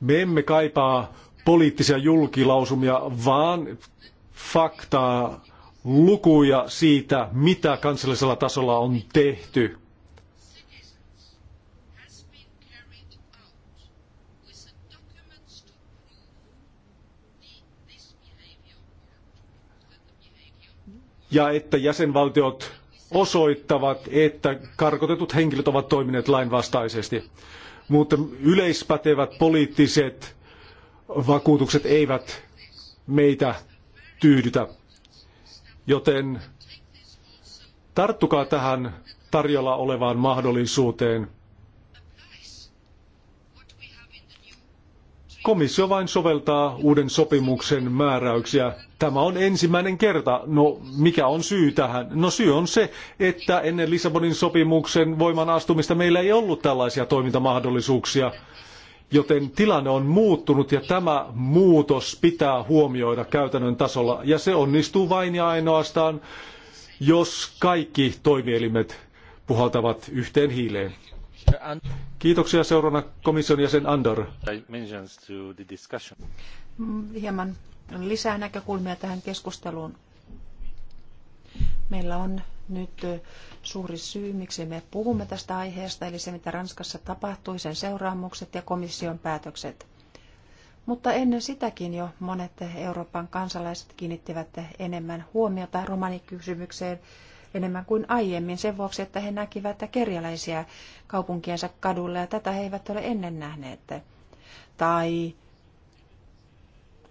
Me emme kaipaa poliittisia julkilausumia, vaan faktaa, lukuja siitä, mitä kansallisella tasolla on tehty. ja että jäsenvaltiot osoittavat, että karkotetut henkilöt ovat toimineet lainvastaisesti mutta yleispätevät poliittiset vakuutukset eivät meitä tyydytä. Joten tarttukaa tähän tarjolla olevaan mahdollisuuteen. Komissio vain soveltaa uuden sopimuksen määräyksiä. Tämä on ensimmäinen kerta. No, mikä on syy tähän? No syy on se, että ennen Lissabonin sopimuksen voimaan astumista meillä ei ollut tällaisia toimintamahdollisuuksia. Joten tilanne on muuttunut ja tämä muutos pitää huomioida käytännön tasolla. Ja se onnistuu vain ja ainoastaan, jos kaikki toimielimet puhaltavat yhteen hiileen. Kiitoksia seurana komission jäsen Andor. Hieman lisää näkökulmia tähän keskusteluun. Meillä on nyt suuri syy, miksi me puhumme tästä aiheesta, eli se mitä Ranskassa tapahtui, sen seuraamukset ja komission päätökset. Mutta ennen sitäkin jo monet Euroopan kansalaiset kiinnittivät enemmän huomiota romanikysymykseen enemmän kuin aiemmin sen vuoksi, että he näkivät kerjäläisiä kaupunkiensa kadulla ja tätä he eivät ole ennen nähneet. Tai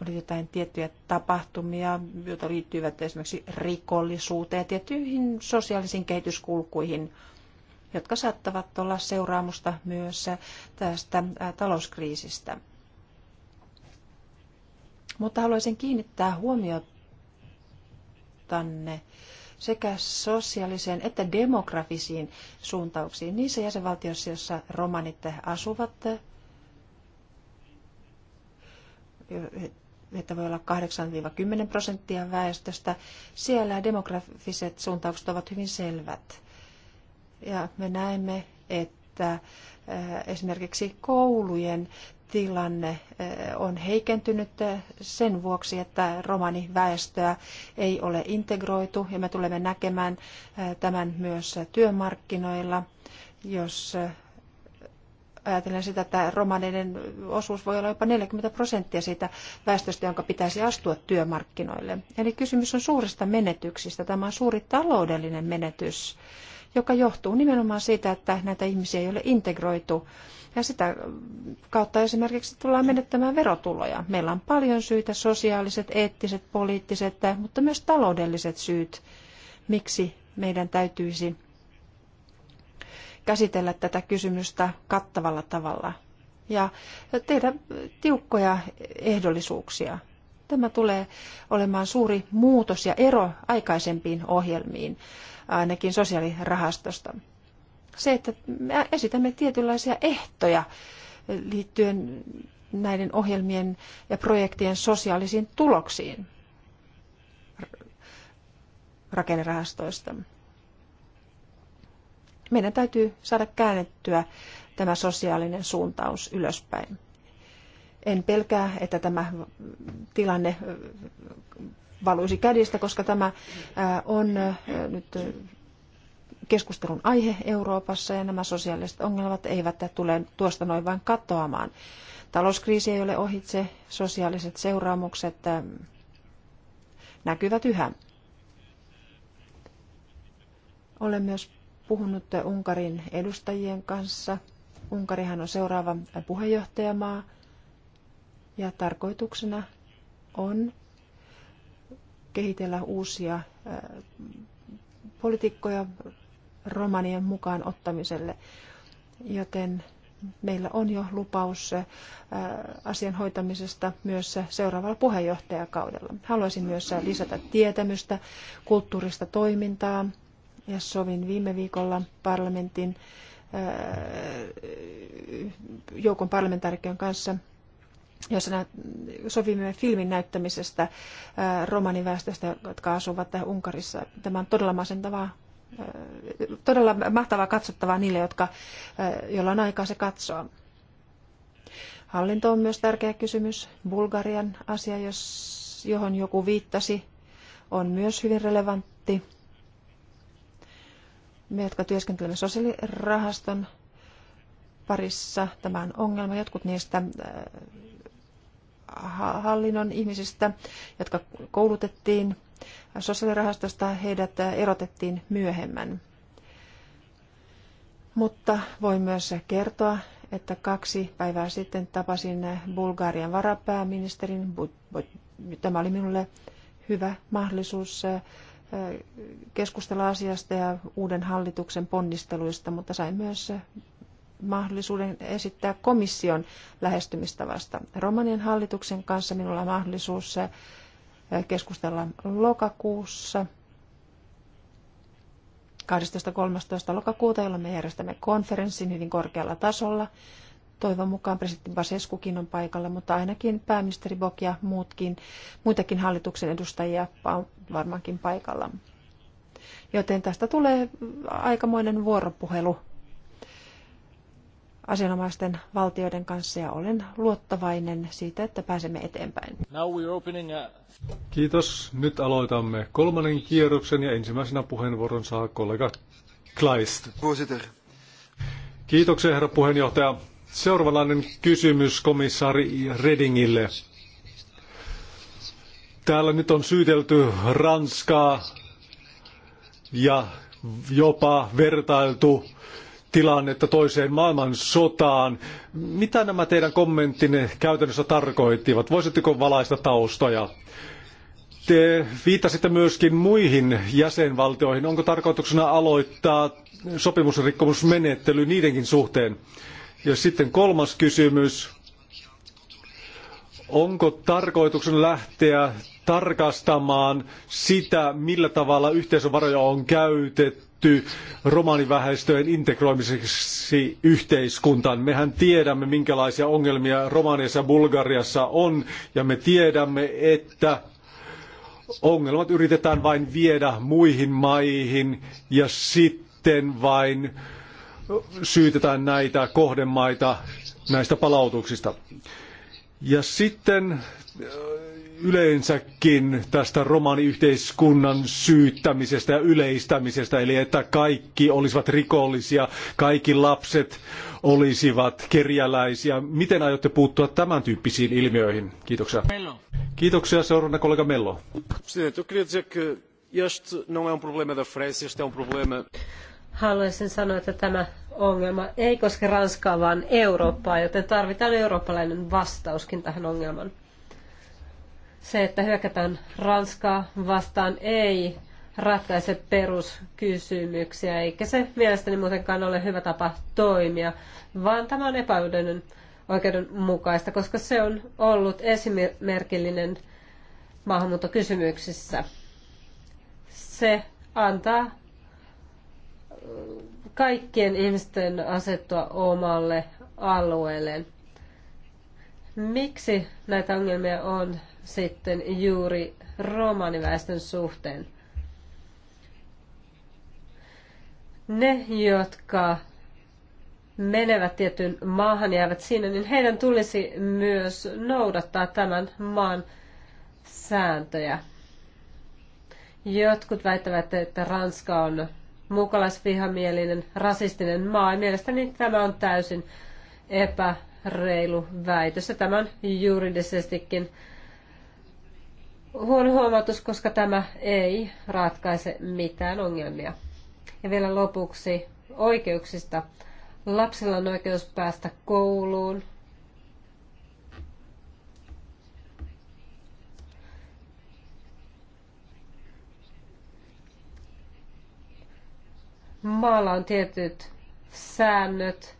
oli jotain tiettyjä tapahtumia, joita liittyivät esimerkiksi rikollisuuteen ja tiettyihin sosiaalisiin kehityskulkuihin, jotka saattavat olla seuraamusta myös tästä talouskriisistä. Mutta haluaisin kiinnittää huomiota tänne sekä sosiaaliseen että demografisiin suuntauksiin niissä jäsenvaltioissa, joissa romanit asuvat. Että voi olla 8-10 prosenttia väestöstä. Siellä demografiset suuntaukset ovat hyvin selvät. Ja me näemme, että esimerkiksi koulujen tilanne eh, on heikentynyt eh, sen vuoksi, että romaniväestöä ei ole integroitu ja me tulemme näkemään eh, tämän myös työmarkkinoilla, jos ajatellen sitä, että romaneiden osuus voi olla jopa 40 prosenttia siitä väestöstä, jonka pitäisi astua työmarkkinoille. Eli kysymys on suurista menetyksistä. Tämä on suuri taloudellinen menetys, joka johtuu nimenomaan siitä, että näitä ihmisiä ei ole integroitu ja sitä kautta esimerkiksi tullaan menettämään verotuloja. Meillä on paljon syitä, sosiaaliset, eettiset, poliittiset, mutta myös taloudelliset syyt, miksi meidän täytyisi käsitellä tätä kysymystä kattavalla tavalla ja tehdä tiukkoja ehdollisuuksia. Tämä tulee olemaan suuri muutos ja ero aikaisempiin ohjelmiin, ainakin sosiaalirahastosta se, että me esitämme tietynlaisia ehtoja liittyen näiden ohjelmien ja projektien sosiaalisiin tuloksiin rakennerahastoista. Meidän täytyy saada käännettyä tämä sosiaalinen suuntaus ylöspäin. En pelkää, että tämä tilanne valuisi kädistä, koska tämä on nyt keskustelun aihe Euroopassa ja nämä sosiaaliset ongelmat eivät tule tuosta noin vain katoamaan. Talouskriisi ei ole ohitse, sosiaaliset seuraamukset ähm, näkyvät yhä. Olen myös puhunut Unkarin edustajien kanssa. Unkarihan on seuraava puheenjohtajamaa ja tarkoituksena on kehitellä uusia äh, politiikkoja Romanien mukaan ottamiselle. Joten meillä on jo lupaus äh, asian hoitamisesta myös seuraavalla puheenjohtajakaudella. Haluaisin myös lisätä tietämystä kulttuurista toimintaa ja sovin viime viikolla parlamentin äh, joukon parlamentaarikkojen kanssa jossa sovimme filmin näyttämisestä äh, romaniväestöstä, jotka asuvat Unkarissa. Tämä on todella masentavaa todella mahtavaa katsottavaa niille, jotka, eh, joilla on aikaa se katsoa. Hallinto on myös tärkeä kysymys. Bulgarian asia, jos, johon joku viittasi, on myös hyvin relevantti. Me, jotka työskentelemme sosiaalirahaston parissa, tämä on ongelma. Jotkut niistä eh, hallinnon ihmisistä, jotka koulutettiin Sosiaalirahastosta heidät erotettiin myöhemmän. Mutta voin myös kertoa, että kaksi päivää sitten tapasin Bulgarian varapääministerin. Tämä oli minulle hyvä mahdollisuus keskustella asiasta ja uuden hallituksen ponnisteluista, mutta sain myös mahdollisuuden esittää komission lähestymistavasta. Romanian hallituksen kanssa minulla on mahdollisuus keskustellaan lokakuussa 12.13. lokakuuta, jolloin me järjestämme konferenssin hyvin korkealla tasolla. Toivon mukaan presidentti Vaseskukin on paikalla, mutta ainakin pääministeri Bok ja muutkin, muitakin hallituksen edustajia on varmaankin paikalla. Joten tästä tulee aikamoinen vuoropuhelu asianomaisten valtioiden kanssa ja olen luottavainen siitä, että pääsemme eteenpäin. Kiitos. Nyt aloitamme kolmannen kierroksen ja ensimmäisenä puheenvuoron saa kollega Kleist. Kiitoksia herra puheenjohtaja. Seuraavanlainen kysymys komissaari Redingille. Täällä nyt on syytelty Ranskaa ja jopa vertailtu tilannetta toiseen maailmansotaan. Mitä nämä teidän kommenttinne käytännössä tarkoittivat? Voisitteko valaista taustoja? Te viittasitte myöskin muihin jäsenvaltioihin. Onko tarkoituksena aloittaa sopimusrikkomusmenettely niidenkin suhteen? Ja sitten kolmas kysymys. Onko tarkoituksena lähteä tarkastamaan sitä, millä tavalla yhteisövaroja on käytetty romanivähäistöjen integroimiseksi yhteiskuntaan. Mehän tiedämme, minkälaisia ongelmia Romaniassa ja Bulgariassa on, ja me tiedämme, että ongelmat yritetään vain viedä muihin maihin, ja sitten vain syytetään näitä kohdemaita näistä palautuksista. Ja sitten yleensäkin tästä romaniyhteiskunnan syyttämisestä ja yleistämisestä, eli että kaikki olisivat rikollisia, kaikki lapset olisivat kerjäläisiä. Miten aiotte puuttua tämän tyyppisiin ilmiöihin? Kiitoksia. Mello. Kiitoksia seuraavana kollega Mello. Um um Haluaisin sanoa, että tämä ongelma ei koske Ranskaa, vaan Eurooppaa, joten tarvitaan eurooppalainen vastauskin tähän ongelmaan. Se, että hyökätään Ranskaa vastaan, ei ratkaise peruskysymyksiä, eikä se mielestäni muutenkaan ole hyvä tapa toimia, vaan tämä on epäoikeuden oikeudenmukaista, koska se on ollut esimerkillinen maahanmuuttokysymyksissä. Se antaa kaikkien ihmisten asettua omalle alueelleen. Miksi näitä ongelmia on? sitten juuri romaniväestön suhteen. Ne, jotka menevät tietyn maahan ja jäävät siinä, niin heidän tulisi myös noudattaa tämän maan sääntöjä. Jotkut väittävät, että Ranska on mukalaisvihamielinen, rasistinen maa. Ja mielestäni tämä on täysin epäreilu väitös. Ja tämä on juridisestikin huono huomautus, koska tämä ei ratkaise mitään ongelmia. Ja vielä lopuksi oikeuksista. Lapsilla on oikeus päästä kouluun. Maalla on tietyt säännöt,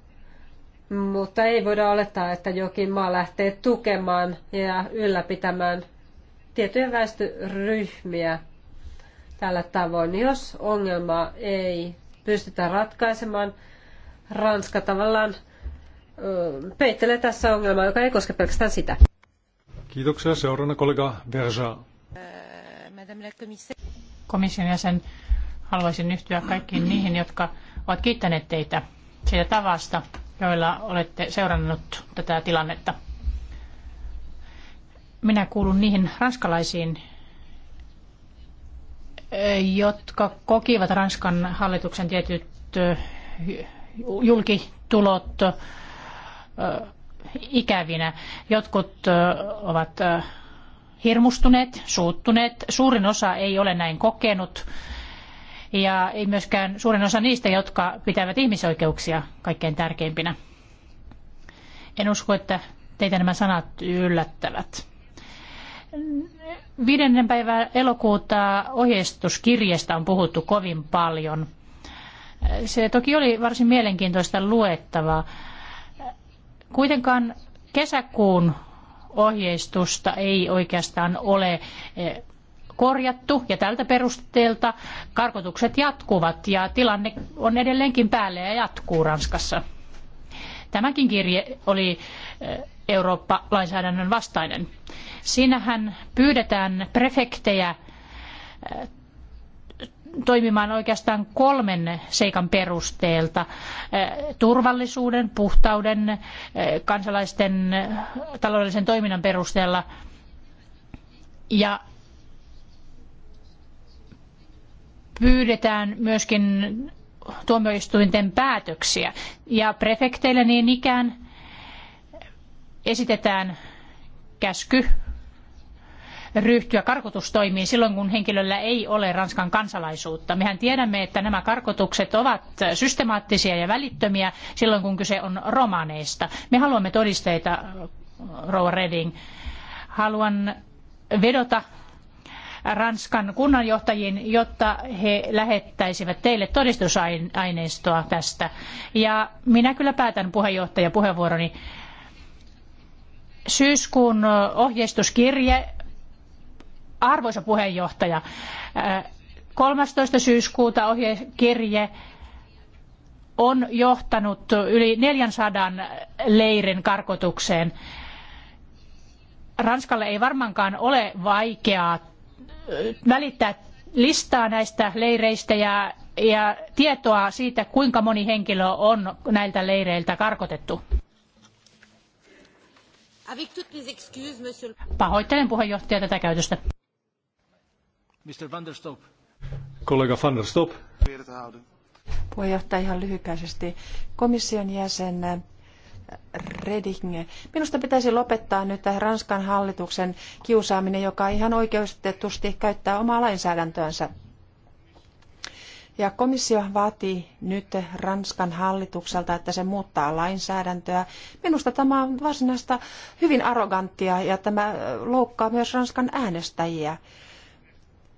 mutta ei voida olettaa, että jokin maa lähtee tukemaan ja ylläpitämään tiettyjä väestöryhmiä tällä tavoin. Jos ongelmaa ei pystytä ratkaisemaan, Ranska tavallaan peittelee tässä ongelmaa, joka ei koske pelkästään sitä. Kiitoksia. Seuraavana kollega Verja. Komission jäsen, haluaisin yhtyä kaikkiin niihin, jotka ovat kiittäneet teitä siitä tavasta, joilla olette seurannut tätä tilannetta. Minä kuulun niihin ranskalaisiin, jotka kokivat Ranskan hallituksen tietyt julkitulot ikävinä. Jotkut ovat hirmustuneet, suuttuneet. Suurin osa ei ole näin kokenut. Ja ei myöskään suurin osa niistä, jotka pitävät ihmisoikeuksia kaikkein tärkeimpinä. En usko, että teitä nämä sanat yllättävät. Viidennen päivän elokuuta ohjeistuskirjeestä on puhuttu kovin paljon. Se toki oli varsin mielenkiintoista luettavaa. Kuitenkaan kesäkuun ohjeistusta ei oikeastaan ole eh, korjattu ja tältä perusteelta karkotukset jatkuvat ja tilanne on edelleenkin päällä ja jatkuu Ranskassa. Tämäkin kirje oli eh, Eurooppa-lainsäädännön vastainen. Siinähän pyydetään prefektejä äh, toimimaan oikeastaan kolmen seikan perusteelta. Äh, turvallisuuden, puhtauden, äh, kansalaisten taloudellisen toiminnan perusteella ja pyydetään myöskin tuomioistuinten päätöksiä. Ja prefekteillä niin ikään esitetään käsky ryhtyä karkotustoimiin silloin, kun henkilöllä ei ole Ranskan kansalaisuutta. Mehän tiedämme, että nämä karkotukset ovat systemaattisia ja välittömiä silloin, kun kyse on romaneista. Me haluamme todisteita, Rouva Reding. Haluan vedota Ranskan kunnanjohtajiin, jotta he lähettäisivät teille todistusaineistoa tästä. Ja minä kyllä päätän puheenjohtaja puheenvuoroni syyskuun ohjeistuskirje, arvoisa puheenjohtaja, 13. syyskuuta ohjekirje on johtanut yli 400 leirin karkotukseen. Ranskalle ei varmaankaan ole vaikeaa välittää listaa näistä leireistä ja, ja tietoa siitä, kuinka moni henkilö on näiltä leireiltä karkotettu. Pahoittelen puheenjohtaja tätä käytöstä. Mr. Van der Stop. Kollega Van der Stop. Puheenjohtaja ihan lyhykäisesti. Komission jäsen äh, Reding. Minusta pitäisi lopettaa nyt Ranskan hallituksen kiusaaminen, joka ihan oikeutetusti käyttää omaa lainsäädäntöönsä ja komissio vaatii nyt Ranskan hallitukselta, että se muuttaa lainsäädäntöä. Minusta tämä on varsinaista hyvin arroganttia ja tämä loukkaa myös Ranskan äänestäjiä.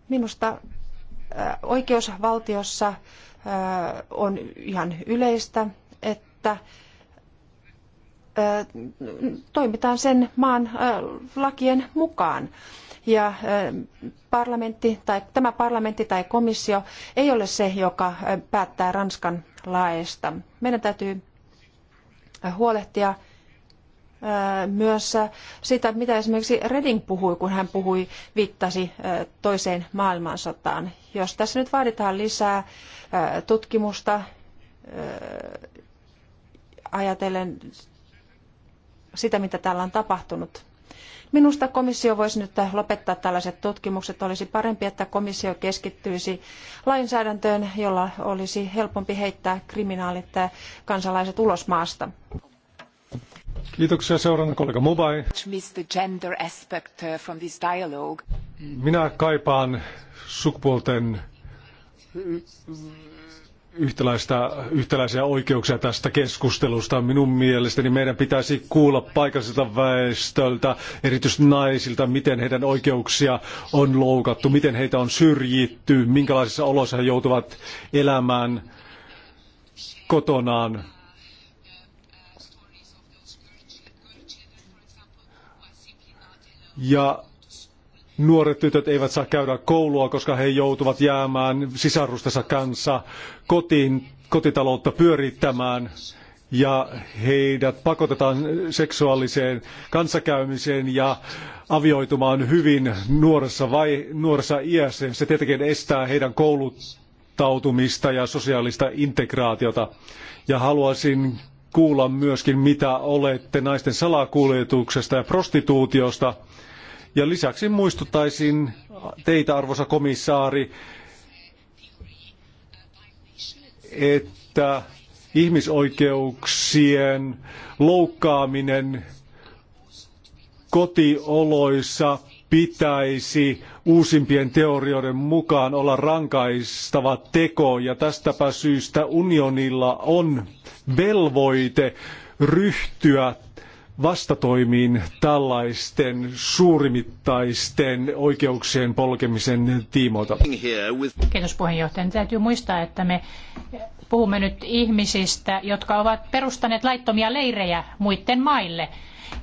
Minusta äh, oikeusvaltiossa äh, on ihan yleistä, että äh, toimitaan sen maan lakien mukaan ja parlamentti tai, tämä parlamentti tai komissio ei ole se, joka päättää Ranskan laeista. Meidän täytyy huolehtia myös sitä, mitä esimerkiksi Reding puhui, kun hän puhui, viittasi toiseen maailmansotaan. Jos tässä nyt vaaditaan lisää tutkimusta ajatellen sitä, mitä täällä on tapahtunut, Minusta komissio voisi nyt lopettaa tällaiset tutkimukset. Olisi parempi, että komissio keskittyisi lainsäädäntöön, jolla olisi helpompi heittää kriminaalit äh, kansalaiset ulos maasta. Kiitoksia seurana kollega Mubai. Uh, Minä kaipaan sukupuolten yhtäläistä, yhtäläisiä oikeuksia tästä keskustelusta. Minun mielestäni meidän pitäisi kuulla paikalliselta väestöltä, erityisesti naisilta, miten heidän oikeuksia on loukattu, miten heitä on syrjitty, minkälaisissa oloissa he joutuvat elämään kotonaan. Ja nuoret tytöt eivät saa käydä koulua, koska he joutuvat jäämään sisarustensa kanssa kotiin, kotitaloutta pyörittämään ja heidät pakotetaan seksuaaliseen kanssakäymiseen ja avioitumaan hyvin nuoressa, vai, nuoressa iässä. Se tietenkin estää heidän kouluttautumista ja sosiaalista integraatiota. Ja haluaisin kuulla myöskin, mitä olette naisten salakuljetuksesta ja prostituutiosta. Ja lisäksi muistuttaisin teitä, arvoisa komissaari, että ihmisoikeuksien loukkaaminen kotioloissa pitäisi uusimpien teorioiden mukaan olla rankaistava teko ja tästäpä syystä unionilla on velvoite ryhtyä vastatoimiin tällaisten suurimittaisten oikeuksien polkemisen tiimoilta. Kiitos puheenjohtaja. Nyt täytyy muistaa, että me puhumme nyt ihmisistä, jotka ovat perustaneet laittomia leirejä muiden maille –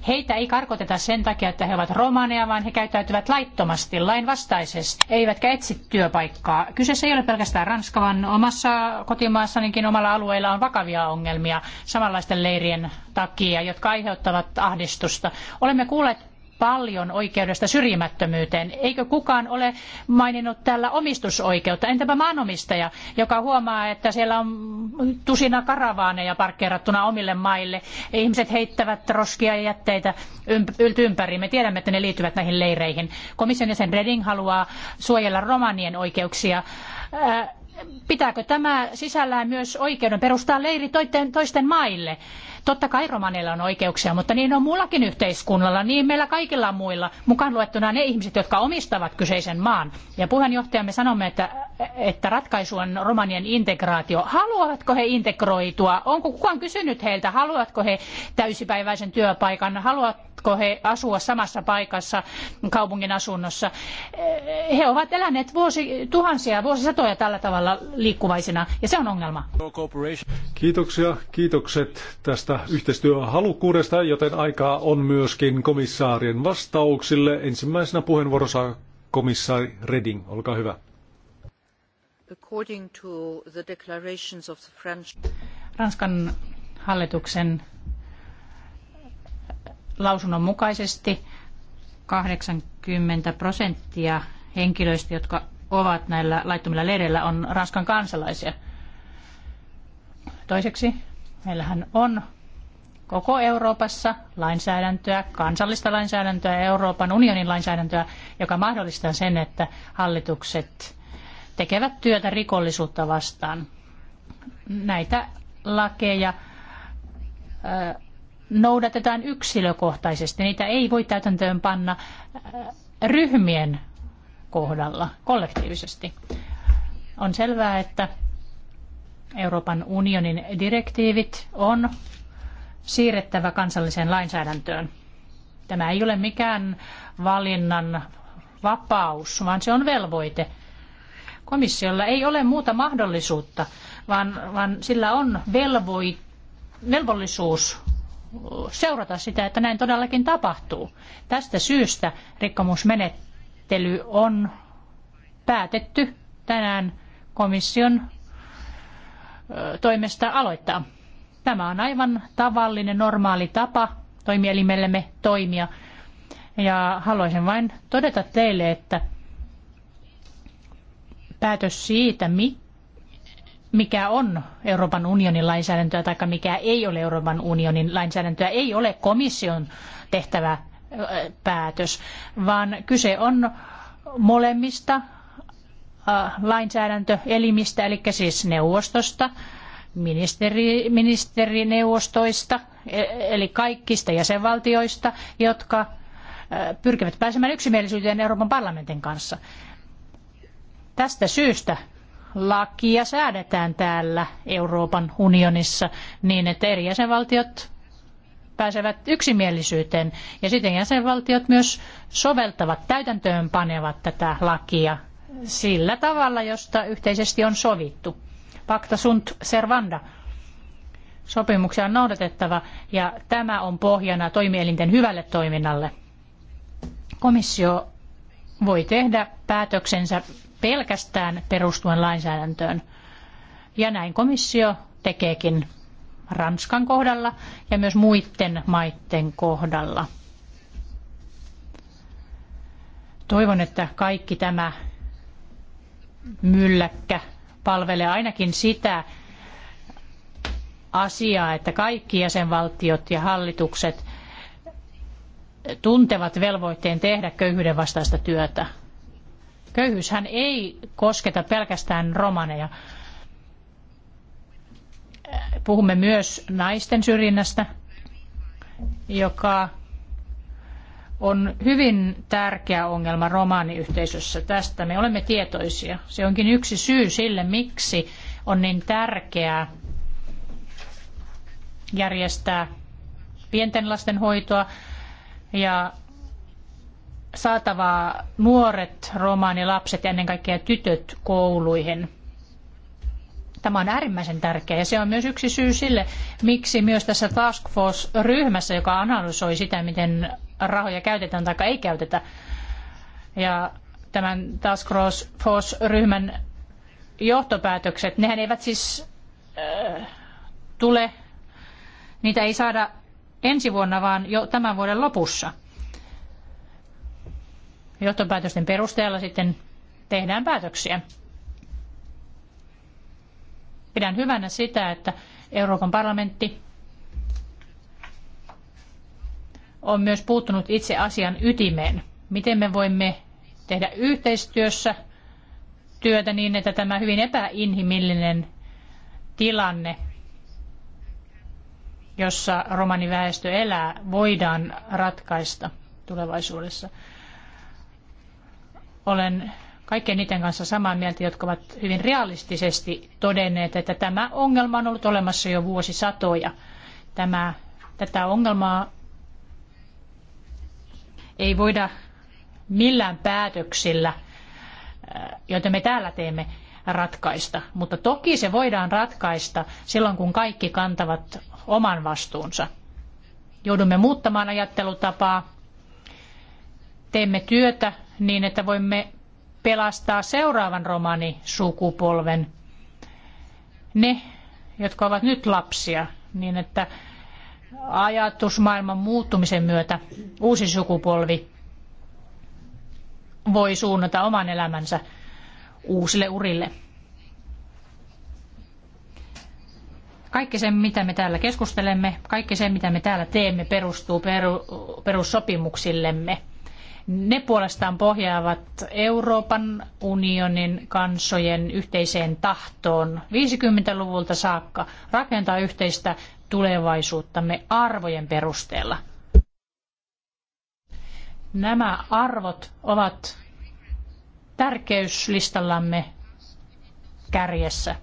Heitä ei karkoteta sen takia, että he ovat romaneja, vaan he käyttäytyvät laittomasti, lainvastaisesti, eivätkä etsi työpaikkaa. Kyseessä ei ole pelkästään Ranska, vaan omassa kotimaassanikin omalla alueella on vakavia ongelmia samanlaisten leirien takia, jotka aiheuttavat ahdistusta. Olemme kuulleet paljon oikeudesta syrjimättömyyteen. Eikö kukaan ole maininnut täällä omistusoikeutta? Entäpä maanomistaja, joka huomaa, että siellä on tusina karavaaneja parkkeerattuna omille maille. Ihmiset heittävät roskia ja jätteitä ympäri. Me tiedämme, että ne liittyvät näihin leireihin. Komission jäsen Reding haluaa suojella romanien oikeuksia. Pitääkö tämä sisällään myös oikeuden perustaa leiri toisten maille? Totta kai romaneilla on oikeuksia, mutta niin on muullakin yhteiskunnalla, niin meillä kaikilla muilla, mukaan luettuna ne ihmiset, jotka omistavat kyseisen maan. Ja puheenjohtajamme sanomme, että, että ratkaisu on romanien integraatio. Haluavatko he integroitua? Onko kukaan kysynyt heiltä, haluavatko he täysipäiväisen työpaikan, haluavatko he asua samassa paikassa kaupungin asunnossa? He ovat eläneet vuosi, tuhansia, vuosisatoja tällä tavalla liikkuvaisina, ja se on ongelma. Kiitoksia, kiitokset tästä yhteistyöhalukkuudesta, joten aikaa on myöskin komissaarien vastauksille. Ensimmäisenä puheenvuoro saa komissaari Reding. Olkaa hyvä. Ranskan hallituksen lausunnon mukaisesti 80 prosenttia henkilöistä, jotka ovat näillä laittomilla leireillä, on Ranskan kansalaisia. Toiseksi meillähän on koko Euroopassa lainsäädäntöä, kansallista lainsäädäntöä ja Euroopan unionin lainsäädäntöä, joka mahdollistaa sen, että hallitukset tekevät työtä rikollisuutta vastaan. Näitä lakeja noudatetaan yksilökohtaisesti. Niitä ei voi täytäntöön panna ryhmien kohdalla kollektiivisesti. On selvää, että Euroopan unionin direktiivit on siirrettävä kansalliseen lainsäädäntöön. Tämä ei ole mikään valinnan vapaus, vaan se on velvoite. Komissiolla ei ole muuta mahdollisuutta, vaan, vaan sillä on velvoi, velvollisuus seurata sitä, että näin todellakin tapahtuu. Tästä syystä rikkomusmenettely on päätetty tänään komission toimesta aloittaa. Tämä on aivan tavallinen, normaali tapa toimielimellemme toimia. Ja haluaisin vain todeta teille, että päätös siitä, mikä on Euroopan unionin lainsäädäntöä tai mikä ei ole Euroopan unionin lainsäädäntöä, ei ole komission tehtävä päätös, vaan kyse on molemmista lainsäädäntöelimistä, eli siis neuvostosta, ministeri, ministerineuvostoista, e, eli kaikista jäsenvaltioista, jotka e, pyrkivät pääsemään yksimielisyyteen Euroopan parlamentin kanssa. Tästä syystä lakia säädetään täällä Euroopan unionissa niin, että eri jäsenvaltiot pääsevät yksimielisyyteen ja sitten jäsenvaltiot myös soveltavat, täytäntöönpanevat tätä lakia sillä tavalla, josta yhteisesti on sovittu pacta sunt servanda. Sopimuksia on noudatettava ja tämä on pohjana toimielinten hyvälle toiminnalle. Komissio voi tehdä päätöksensä pelkästään perustuen lainsäädäntöön. Ja näin komissio tekeekin Ranskan kohdalla ja myös muiden maiden kohdalla. Toivon, että kaikki tämä mylläkkä Palvele ainakin sitä asiaa, että kaikki jäsenvaltiot ja hallitukset tuntevat velvoitteen tehdä köyhyyden vastaista työtä. Köyhyyshän ei kosketa pelkästään romaneja. Puhumme myös naisten syrjinnästä, joka on hyvin tärkeä ongelma romaaniyhteisössä. Tästä me olemme tietoisia. Se onkin yksi syy sille, miksi on niin tärkeää järjestää pienten lasten hoitoa ja saatavaa nuoret romaanilapset ja ennen kaikkea tytöt kouluihin. Tämä on äärimmäisen tärkeää ja se on myös yksi syy sille, miksi myös tässä Task Force-ryhmässä, joka analysoi sitä, miten rahoja käytetään tai ei käytetä. Ja tämän Task Force-ryhmän johtopäätökset, nehän eivät siis äh, tule, niitä ei saada ensi vuonna, vaan jo tämän vuoden lopussa. Johtopäätösten perusteella sitten tehdään päätöksiä. Pidän hyvänä sitä, että Euroopan parlamentti on myös puuttunut itse asian ytimeen. Miten me voimme tehdä yhteistyössä työtä niin, että tämä hyvin epäinhimillinen tilanne, jossa romaniväestö elää, voidaan ratkaista tulevaisuudessa. Olen kaikkien niiden kanssa samaa mieltä, jotka ovat hyvin realistisesti todenneet, että tämä ongelma on ollut olemassa jo vuosisatoja. Tämä, tätä ongelmaa ei voida millään päätöksillä, äh, joita me täällä teemme, ratkaista. Mutta toki se voidaan ratkaista silloin, kun kaikki kantavat oman vastuunsa. Joudumme muuttamaan ajattelutapaa, teemme työtä niin, että voimme pelastaa seuraavan romanisukupolven. Ne, jotka ovat nyt lapsia, niin että ajatusmaailman muuttumisen myötä uusi sukupolvi voi suunnata oman elämänsä uusille urille. Kaikki se, mitä me täällä keskustelemme, kaikki se, mitä me täällä teemme, perustuu peru, perussopimuksillemme. Ne puolestaan pohjaavat Euroopan unionin kansojen yhteiseen tahtoon 50-luvulta saakka rakentaa yhteistä tulevaisuuttamme arvojen perusteella. Nämä arvot ovat tärkeyslistallamme kärjessä.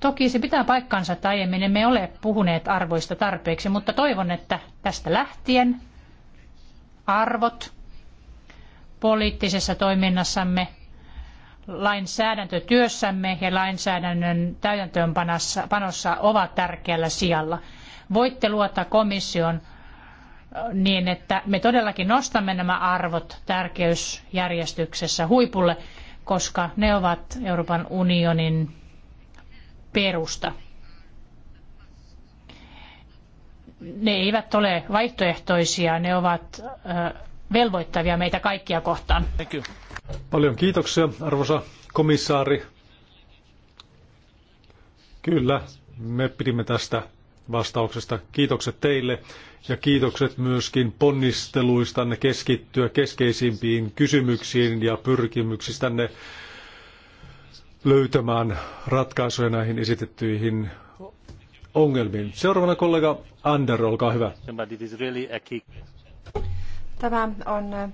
Toki se pitää paikkansa, että aiemmin emme ole puhuneet arvoista tarpeeksi, mutta toivon, että tästä lähtien arvot poliittisessa toiminnassamme lainsäädäntötyössämme ja lainsäädännön täytäntöönpanossa ovat tärkeällä sijalla. Voitte luottaa komission niin, että me todellakin nostamme nämä arvot tärkeysjärjestyksessä huipulle, koska ne ovat Euroopan unionin perusta. Ne eivät ole vaihtoehtoisia, ne ovat velvoittavia meitä kaikkia kohtaan. Thank Paljon kiitoksia, arvoisa komissaari. Kyllä, me pidimme tästä vastauksesta. Kiitokset teille ja kiitokset myöskin ponnisteluistanne keskittyä keskeisimpiin kysymyksiin ja pyrkimyksistänne löytämään ratkaisuja näihin esitettyihin ongelmiin. Seuraavana kollega Ander, olkaa hyvä. Tämä on äh,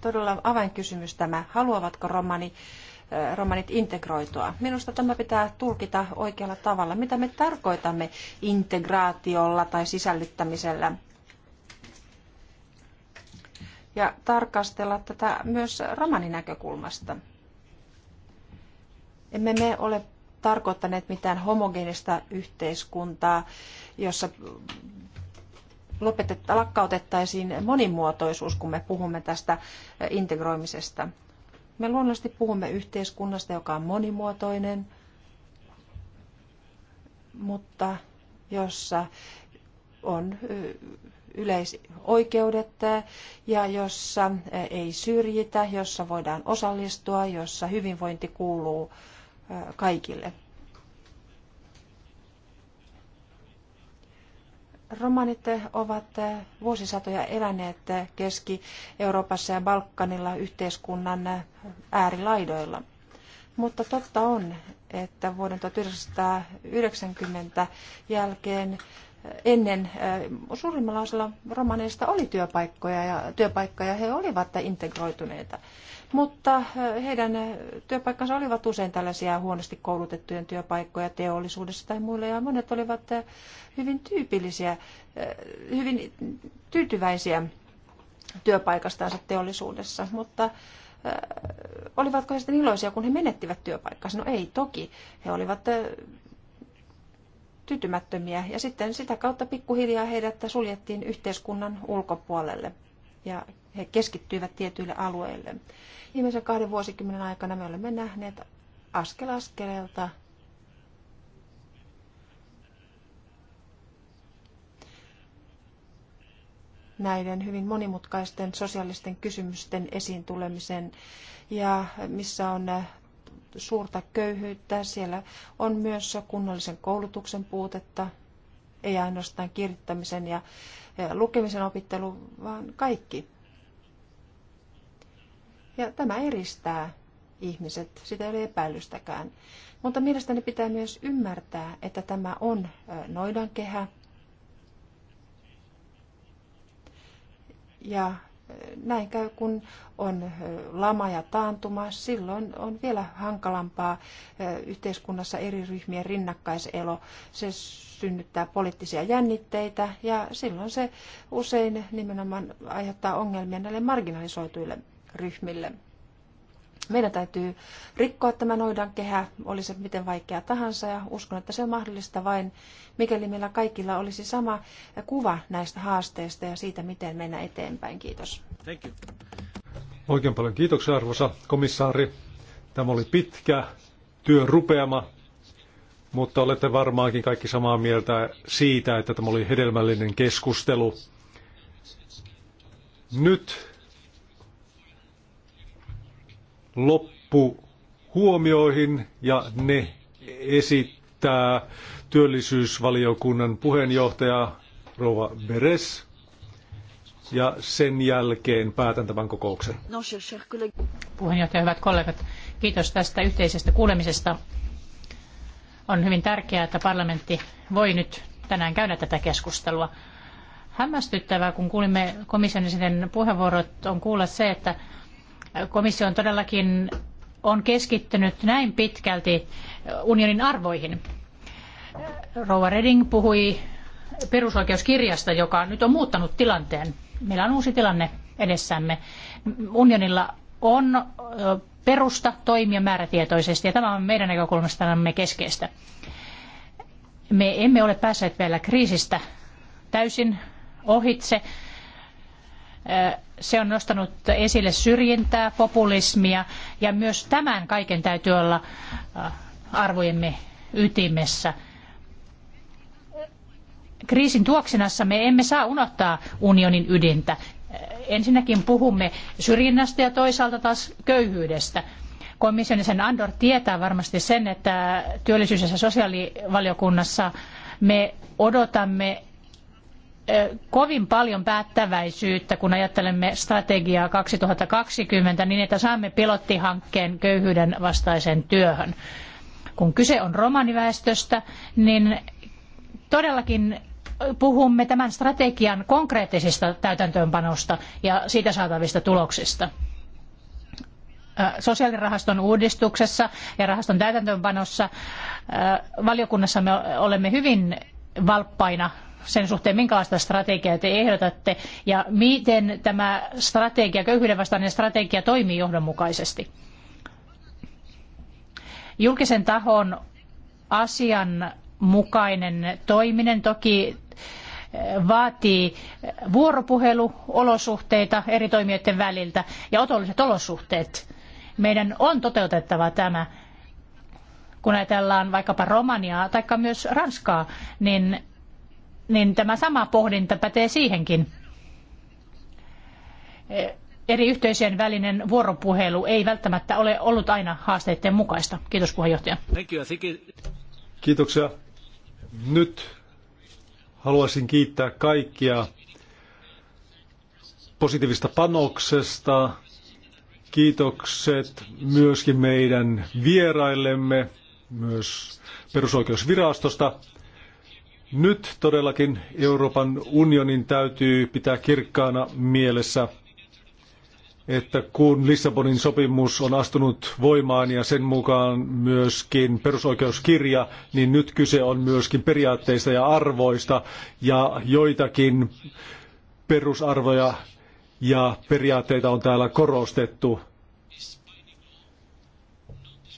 todella avainkysymys tämä, haluavatko romani, romanit integroitua. Minusta tämä pitää tulkita oikealla tavalla. Mitä me tarkoitamme integraatiolla tai sisällyttämisellä? Ja tarkastella tätä myös näkökulmasta. Emme me ole tarkoittaneet mitään homogeenista yhteiskuntaa, jossa lakkautettaisiin monimuotoisuus, kun me puhumme tästä integroimisesta. Me luonnollisesti puhumme yhteiskunnasta, joka on monimuotoinen, mutta jossa on yleisoikeudet ja jossa ei syrjitä, jossa voidaan osallistua, jossa hyvinvointi kuuluu kaikille. Romanit ovat vuosisatoja eläneet Keski-Euroopassa ja Balkanilla yhteiskunnan äärilaidoilla. Mutta totta on, että vuoden 1990 jälkeen ennen eh, suurimmalla osalla romaneista oli työpaikkoja ja, työpaikkoja he olivat integroituneita mutta äh, heidän äh, työpaikkansa olivat usein tällaisia huonosti koulutettujen työpaikkoja teollisuudessa tai muilla, ja monet olivat äh, hyvin tyypillisiä, hyvin tyytyväisiä työpaikastansa teollisuudessa, mutta olivatko he sitten iloisia, kun he menettivät työpaikkansa? No ei toki. He olivat tyytymättömiä ja sitten sitä kautta pikkuhiljaa heidät suljettiin yhteiskunnan ulkopuolelle ja he keskittyivät tietyille alueille. Viimeisen kahden vuosikymmenen aikana me olemme nähneet askel askeleelta näiden hyvin monimutkaisten sosiaalisten kysymysten esiin tulemisen ja missä on suurta köyhyyttä. Siellä on myös kunnollisen koulutuksen puutetta, ei ainoastaan kirjoittamisen ja lukemisen opittelu, vaan kaikki. Ja tämä eristää ihmiset, sitä ei ole epäilystäkään. Mutta mielestäni pitää myös ymmärtää, että tämä on noidankehä. Ja näin käy, kun on lama ja taantuma. Silloin on vielä hankalampaa yhteiskunnassa eri ryhmien rinnakkaiselo. Se synnyttää poliittisia jännitteitä ja silloin se usein nimenomaan aiheuttaa ongelmia näille marginalisoituille ryhmille. Meidän täytyy rikkoa tämä kehä oli se miten vaikea tahansa, ja uskon, että se on mahdollista vain, mikäli meillä kaikilla olisi sama kuva näistä haasteista ja siitä, miten mennä eteenpäin. Kiitos. Thank you. Oikein paljon kiitoksia, arvoisa komissaari. Tämä oli pitkä työn rupeama, mutta olette varmaankin kaikki samaa mieltä siitä, että tämä oli hedelmällinen keskustelu. Nyt loppuhuomioihin ja ne esittää työllisyysvaliokunnan puheenjohtaja Rova Beres. Ja sen jälkeen päätän tämän kokouksen. No, puheenjohtaja, hyvät kollegat, kiitos tästä yhteisestä kuulemisesta. On hyvin tärkeää, että parlamentti voi nyt tänään käydä tätä keskustelua. Hämmästyttävää, kun kuulimme komission puheenvuorot, on kuulla se, että komissio on todellakin on keskittynyt näin pitkälti unionin arvoihin. Rouva Reding puhui perusoikeuskirjasta, joka nyt on muuttanut tilanteen. Meillä on uusi tilanne edessämme. Unionilla on perusta toimia määrätietoisesti ja tämä on meidän näkökulmastamme keskeistä. Me emme ole päässeet vielä kriisistä täysin ohitse. Se on nostanut esille syrjintää, populismia ja myös tämän kaiken täytyy olla arvojemme ytimessä. Kriisin tuoksinassa me emme saa unohtaa unionin ydintä. Ensinnäkin puhumme syrjinnästä ja toisaalta taas köyhyydestä komission sen Andor tietää varmasti sen, että työllisyys- ja sosiaalivaliokunnassa me odotamme kovin paljon päättäväisyyttä, kun ajattelemme strategiaa 2020, niin että saamme pilottihankkeen köyhyyden vastaiseen työhön. Kun kyse on romaniväestöstä, niin todellakin puhumme tämän strategian konkreettisista täytäntöönpanosta ja siitä saatavista tuloksista sosiaalirahaston uudistuksessa ja rahaston täytäntöönpanossa valiokunnassa me olemme hyvin valppaina sen suhteen, minkälaista strategiaa te ehdotatte ja miten tämä strategia, köyhyyden vastainen strategia toimii johdonmukaisesti? Julkisen tahon asianmukainen toiminen toki eh, vaatii vuoropuheluolosuhteita eri toimijoiden väliltä ja otolliset olosuhteet. Meidän on toteutettava tämä kun ajatellaan vaikkapa Romaniaa tai myös Ranskaa, niin niin tämä sama pohdinta pätee siihenkin. Eri yhteisöjen välinen vuoropuhelu ei välttämättä ole ollut aina haasteiden mukaista. Kiitos puheenjohtaja. Kiitoksia. Nyt haluaisin kiittää kaikkia positiivista panoksesta. Kiitokset myöskin meidän vieraillemme, myös perusoikeusvirastosta. Nyt todellakin Euroopan unionin täytyy pitää kirkkaana mielessä, että kun Lissabonin sopimus on astunut voimaan ja sen mukaan myöskin perusoikeuskirja, niin nyt kyse on myöskin periaatteista ja arvoista ja joitakin perusarvoja ja periaatteita on täällä korostettu.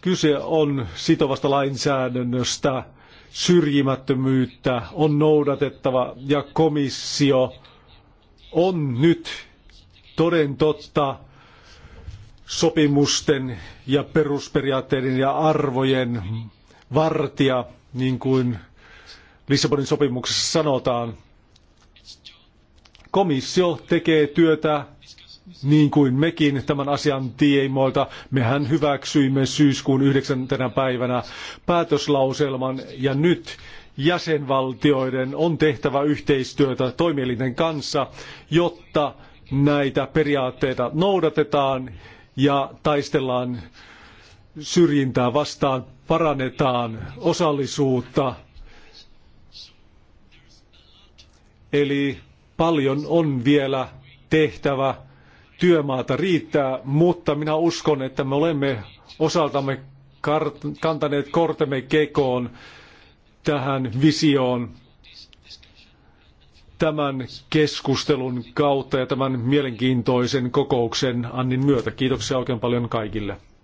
Kyse on sitovasta lainsäädännöstä syrjimättömyyttä on noudatettava ja komissio on nyt toden totta sopimusten ja perusperiaatteiden ja arvojen vartija, niin kuin Lissabonin sopimuksessa sanotaan. Komissio tekee työtä niin kuin mekin tämän asian tiimoilta. Mehän hyväksyimme syyskuun 9. päivänä päätöslauselman ja nyt jäsenvaltioiden on tehtävä yhteistyötä toimielinten kanssa, jotta näitä periaatteita noudatetaan ja taistellaan syrjintää vastaan, parannetaan osallisuutta. Eli paljon on vielä tehtävä työmaata riittää, mutta minä uskon, että me olemme osaltamme kantaneet kortemme kekoon tähän visioon tämän keskustelun kautta ja tämän mielenkiintoisen kokouksen Annin myötä. Kiitoksia oikein paljon kaikille.